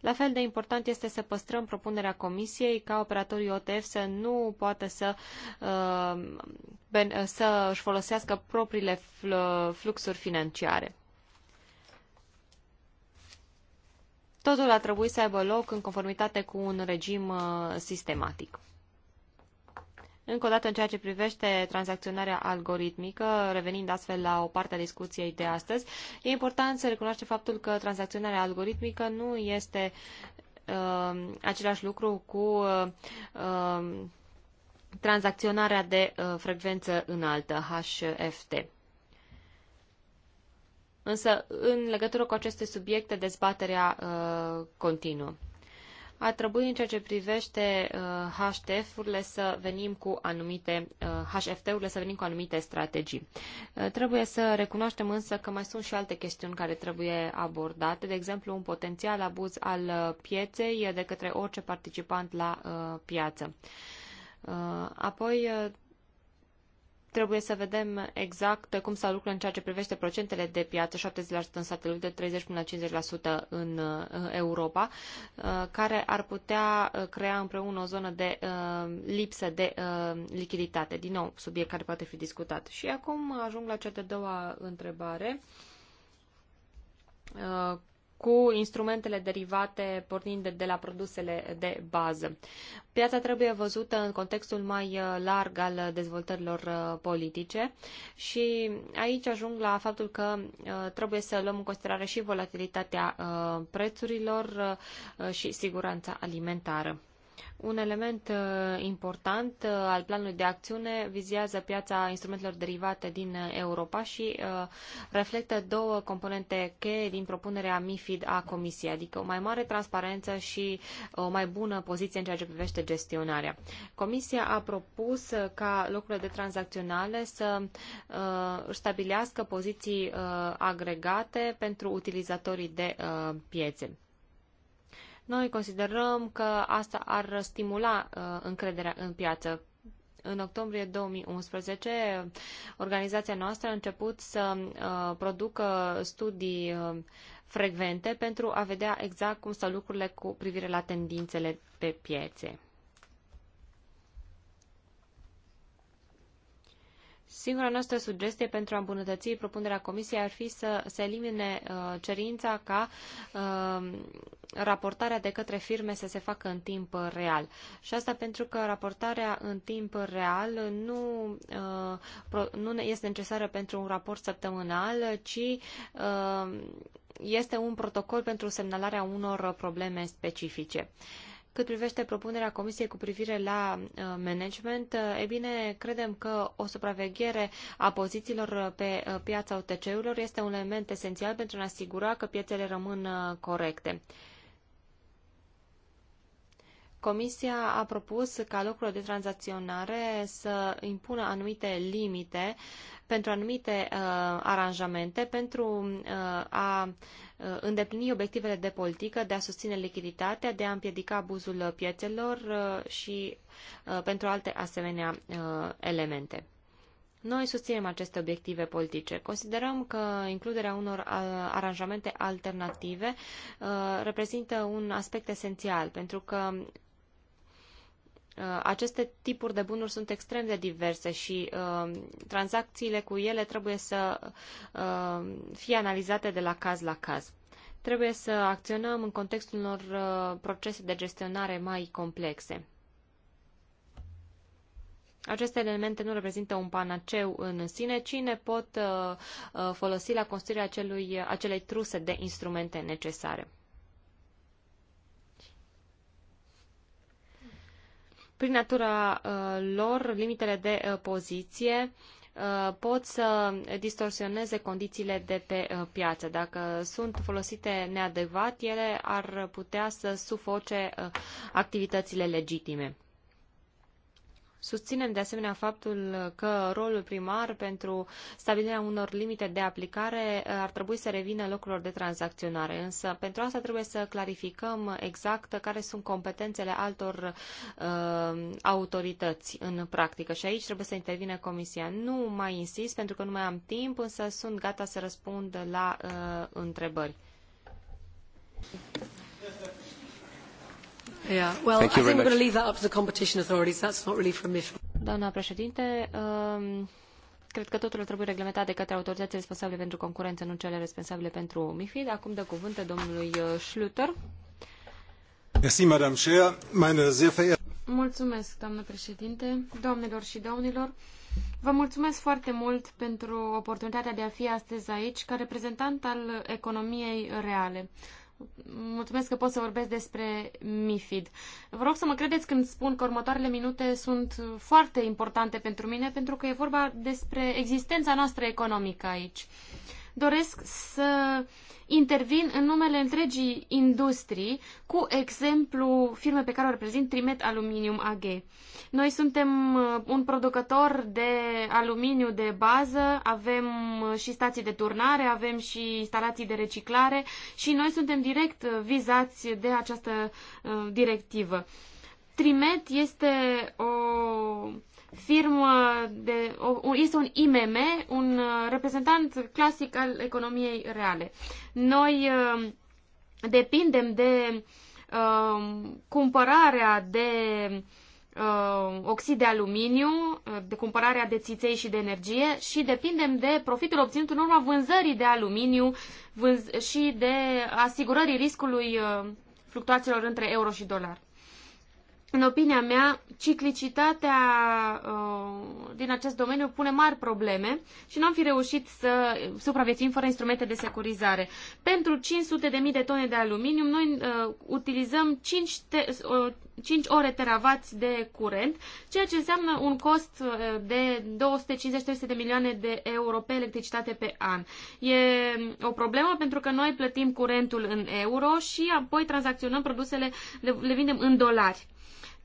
La fel de important este să păstrăm propunerea Comisiei ca operatorii OTF să nu poată să, să își folosească propriile fluxuri financiare. Totul a trebuit să aibă loc în conformitate cu un regim uh, sistematic. Încă o dată, în ceea ce privește tranzacționarea algoritmică, revenind astfel la o parte a discuției de astăzi, e important să recunoaște faptul că tranzacționarea algoritmică nu este uh, același lucru cu uh, tranzacționarea de uh, frecvență înaltă, HFT. Însă, în legătură cu aceste subiecte, dezbaterea uh, continuă. A trebuit în ceea ce privește uh, HTF-urile să venim cu anumite uh, HFT-urile să venim cu anumite strategii. Uh, trebuie să recunoaștem însă că mai sunt și alte chestiuni care trebuie abordate, de exemplu un potențial abuz al uh, pieței de către orice participant la uh, piață. Uh, apoi uh, trebuie să vedem exact cum s-a lucrat în ceea ce privește procentele de piață, 70% în Statele Unite, 30 până la 50% în Europa, uh, care ar putea uh, crea împreună o zonă de uh, lipsă de lichiditate. Din nou, subiect care poate fi discutat. Și acum ajung la cea de-a doua întrebare cu instrumentele derivate pornind de, de la produsele de bază. Piața trebuie văzută în contextul mai uh, larg al dezvoltărilor uh, politice și aici ajung la faptul că uh, trebuie să luăm în considerare și volatilitatea prețurilor și siguranța alimentară. Un element uh, important uh, al planului de acțiune vizează piața instrumentelor derivate din Europa și uh, reflectă două componente cheie din propunerea MIFID a Comisiei, adică o mai mare transparență și o mai bună poziție în ceea ce privește gestionarea. Comisia a propus ca locurile de tranzacționale să stabilească poziții agregate pentru utilizatorii de piețe. Noi considerăm că asta ar stimula uh, încrederea în piață. În octombrie 2011, organizația noastră a început să uh, producă studii uh, frecvente pentru a vedea exact cum stau lucrurile cu privire la tendințele pe piețe. Singura noastră sugestie pentru a îmbunătăți propunerea Comisiei ar fi să se elimine uh, cerința ca uh, raportarea de către firme să se facă în timp real. Și asta pentru că raportarea în timp real nu, uh, pro, nu este necesară pentru un raport săptămânal, ci uh, este un protocol pentru semnalarea unor probleme specifice. Uh, cât privește propunerea Comisiei cu privire la uh, management, uh, e bine, credem că o supraveghere a pozițiilor uh, pe piața OTC-urilor este un element esențial pentru a ne asigura că piețele rămân corecte. Comisia a propus ca locurile de tranzacționare să impună anumite limite pentru anumite uh, aranjamente pentru uh, a uh, îndeplini obiectivele de politică, de a susține lichiditatea, de a împiedica abuzul piețelor uh, și uh, pentru alte asemenea uh, elemente. Noi susținem aceste obiective politice. Considerăm că includerea unor uh, aranjamente alternative uh, reprezintă un aspect esențial, pentru că Uh, aceste tipuri de bunuri sunt extrem de diverse și uh, tranzacțiile cu ele trebuie să uh, fie analizate de la caz la caz. Trebuie să acționăm în contextul unor uh, procese de gestionare mai complexe. Aceste elemente nu reprezintă un panaceu în sine, ci ne pot uh, uh, folosi la construirea acelui, acelei truse de instrumente necesare. Prin natura uh, lor, limitele de uh, poziție uh, pot să distorsioneze condițiile de pe piață. Dacă sunt folosite neadecvat, ele ar putea să sufoce activitățile legitime. Susținem de asemenea faptul că rolul primar pentru stabilirea unor limite de aplicare uh, ar trebui să revină locurilor de tranzacționare, însă pentru asta trebuie să clarificăm exact care sunt competențele altor uh, autorități în practică și aici trebuie să intervine Comisia. Nu mai insist pentru că nu mai am timp, însă sunt gata să răspund la uh, întrebări. Doamnă președinte, um, cred că totul trebuie reglementat de către autoritățile responsabile pentru concurență, nu cele responsabile pentru MIFID. Acum dă cuvântul domnului uh, Schlüter. Mulțumesc, doamnă președinte, doamnelor și domnilor. Vă mulțumesc foarte mult pentru oportunitatea de a fi astăzi aici ca reprezentant al economiei reale. Mulțumesc că pot să vorbesc despre MIFID. Vă rog să mă credeți când spun că următoarele minute sunt foarte importante pentru mine, pentru că e vorba despre existența noastră economică aici. Uh, doresc să intervin în numele întregii industrii, cu exemplu firme pe care o reprezint Trimet Aluminium AG. Noi suntem uh, un producător de aluminiu de bază, avem uh, și stații de turnare, avem și instalații de reciclare și noi suntem direct uh, vizați de această directivă. Trimet este o firmă de, o, este un IMM, un uh, reprezentant clasic al economiei reale. Noi uh, depindem de uh, cumpărarea de uh, oxid de aluminiu, uh, de cumpărarea de țiței și de energie și depindem de profitul obținut în urma vânzării de aluminiu vânz- și de asigurării riscului uh, fluctuațiilor între euro și dolar în opinia mea, ciclicitatea uh, din acest domeniu pune mari probleme și nu am fi reușit să supraviețuim fără instrumente de securizare. Pentru 500.000 de tone de aluminiu, noi uh, utilizăm 5, te, 5 uh, ore teravați de curent, ceea ce înseamnă un cost de 250-300 de milioane de euro pe electricitate pe an. E um, o problemă pentru că noi plătim curentul în euro și apoi tranzacționăm produsele, le, le vindem în dolari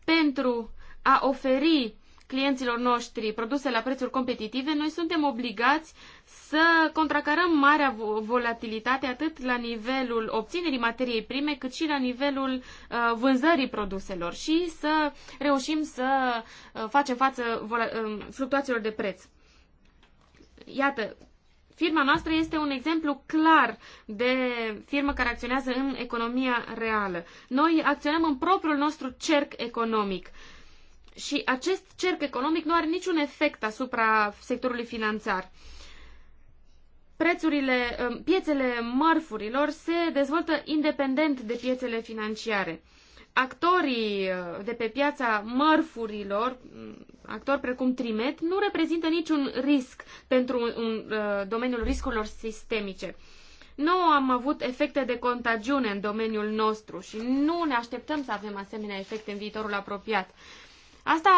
pentru a oferi clienților noștri produse la prețuri competitive, noi suntem obligați să contracarăm marea volatilitate atât la nivelul obținerii materiei prime, cât și la nivelul uh, vânzării produselor și să reușim să uh, facem față uh, fluctuațiilor de preț. Iată, Firma noastră este un exemplu clar de firmă care acționează în economia reală. Noi acționăm în propriul nostru cerc economic. Și acest cerc economic nu are niciun efect asupra sectorului financiar. Prețurile, um, piețele mărfurilor se dezvoltă independent de piețele financiare actorii uh, de pe piața mărfurilor, mm, actori precum Trimet, nu reprezintă niciun risc pentru un, un, uh, domeniul riscurilor sistemice. Nu am avut efecte de contagiune în domeniul nostru și nu ne așteptăm să avem asemenea efecte în viitorul apropiat. Asta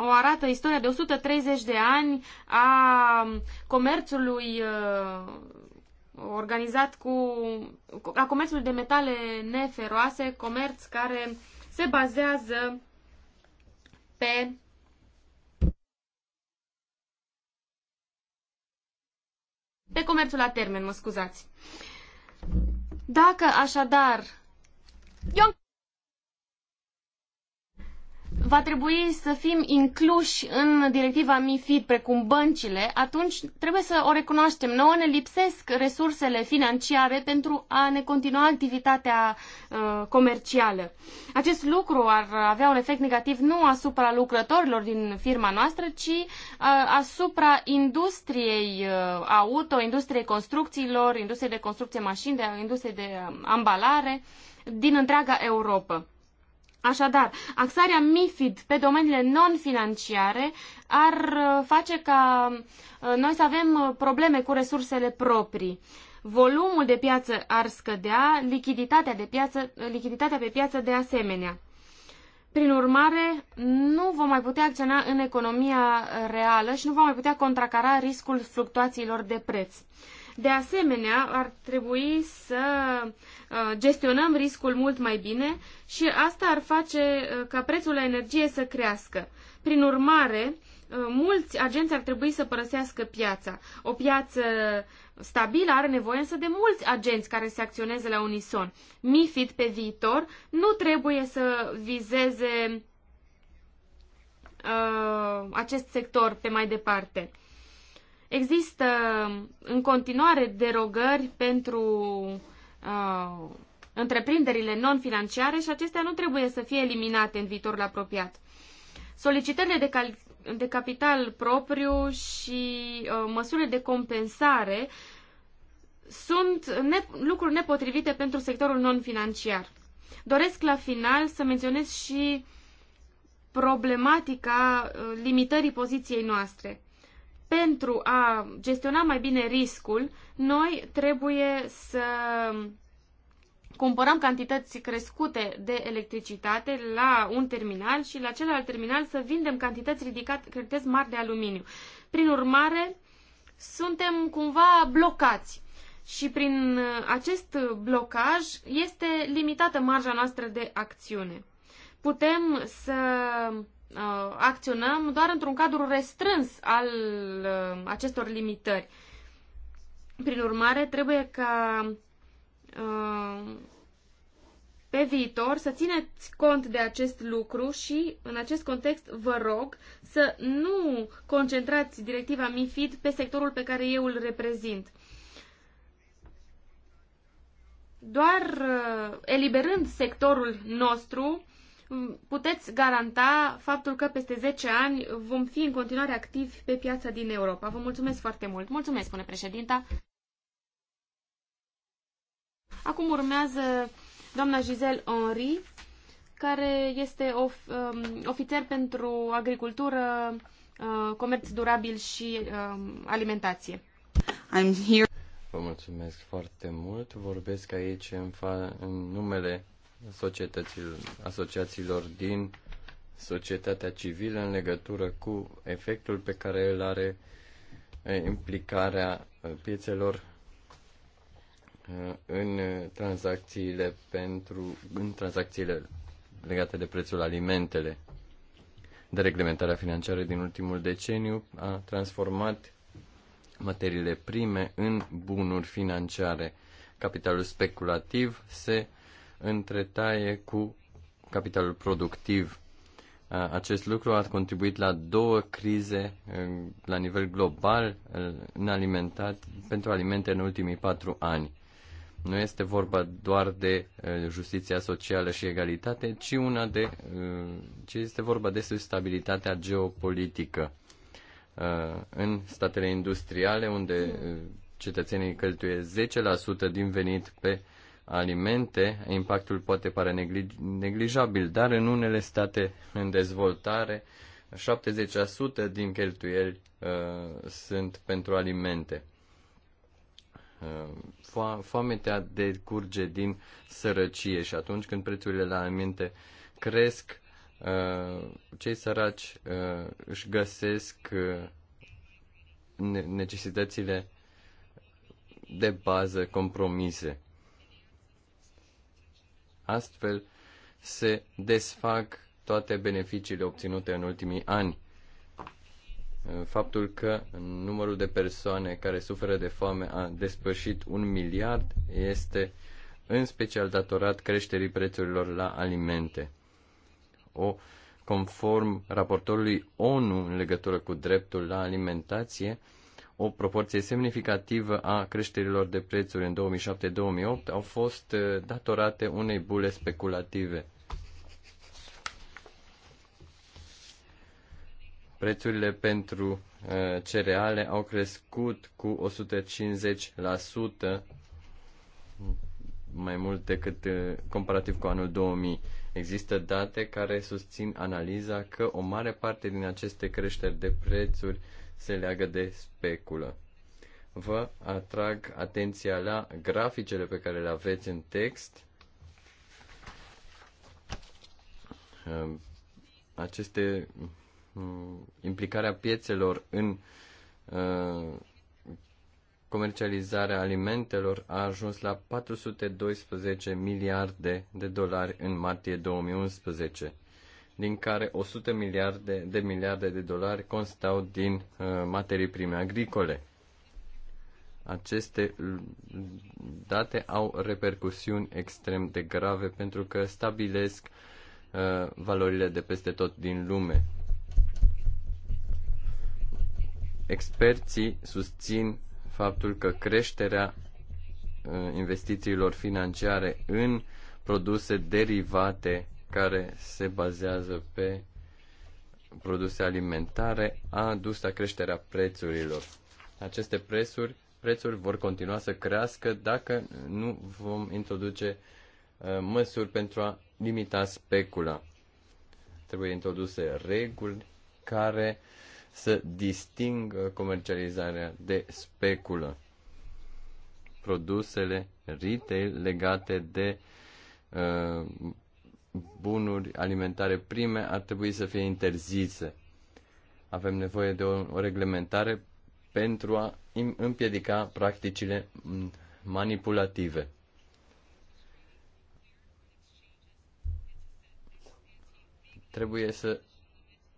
o arată istoria de 130 de ani a comerțului uh, organizat cu, la comerțul de metale neferoase, comerț care se bazează pe pe comerțul la termen, mă scuzați. Dacă așadar eu va trebui să fim incluși în directiva MIFID, precum băncile, atunci trebuie să o recunoaștem. Nouă ne lipsesc resursele financiare pentru a ne continua activitatea uh, comercială. Acest lucru ar avea un efect negativ nu asupra lucrătorilor din firma noastră, ci uh, asupra industriei uh, auto, industriei construcțiilor, industriei de construcție mașini, de, industriei de uh, ambalare din întreaga Europa. Așadar, axarea MIFID pe domeniile non-financiare ar uh, face ca uh, noi să avem uh, probleme cu resursele proprii. Volumul de piață ar scădea, lichiditatea, de piață, lichiditatea pe piață de asemenea. Prin urmare, nu vom mai putea acționa în economia reală și nu vom mai putea contracara riscul fluctuațiilor de preț. De asemenea, ar trebui să uh, gestionăm riscul mult mai bine și asta ar face uh, ca prețul la energie să crească. Prin urmare, uh, mulți agenți ar trebui să părăsească piața. O piață stabilă are nevoie însă de mulți agenți care se acționeze la unison. MIFID pe viitor nu trebuie să vizeze uh, acest sector pe mai departe. Există um, în continuare derogări pentru uh, întreprinderile non-financiare și acestea nu trebuie să fie eliminate în viitorul apropiat. Solicitările de, cal- de capital propriu și uh, măsurile de compensare sunt ne- lucruri nepotrivite pentru sectorul non-financiar. Doresc la final să menționez și problematica uh, limitării poziției noastre pentru a gestiona mai bine riscul, noi trebuie să cumpărăm cantități crescute de electricitate la un terminal și la celălalt terminal să vindem cantități ridicate, cantități mari de aluminiu. Prin urmare, suntem cumva blocați. Și prin acest blocaj este limitată marja noastră de acțiune. Putem să uh, acționăm doar într-un cadru restrâns al uh, acestor limitări. Prin urmare, trebuie ca uh, pe viitor să țineți cont de acest lucru și, în acest context, vă rog să nu concentrați directiva MIFID pe sectorul pe care eu îl reprezint. Doar uh, eliberând sectorul nostru, Mm, puteți garanta faptul că peste 10 ani vom fi în continuare activi pe piața din Europa. Vă mulțumesc foarte mult. Mulțumesc, spune președinta. Acum urmează doamna Giselle Henri, care este of, um, ofițer pentru agricultură, uh, comerț durabil și um, alimentație. I'm here. Vă mulțumesc foarte mult. Vorbesc aici în, fa- în numele societăților, asociațiilor din societatea civilă în legătură cu efectul pe care îl are implicarea uh, piețelor uh, în tranzacțiile pentru în tranzacțiile legate de prețul alimentele. De reglementarea financiară din ultimul deceniu a transformat materiile prime în bunuri financiare. Capitalul speculativ se între taie cu capitalul productiv. Acest lucru a contribuit la două crize la nivel global în alimentat, pentru alimente în ultimii patru ani. Nu este vorba doar de justiția socială și egalitate, ci, una de, ci este vorba de stabilitatea geopolitică. În statele industriale, unde cetățenii cheltuie 10% din venit pe uh, alimente, impactul poate pare neglijabil, dar în unele state în dezvoltare, 70% din cheltuieli uh, sunt pentru alimente. Uh, foametea decurge din sărăcie și atunci când prețurile la alimente cresc, uh, cei săraci uh, își găsesc uh, necesitățile de bază compromise. Astfel se desfac toate beneficiile obținute în ultimii ani. Faptul că numărul de persoane care suferă de foame a despășit un miliard este în special datorat creșterii prețurilor la alimente. O conform raportorului ONU în legătură cu dreptul la alimentație, o proporție semnificativă a creșterilor de prețuri în 2007-2008 au fost uh, datorate unei bule speculative. Prețurile pentru uh, cereale au crescut cu 150% mai mult decât uh, comparativ cu anul 2000. Există date care susțin analiza că o mare parte din aceste creșteri de prețuri uh, se leagă de speculă. Vă atrag atenția la graficele pe care le aveți în text. Ehm, aceste mm, implicarea piețelor în ehm, comercializarea alimentelor a ajuns la 412 miliarde de dolari în martie 2011 din care 100 miliarde de miliarde de dolari constau din uh, materii prime agricole. Aceste date au repercusiuni extrem de grave pentru că stabilesc uh, valorile de peste tot din lume. Experții susțin faptul că creșterea uh, investițiilor financiare în produse derivate care se bazează pe produse alimentare a dus la creșterea prețurilor. Aceste prețuri, prețuri vor continua să crească dacă nu vom introduce uh, măsuri pentru a limita specula. Trebuie introduse reguli care să distingă comercializarea de speculă. Produsele retail legate de uh, bunuri alimentare prime ar trebui să fie interzise. Avem nevoie de o, o reglementare pentru a împiedica practicile manipulative. Trebuie să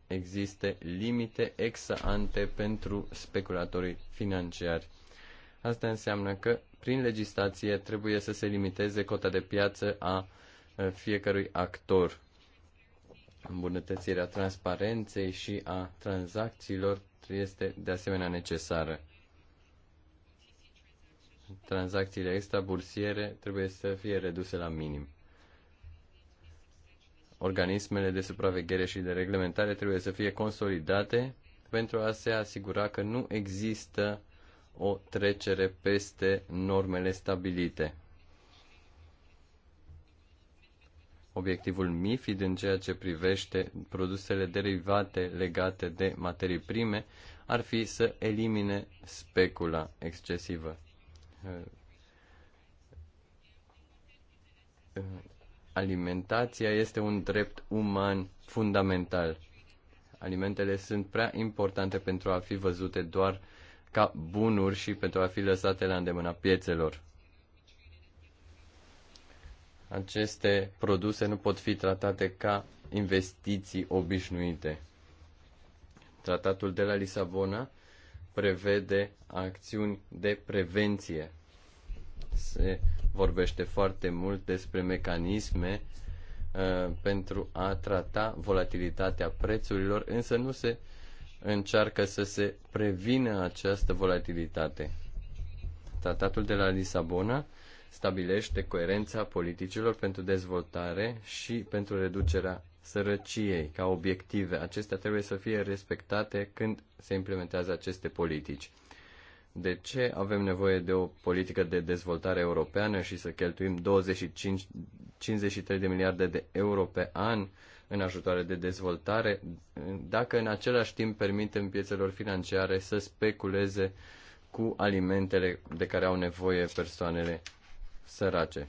existe limite ex ante pentru speculatorii financiari. Asta înseamnă că prin legislație trebuie să se limiteze cota de piață a uh, fiecărui actor. Îmbunătățirea transparenței și a tranzacțiilor este de asemenea necesară. Tranzacțiile extrabursiere trebuie să fie reduse la minim. Organismele de supraveghere și de reglementare trebuie să fie consolidate pentru a se asigura că nu există o trecere peste normele stabilite. obiectivul MIFID în ceea ce privește produsele derivate legate de materii prime ar fi să elimine specula excesivă. Uh, uh, alimentația este un drept uman fundamental. Alimentele sunt prea importante pentru a fi văzute doar ca bunuri și pentru a fi lăsate la îndemâna piețelor aceste produse nu pot fi tratate ca investiții obișnuite. Tratatul de la Lisabona prevede acțiuni de prevenție. Se vorbește foarte mult despre mecanisme uh, pentru a trata volatilitatea prețurilor, însă nu se încearcă să se prevină această volatilitate. Tratatul de la Lisabona stabilește coerența politicilor pentru dezvoltare și pentru reducerea sărăciei ca obiective. Acestea trebuie să fie respectate când se implementează aceste politici. De ce avem nevoie de o politică de dezvoltare europeană și să cheltuim 25, 53 de miliarde de euro pe an în ajutoare de dezvoltare, dacă în același timp permitem piețelor financiare să speculeze cu alimentele de care au nevoie persoanele sărace.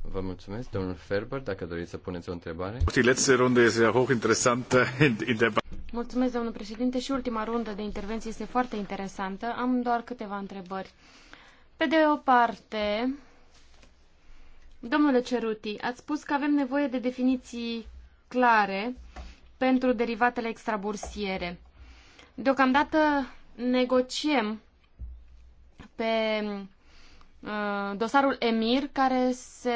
Vă mulțumesc, domnul Ferber, dacă doriți să puneți o întrebare. Mulțumesc, domnul președinte, și ultima rundă de intervenție este foarte interesantă. Am doar câteva întrebări. Pe de o parte, domnule Ceruti, ați spus că avem nevoie de definiții clare pentru derivatele extrabursiere. Deocamdată negociem pe Uh, dosarul EMIR, care se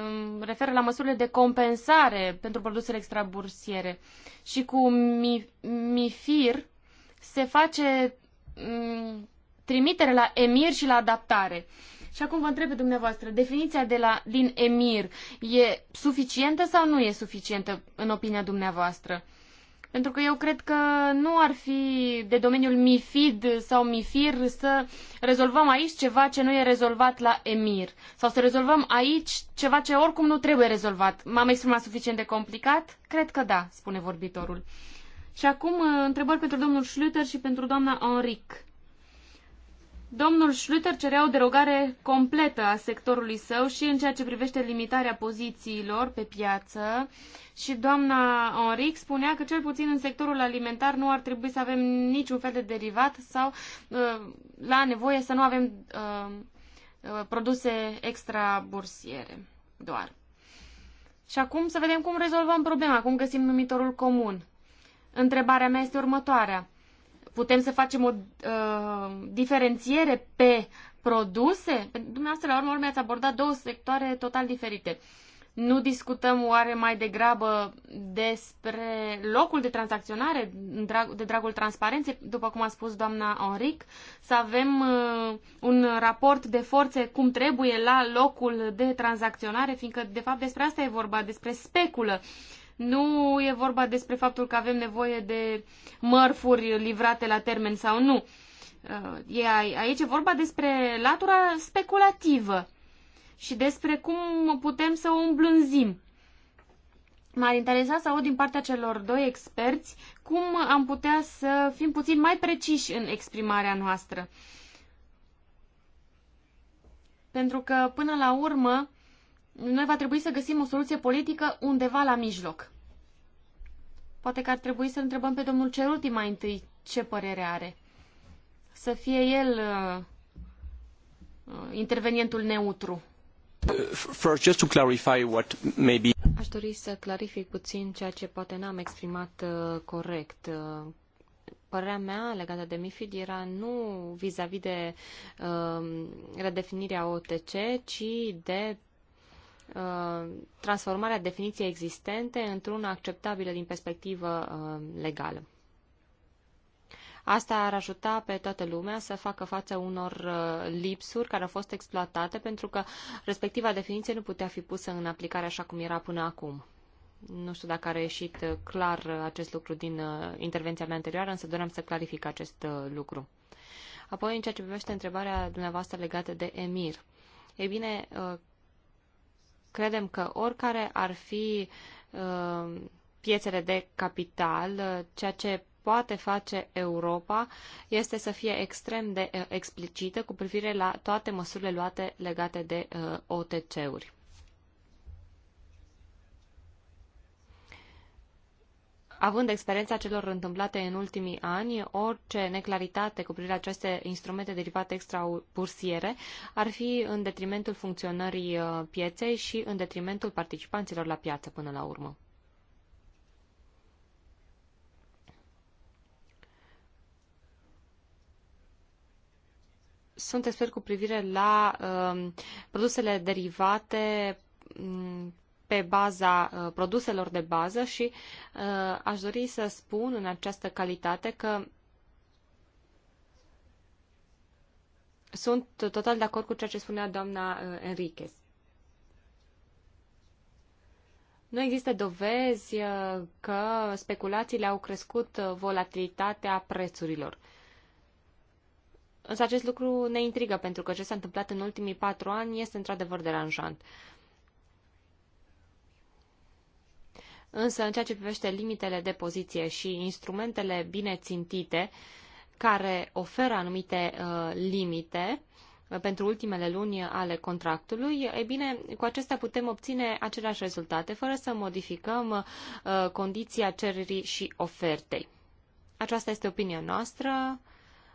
um, referă la măsurile de compensare pentru produsele extrabursiere. Și cu MIFIR se face um, trimitere la EMIR și la adaptare. Și acum vă întreb pe dumneavoastră, definiția de la, din EMIR e suficientă sau nu e suficientă în opinia dumneavoastră? Uh, pentru că eu cred că nu ar fi de domeniul MIFID sau MIFIR să rezolvăm aici ceva ce nu e rezolvat la EMIR. Sau să rezolvăm aici ceva ce oricum nu trebuie rezolvat. M-am exprimat suficient de complicat? Cred că da, spune vorbitorul. Și acum uh, întrebări pentru domnul Schlüter și pentru doamna Henrique. Domnul Schlüter cerea o derogare completă a sectorului său și în ceea ce privește limitarea pozițiilor pe piață și doamna Onric spunea că cel puțin în sectorul alimentar nu ar trebui să avem niciun fel de derivat sau uh, la nevoie să nu avem uh, uh, produse extra bursiere. doar. Și acum să vedem cum rezolvăm problema, cum găsim numitorul comun. Întrebarea mea este următoarea. Putem să facem o uh, diferențiere pe produse? Dumneavoastră, la urmă, urmă, ați abordat două sectoare total diferite. Nu discutăm oare mai degrabă despre locul de tranzacționare, de dragul transparenței, după cum a spus doamna Onric, să avem uh, un raport de forțe cum trebuie la locul de tranzacționare, fiindcă, de fapt, despre asta e vorba, despre speculă. Uh, nu e vorba despre faptul că avem nevoie de mărfuri livrate la termen sau nu. Uh, e, aici e vorba despre latura speculativă și despre cum putem să o îmblânzim. M-ar interesa să aud din partea celor doi experți cum am putea să fim puțin mai preciși în exprimarea noastră. Pentru că, până la urmă, noi va trebui să găsim o soluție politică undeva la mijloc. Poate că ar trebui să întrebăm pe domnul Ceruti mai întâi ce părere are. Să fie el uh, uh intervenientul neutru. Uh, first, just to clarify what maybe... Aș dori să clarific puțin ceea ce poate n-am exprimat uh, corect. Uh, părerea mea legată de MIFID era nu vis a -vis de uh, redefinirea OTC, ci de Uh, transformarea definiției existente într-una acceptabilă din perspectivă uh, legală. Asta ar ajuta pe toată lumea să facă față unor uh, lipsuri care au fost exploatate pentru că respectiva definiție nu putea fi pusă în aplicare așa cum era până acum. Nu știu dacă a reieșit clar acest lucru din intervenția mea anterioară, însă doream să clarific acest lucru. Apoi, în ceea ce privește întrebarea dumneavoastră legată de EMIR. Ei bine, Credem că oricare ar fi uh, piețele de capital, uh, ceea ce poate face Europa este să fie extrem de uh, explicită cu privire la toate măsurile luate legate de uh, OTC-uri. având experiența celor întâmplate în ultimii ani, orice neclaritate cu privire la aceste instrumente derivate extrabursiere ar fi în detrimentul funcționării uh, pieței și în detrimentul participanților la piață până la urmă. sunt expert cu privire la uh, produsele derivate mm, pe baza uh, produselor de bază și uh, aș dori să spun în această calitate că sunt total de acord cu ceea ce spunea doamna uh, Enriquez. Nu există dovezi că speculațiile au crescut volatilitatea prețurilor. Însă acest lucru ne intrigă, pentru că ce s-a întâmplat în ultimii patru ani este într-adevăr deranjant. Însă, în ceea ce privește limitele de poziție și instrumentele bine țintite, care oferă anumite uh, limite uh, pentru ultimele luni ale contractului, e bine, cu acestea putem obține aceleași rezultate, fără să modificăm uh, condiția cererii și ofertei. Aceasta este opinia noastră,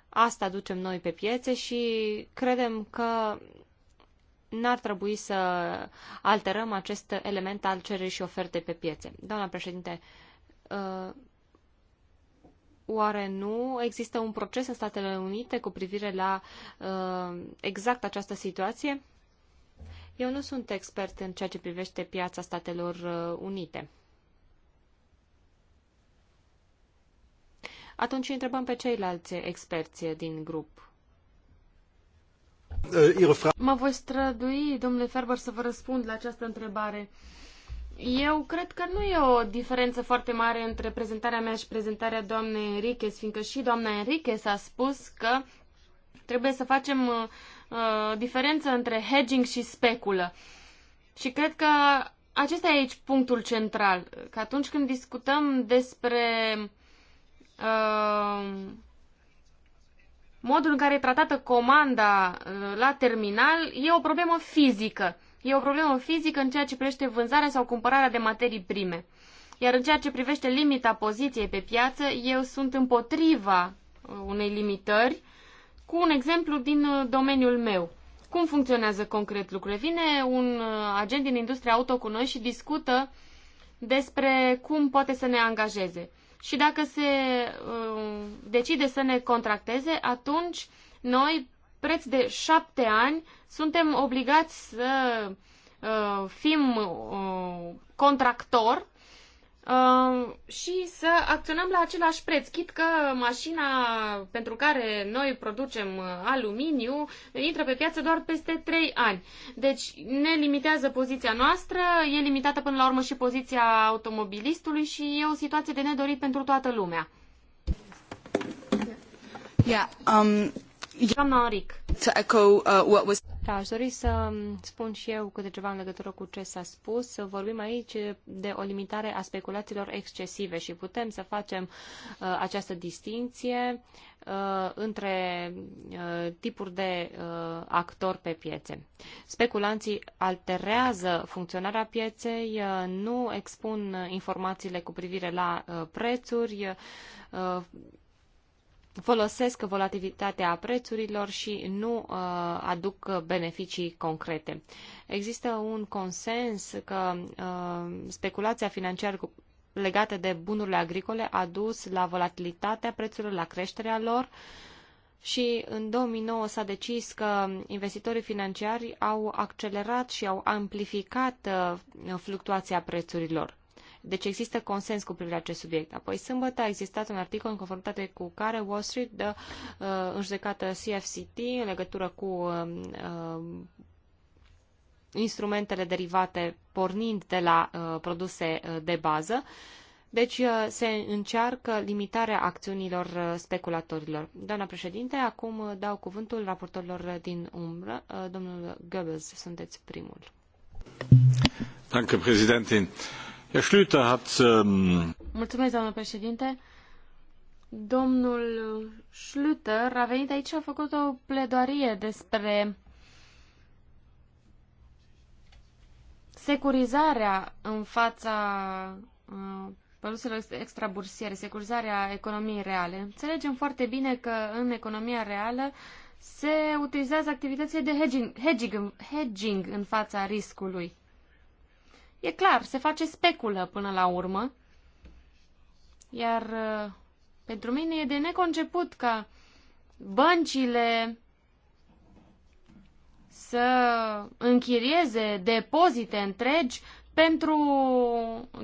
asta ducem noi pe piețe și credem că n-ar trebui să alterăm acest element al cererii și ofertei pe piețe. Doamna președinte, uh, oare nu există un proces în Statele Unite cu privire la uh, exact această situație? Eu nu sunt expert în ceea ce privește piața Statelor uh, Unite. Atunci întrebăm pe ceilalți experți din grup. Mă voi strădui, domnule Ferber, să vă răspund la această întrebare. Eu cred că nu e o diferență foarte mare între prezentarea mea și prezentarea doamnei Enriquez, fiindcă și doamna Enriquez a spus că trebuie să facem uh, uh diferență între hedging și speculă. Și cred că acesta e aici punctul central, că atunci când discutăm despre uh, modul în care e tratată comanda uh, la terminal e o problemă fizică. E o problemă fizică în ceea ce privește vânzarea sau cumpărarea de materii prime. Iar în ceea ce privește limita poziției pe piață, eu sunt împotriva uh, unei limitări cu un exemplu din uh, domeniul meu. Cum funcționează concret lucrurile? Vine un agent din industria auto cu noi și discută despre cum poate să ne angajeze și dacă se uh, decide să ne contracteze, atunci noi, preț de șapte ani, suntem obligați să uh, fim uh, contractor Um, și să acționăm la același preț. Chit că mașina pentru care noi producem uh, aluminiu intră pe piață doar peste 3 ani. Deci ne limitează poziția noastră, e limitată până la urmă și poziția automobilistului și e o situație de nedorit pentru toată lumea. Yeah, um, Doamna uh, Da, aș dori să spun și eu câte ceva în legătură cu ce s-a spus. Vorbim aici de o limitare a speculațiilor excesive și putem să facem uh, această distinție uh, între uh, tipuri de uh, actori pe piețe. Speculanții alterează funcționarea pieței, uh, nu expun informațiile cu privire la uh, prețuri, uh, folosesc volatilitatea prețurilor și nu uh, aduc beneficii concrete. Există un consens că uh, speculația financiară cu legate de bunurile agricole a dus la volatilitatea prețurilor, la creșterea lor și în 2009 s-a decis că investitorii financiari au accelerat și au amplificat uh, fluctuația prețurilor. Deci există consens cu privire la acest subiect. Apoi, sâmbătă a existat un articol în conformitate cu care Wall Street dă uh, în judecată CFCT în legătură cu um, uh, instrumentele derivate pornind de la uh, produse uh, de bază. Deci uh, se încearcă limitarea acțiunilor uh, speculatorilor. Doamna președinte, acum dau cuvântul raportorilor din umbră. Domnul Goebbels, sunteți primul. Danke, președinte. Ähm, Domnule președinte. Domnul schlyter a venit aici și a făcut o pledoarie despre securizarea în fața uh, produselor extrabursiere, securizarea economiei reale. Înțelegem foarte bine că în economia reală se utilizează activitățile de hedging, hedging, hedging în fața riscului. E clar, se face speculă până la urmă. Iar uh, pentru mine e de neconceput ca băncile să închirieze depozite întregi pentru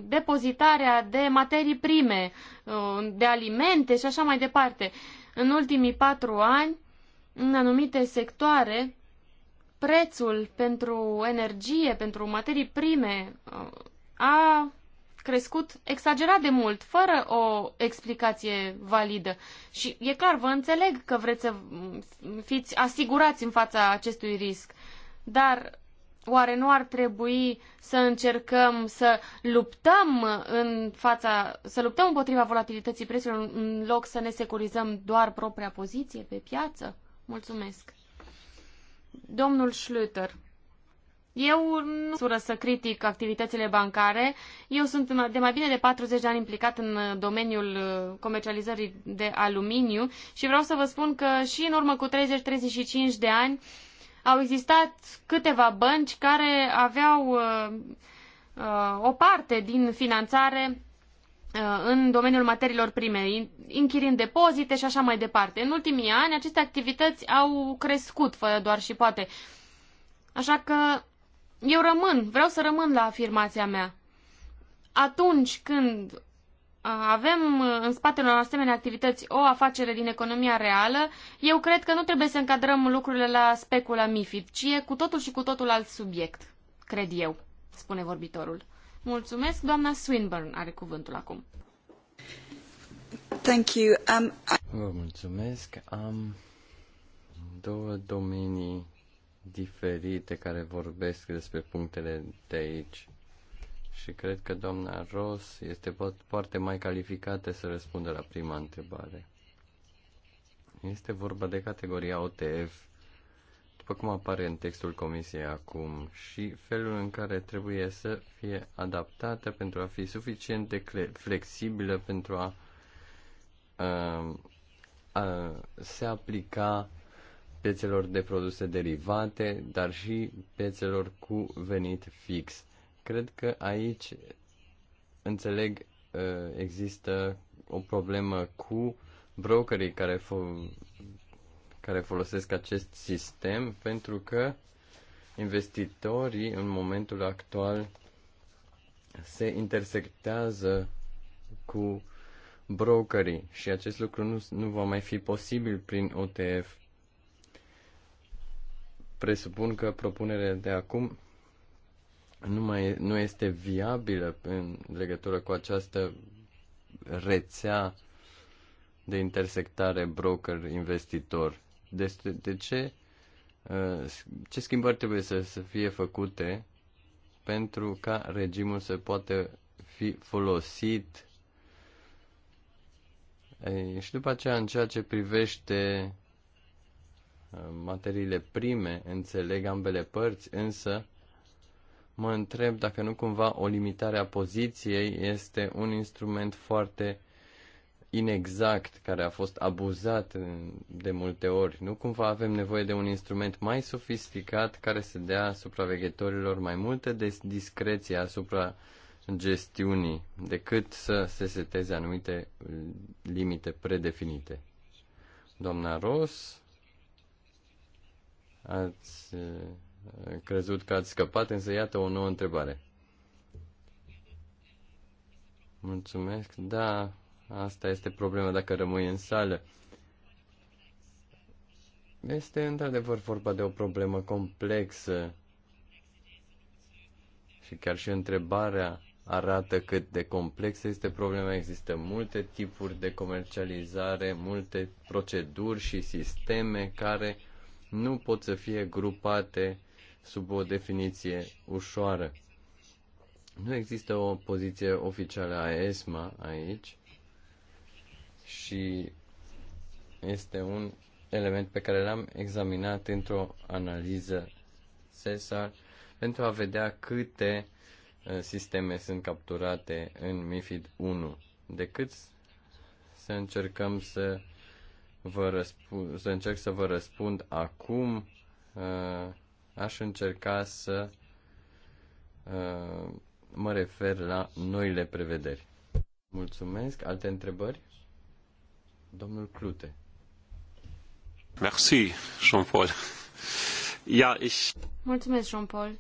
depozitarea de materii prime, uh, de alimente și așa mai departe. În ultimii patru ani, în anumite sectoare, prețul pentru energie, pentru materii prime uh, a crescut exagerat de mult, fără o explicație validă. Și e clar, vă înțeleg că vreți să fiți asigurați în fața acestui risc, dar oare nu ar trebui să încercăm să luptăm în fața, să luptăm împotriva volatilității prețurilor în loc să ne securizăm doar propria poziție pe piață? Mulțumesc! Domnul Schlüter, eu nu sură să critic activitățile bancare. Eu sunt de mai bine de 40 de ani implicat în uh, domeniul uh, comercializării de aluminiu și vreau să vă spun că și în urmă cu 30-35 de ani au existat câteva bănci care aveau uh, uh, o parte din finanțare Uh, în domeniul materiilor prime, închirind depozite și așa mai departe. În ultimii ani, aceste activități au crescut, fără doar și poate. Așa că eu rămân, vreau să rămân la afirmația mea. Atunci când uh, avem uh, în spatele unor asemenea activități o afacere din economia reală, eu cred că nu trebuie să încadrăm lucrurile la specula MIFID, ci e cu totul și cu totul alt subiect, cred eu, spune vorbitorul. Mulțumesc. Doamna Swinburne are cuvântul acum. Thank you. Um, I... Vă mulțumesc. Am două domenii diferite care vorbesc despre punctele de aici. Și cred că doamna Ross este foarte mai calificată să răspundă la prima întrebare. Este vorba de categoria OTF după cum apare în textul Comisiei acum, și felul în care trebuie să fie adaptată pentru a fi suficient de flexibilă pentru a, a, uh, a se aplica piețelor de produse derivate, dar și piețelor cu venit fix. Cred că aici, înțeleg, uh, există o problemă cu brokerii care care folosesc acest sistem pentru că investitorii în momentul actual se intersectează cu brokerii și acest lucru nu, nu va mai fi posibil prin OTF. Presupun că propunerea de acum nu, mai, nu este viabilă în legătură cu această rețea de intersectare broker-investitor. Deci, de, de ce, uh, ce schimbări trebuie să, să fie făcute pentru ca regimul să poată fi folosit și după aceea, în ceea ce privește uh, materiile prime, înțeleg ambele părți, însă mă întreb dacă nu cumva o limitare a poziției este un instrument foarte inexact, care a fost abuzat de multe ori. Nu cumva avem nevoie de un instrument mai sofisticat care să dea supraveghetorilor mai multă de discreție asupra gestiunii decât să se seteze anumite uh, limite predefinite. Doamna Ros, ați uh, crezut că ați scăpat, însă iată o nouă întrebare. Mulțumesc, da, Asta este problema dacă rămâi în sală. Este într-adevăr vorba de o problemă complexă și chiar și întrebarea arată cât de complexă este problema. Există multe tipuri de comercializare, multe proceduri și sisteme care nu pot să fie grupate sub o definiție ușoară. Nu există o poziție oficială a ESMA aici și este un element pe care l-am examinat într-o analiză CESAR pentru a vedea câte uh, sisteme sunt capturate în MIFID 1, decât să încercăm să vă răspund, să încerc să vă răspund acum, uh, aș încerca să uh, mă refer la noile prevederi. Mulțumesc. Alte întrebări? Domnul Clute. Merci, Jean-Paul. Ja, ich... Mulțumesc, Jean-Paul.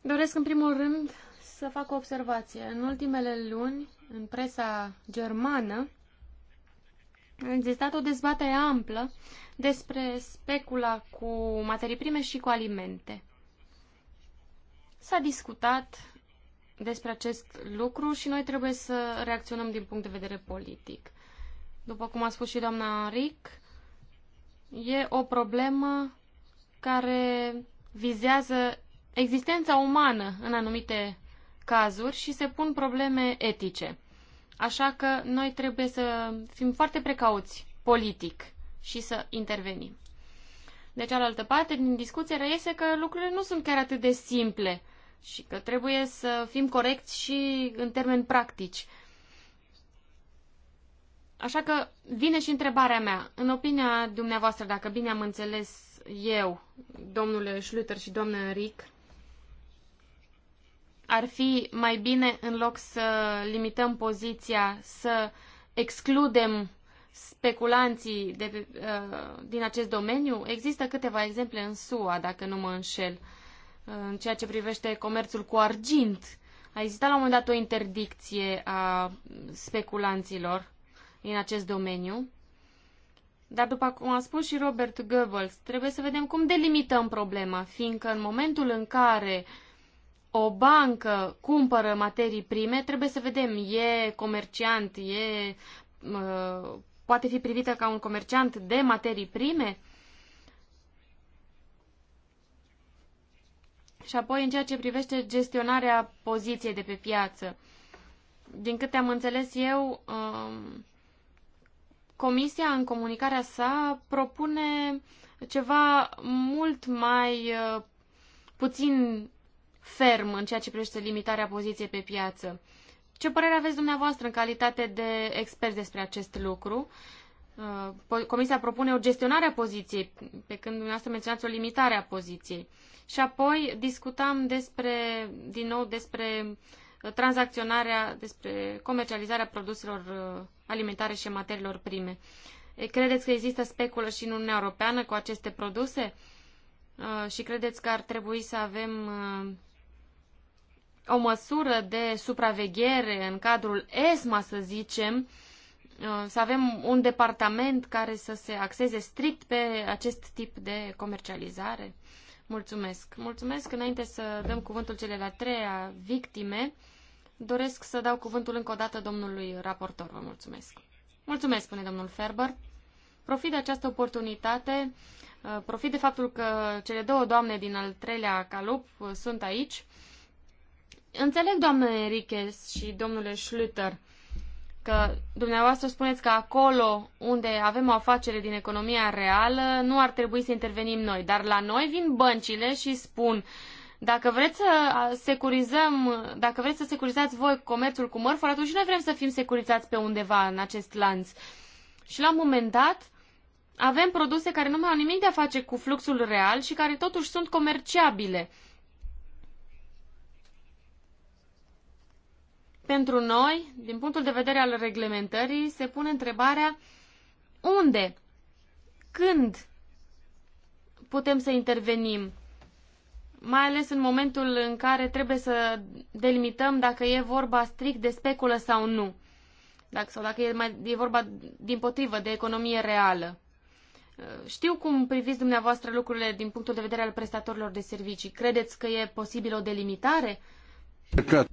Doresc, în primul rând, să fac o observație. În ultimele luni, în presa germană, a existat o dezbatere amplă despre specula cu materii prime și cu alimente. S-a discutat despre acest lucru și noi trebuie să reacționăm din punct de vedere politic. După cum a spus și doamna Ric, e o problemă care vizează existența umană în anumite cazuri și se pun probleme etice. Așa că noi trebuie să fim foarte precauți politic și să intervenim. De cealaltă parte, din discuție reiese că lucrurile nu sunt chiar atât de simple și că trebuie să fim corecți și în termeni practici. Așa că vine și întrebarea mea. În opinia dumneavoastră, dacă bine am înțeles eu, domnule Schlüter și domnul Enric, ar fi mai bine, în loc să limităm poziția, să excludem speculanții de, uh, din acest domeniu? Există câteva exemple în SUA, dacă nu mă înșel. Uh, în ceea ce privește comerțul cu argint. A existat la un moment dat o interdicție a speculanților în acest domeniu. Dar după cum a spus și Robert Goebbels, trebuie să vedem cum delimităm problema, fiindcă în momentul în care o bancă cumpără materii prime, trebuie să vedem, e comerciant, e, uh, poate fi privită ca un comerciant de materii prime, Și apoi, în ceea ce privește gestionarea poziției de pe piață, din câte am înțeles eu, um, Comisia, în comunicarea sa, propune ceva mult mai uh, puțin ferm în ceea ce privește limitarea poziției pe piață. Ce părere aveți dumneavoastră în calitate de expert despre acest lucru? Uh, comisia propune o gestionare a poziției, pe când dumneavoastră menționați o limitare a poziției. Și apoi discutam despre, din nou despre uh, tranzacționarea, despre comercializarea produselor uh, alimentare și materiilor prime. Credeți că există speculă și în Uniunea Europeană cu aceste produse? Uh, și credeți că ar trebui să avem o măsură de supraveghere în cadrul ESMA, să zicem, să avem un departament care să se axeze strict pe acest tip de comercializare? Mulțumesc. Mulțumesc. Înainte să dăm cuvântul cele la treia victime, doresc să dau cuvântul încă o dată domnului raportor. Vă mulțumesc. Mulțumesc, spune domnul Ferber. Profit de această oportunitate, uh, profit de faptul că cele două doamne din al treilea calup uh, sunt aici. Înțeleg, doamne Enriquez și domnule Schlüter, că dumneavoastră spuneți că acolo unde avem o afacere din economia reală nu ar trebui să intervenim noi, dar la noi vin băncile și spun dacă vreți să securizăm, dacă vreți să securizați voi comerțul cu mărfuri, atunci noi vrem să fim securizați pe undeva în acest lanț. Și la un moment dat avem produse care nu mai au nimic de a face cu fluxul real și care totuși sunt comerciabile. Pentru noi, din punctul de vedere al reglementării, se pune întrebarea unde, când putem să intervenim, mai ales în momentul în care trebuie să delimităm dacă e vorba strict de speculă sau nu, dacă, sau dacă e, mai, e vorba din potrivă de economie reală. Știu cum priviți dumneavoastră lucrurile din punctul de vedere al prestatorilor de servicii. Credeți că e posibil o delimitare? Uh,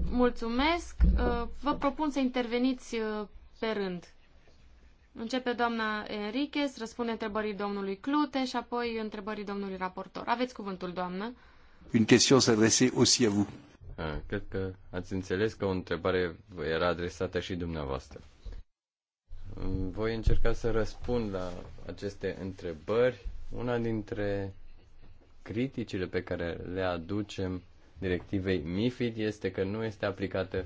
Mulțumesc. Vă propun să interveniți uh, pe rând. Începe doamna Enriquez, răspunde întrebării domnului Clute și apoi întrebării domnului raportor. Aveți cuvântul, doamnă. Une question s'adressée aussi à vous. Ah, cred că ați înțeles că o întrebare era adresată și dumneavoastră. Voi încerca să răspund la aceste întrebări. Una dintre criticile pe care le aducem directivei MIFID este că nu este aplicată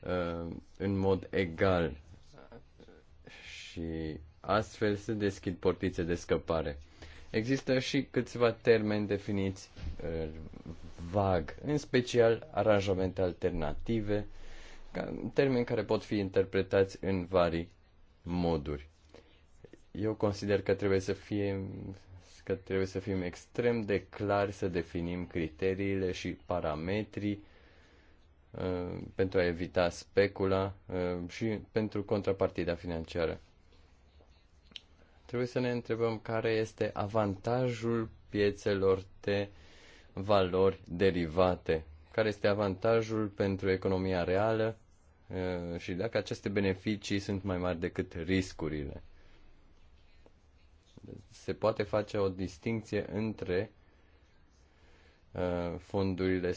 uh, în mod egal și astfel se deschid portițe de scăpare. Există și câțiva termeni definiți uh, vag, în special aranjamente alternative, ca, termeni care pot fi interpretați în vari moduri. Eu consider că trebuie să fie că trebuie să fim extrem de clari să definim criteriile și parametrii uh, pentru a evita specula uh, și pentru contrapartida financiară. Trebuie să ne întrebăm care este avantajul piețelor de valori derivate, care este avantajul pentru economia reală uh, și dacă aceste beneficii sunt mai mari decât riscurile se poate face o distinție între uh, fondurile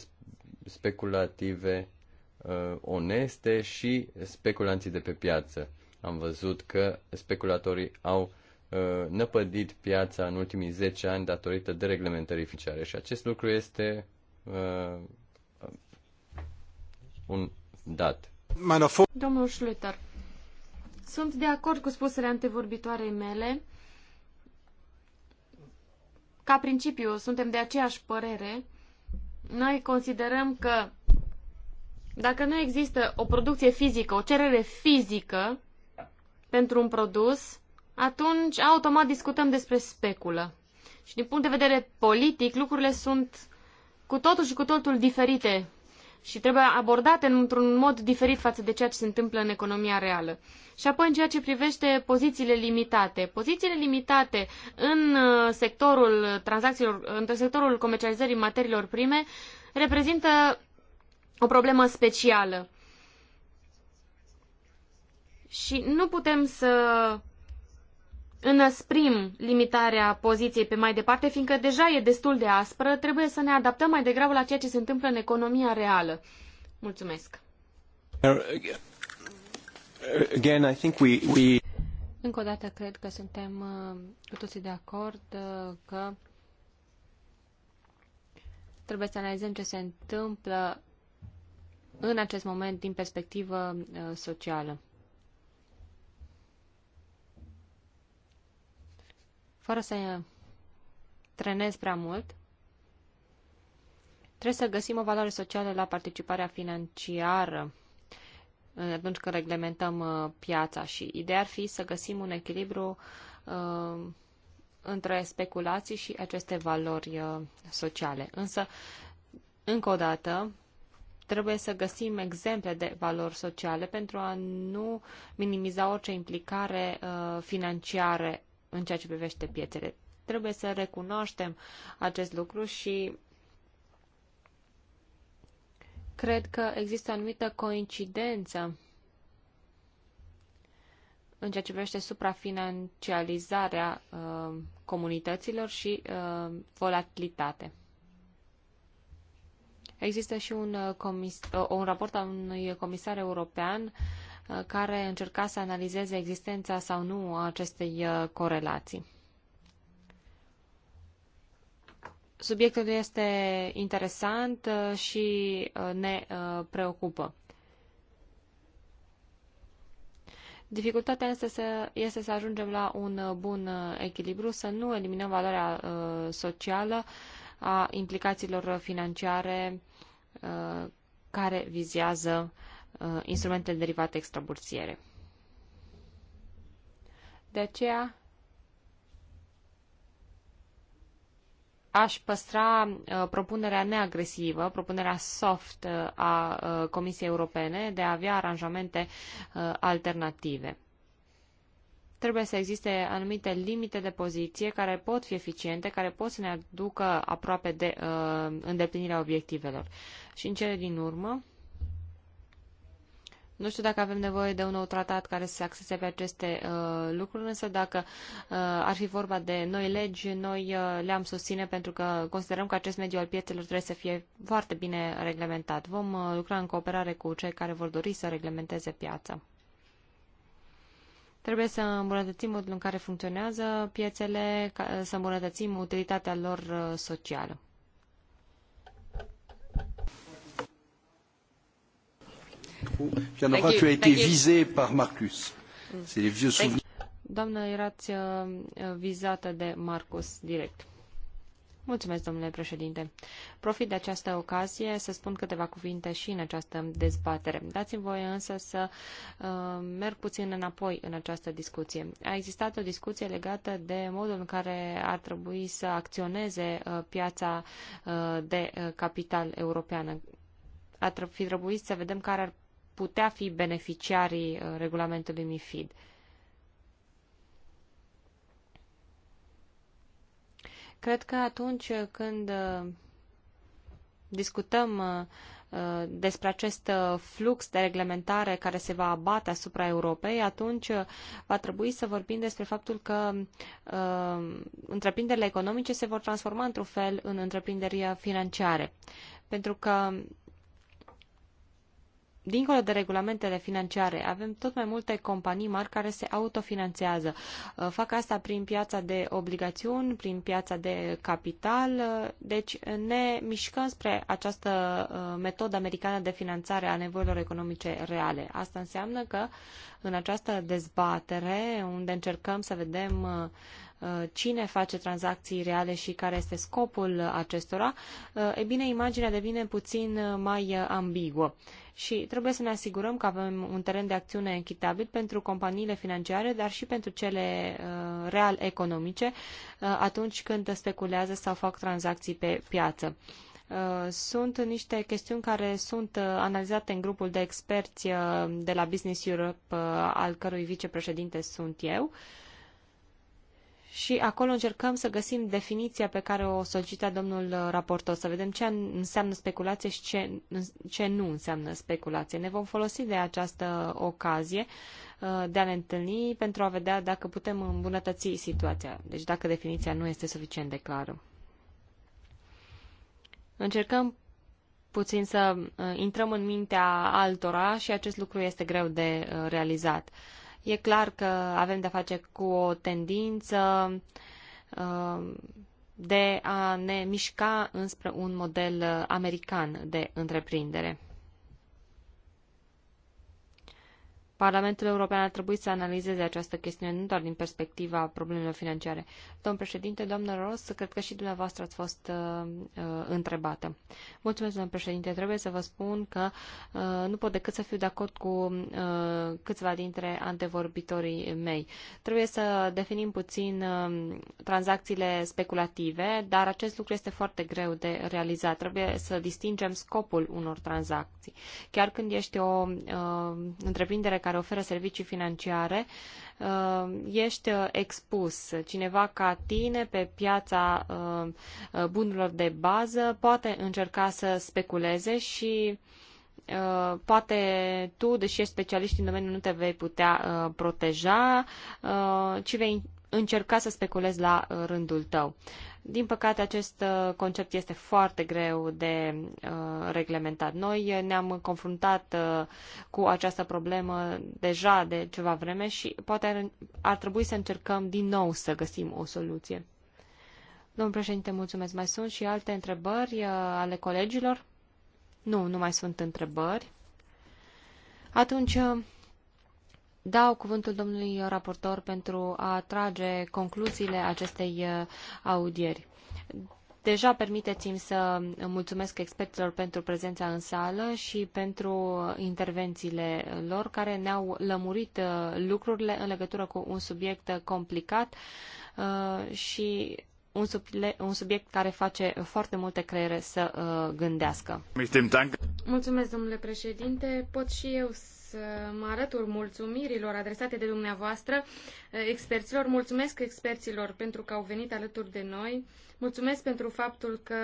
speculative uh, oneste și speculanții de pe piață. Am văzut că speculatorii au uh, năpădit piața în ultimii 10 ani datorită de reglementării ficiare și acest lucru este un dat. Domnul Schlüter, sunt de acord cu spusele antevorbitoarei mele. Ca principiu, suntem de aceeași părere. Noi considerăm că dacă nu există o producție fizică, o cerere fizică pentru un produs, atunci automat discutăm despre speculă. Și din punct de vedere politic, lucrurile sunt cu totul și cu totul diferite și trebuie abordate într-un mod diferit față de ceea ce se întâmplă în economia reală. Și apoi în ceea ce privește pozițiile limitate. Pozițiile limitate în uh, sectorul tranzacțiilor, în sectorul comercializării materiilor prime reprezintă o problemă specială. Și nu putem să înăsprim limitarea poziției pe mai departe, fiindcă deja e destul de aspră, trebuie să ne adaptăm mai degrabă la ceea ce se întâmplă în economia reală. Mulțumesc. Again, I think we, we... Încă o dată cred că suntem uh, cu toții de acord uh, că trebuie să analizăm ce se întâmplă în acest moment din perspectivă uh, socială. fără să trenez prea mult, trebuie să găsim o valoare socială la participarea financiară atunci când reglementăm uh, piața și ideea ar fi să găsim un echilibru uh, între speculații și aceste valori uh, sociale. Însă, încă o dată, trebuie să găsim exemple de valori sociale pentru a nu minimiza orice implicare uh, financiare, în ceea ce privește piețele. Trebuie să recunoaștem acest lucru și cred că există o anumită coincidență în ceea ce privește suprafinancializarea uh, comunităților și uh, volatilitate. Există și un, uh, comis, uh, un raport al unui comisar european Uh, care încerca să analizeze existența sau nu a acestei uh, corelații. Subiectul este interesant uh, și ne preocupă. Dificultatea este să, este să ajungem la un bun echilibru, să nu eliminăm valoarea socială a implicațiilor financiare care vizează uh, uh, instrumentele derivate extrabursiere. De aceea aș păstra uh, propunerea neagresivă, propunerea soft uh, a uh, Comisiei Europene de a avea aranjamente uh, alternative. Trebuie să existe anumite limite de poziție care pot fi eficiente, care pot să ne aducă aproape de uh, îndeplinirea obiectivelor. Și în cele din urmă, nu știu dacă avem nevoie de un nou tratat care să se axeze pe aceste uh, lucruri, însă dacă uh, ar fi vorba de noi legi, noi uh, le-am susține pentru că considerăm că acest mediu al piețelor trebuie să fie foarte bine reglementat. Vom uh, lucra în cooperare cu cei care vor dori să reglementeze piața. Trebuie să îmbunătățim modul în care funcționează piețele, să îmbunătățim utilitatea lor uh, socială. Pierre Nora, tu as été visée par Marcus. C'est les vieux souvenirs. Doamnă, erați uh, vizată de Marcus direct. Mulțumesc, domnule președinte. Profit de această ocazie să spun câteva cuvinte și în această dezbatere. Dați-mi voie însă să uh, merg puțin înapoi în această discuție. A existat o discuție legată de modul în care ar trebui să acționeze uh, piața uh, de uh, capital europeană. Ar fi trebuit să vedem care ar putea fi beneficiarii uh, regulamentului MIFID. Cred că atunci când uh, discutăm uh, despre acest flux de reglementare care se va abate asupra Europei, atunci va trebui să vorbim despre faptul că uh, întreprinderile economice se vor transforma într-un fel în întreprinderi financiare. Pentru că dincolo de regulamentele financiare, avem tot mai multe companii mari care se autofinanțează. Uh, fac asta prin piața de obligațiuni, prin piața de capital, uh, deci ne mișcăm spre această uh, metodă americană de finanțare a nevoilor economice reale. Asta înseamnă că în această dezbatere, unde încercăm să vedem uh, Uh, cine face tranzacții reale și care este scopul acestora, uh, e bine, imaginea devine puțin uh, mai ambiguă. Și trebuie să ne asigurăm că avem un teren de acțiune echitabil pentru companiile financiare, dar și pentru cele real economice atunci când speculează sau fac tranzacții pe piață sunt niște chestiuni care sunt analizate în grupul de experți de la Business Europe, al cărui vicepreședinte sunt eu și acolo încercăm să găsim definiția pe care o solicita domnul raportor, să vedem ce înseamnă speculație și ce, ce nu înseamnă speculație. Ne vom folosi de această ocazie uh, de a ne întâlni pentru a vedea dacă putem îmbunătăți situația, deci dacă definiția nu este suficient de clară. Încercăm puțin să uh, intrăm în mintea altora și acest lucru este greu de uh, realizat. E clar că avem de-a face cu o tendință uh, de a ne mișca înspre un model uh, american de întreprindere. Parlamentul European ar trebui să analizeze această chestiune nu doar din perspectiva problemelor financiare. Domn președinte, doamnă Ros, cred că și dumneavoastră ați fost uh, uh întrebată. Mulțumesc, domnul președinte. Trebuie să vă spun că uh, nu pot decât să fiu de acord cu uh, câțiva dintre antevorbitorii mei. Trebuie să definim puțin uh, tranzacțiile speculative, dar acest lucru este foarte greu de realizat. Trebuie să distingem scopul unor tranzacții. Chiar când ești o uh, întreprindere care oferă servicii financiare, uh, ești uh, expus. Cineva ca tine pe piața uh, bunurilor de bază poate încerca să speculeze și poate tu, deși ești specialist în domeniu, nu te vei putea proteja, ci vei încerca să speculezi la uh, rândul tău. Din păcate, acest uh, concept este foarte greu de uh, reglementat. Noi ne-am confruntat cu această problemă deja de ceva vreme și poate ar, ar trebui să încercăm din nou să găsim o soluție. Domnul președinte, mulțumesc. Mai sunt și alte întrebări ale colegilor? Nu, nu mai sunt întrebări. Atunci dau cuvântul domnului raportor pentru a trage concluziile acestei uh, audieri. Deja permiteți-mi să mulțumesc experților pentru prezența în sală și pentru intervențiile lor care ne-au lămurit uh, lucrurile în legătură cu un subiect complicat uh, și un, subiect care face foarte multe creiere să gândească. Mulțumesc, domnule președinte. Pot și eu să mă arătur mulțumirilor adresate de dumneavoastră eh, experților. Mulțumesc experților pentru că au venit alături de noi. Mulțumesc pentru faptul că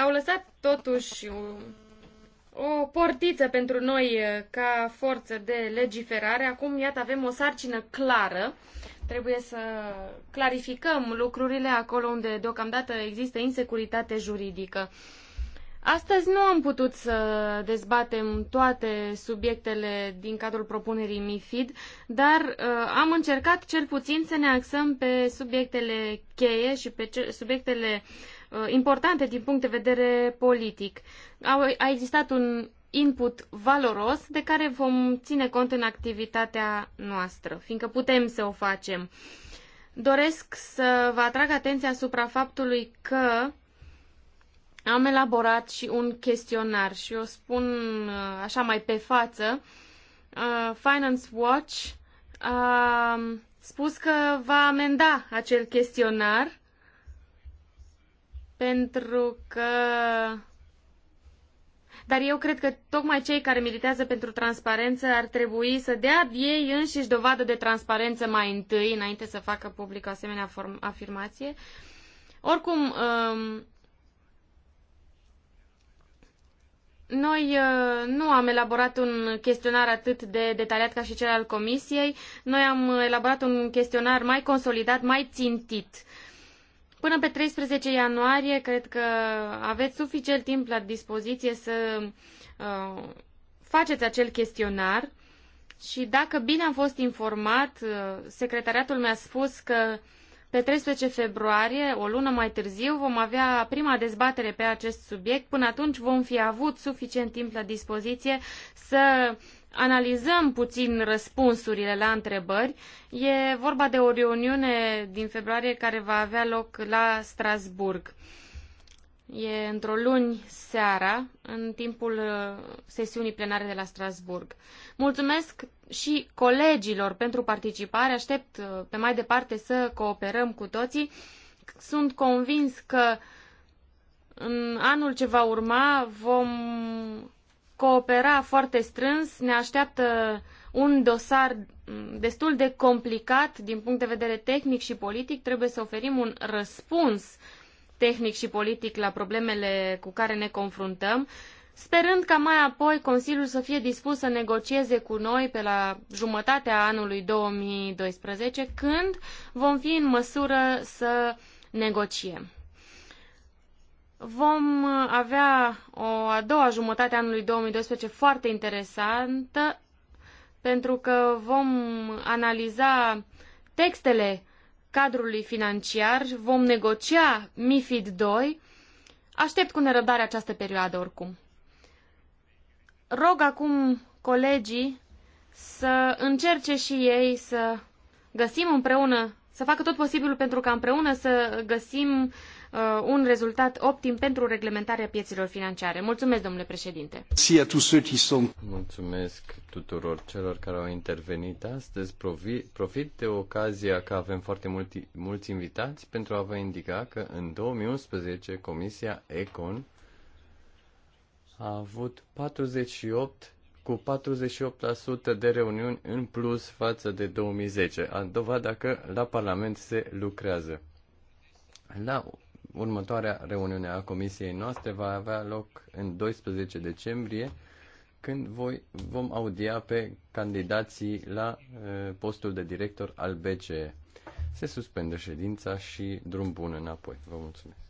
au lăsat totuși o portiță pentru noi eh, ca forță de legiferare. Acum, iată, avem o sarcină clară. Trebuie să clarificăm lucrurile acolo unde deocamdată există insecuritate juridică. Astăzi nu am putut să dezbatem toate subiectele din cadrul propunerii MIFID, dar uh, am încercat cel puțin să ne axăm pe subiectele cheie și pe ce, subiectele uh, importante din punct de vedere politic. A, a existat un input valoros de care vom ține cont în activitatea noastră, fiindcă putem să o facem. Doresc să vă atrag atenția asupra faptului că am elaborat și un chestionar și o spun uh, așa mai pe față. Uh, Finance Watch a uh, spus că va amenda acel chestionar pentru că dar eu cred că tocmai cei care militează pentru transparență ar trebui să dea ei înșiși dovadă de transparență mai întâi, înainte să facă public o asemenea afirmație. Oricum, um, Noi uh, nu am elaborat un chestionar atât de detaliat ca și cel al Comisiei. Noi am elaborat un chestionar mai consolidat, mai țintit. Până pe 13 ianuarie, cred că aveți suficient timp la dispoziție să uh, faceți acel chestionar. Și dacă bine am fost informat, uh, secretariatul mi-a spus că pe 13 februarie, o lună mai târziu, vom avea prima dezbatere pe acest subiect. Până atunci vom fi avut suficient timp la dispoziție să analizăm puțin răspunsurile la întrebări. E vorba de o reuniune din februarie care va avea loc la Strasburg. E într-o luni seara, în timpul uh, sesiunii plenare de la Strasburg. Mulțumesc și colegilor pentru participare. Aștept uh, pe mai departe să cooperăm cu toții. Sunt convins că în anul ce va urma vom coopera foarte strâns. Ne așteaptă un dosar destul de complicat din punct de vedere tehnic și politic. Trebuie să oferim un răspuns tehnic și politic la problemele cu care ne confruntăm sperând ca mai apoi Consiliul să fie dispus să negocieze cu noi pe la jumătatea anului 2012, când vom fi în măsură să negociem. Vom avea o a doua jumătate a anului 2012 foarte interesantă, pentru că vom analiza textele cadrului financiar, vom negocia MIFID 2. Aștept cu nerăbdare această perioadă oricum. Rog acum colegii să încerce și ei să găsim împreună, să facă tot posibilul pentru ca împreună să găsim uh, un rezultat optim pentru reglementarea piețelor financiare. Mulțumesc, domnule președinte. Mulțumesc tuturor celor care au intervenit astăzi. Profit de ocazia că avem foarte multi, mulți invitați pentru a vă indica că în 2011 Comisia Econ a avut 48 cu 48% de reuniuni în plus față de 2010, a dovada că la Parlament se lucrează. La următoarea reuniune a comisiei noastre va avea loc în 12 decembrie, când voi, vom audia pe candidații la uh, postul de director al BCE. Se suspendă ședința și drum bun înapoi. Vă mulțumesc.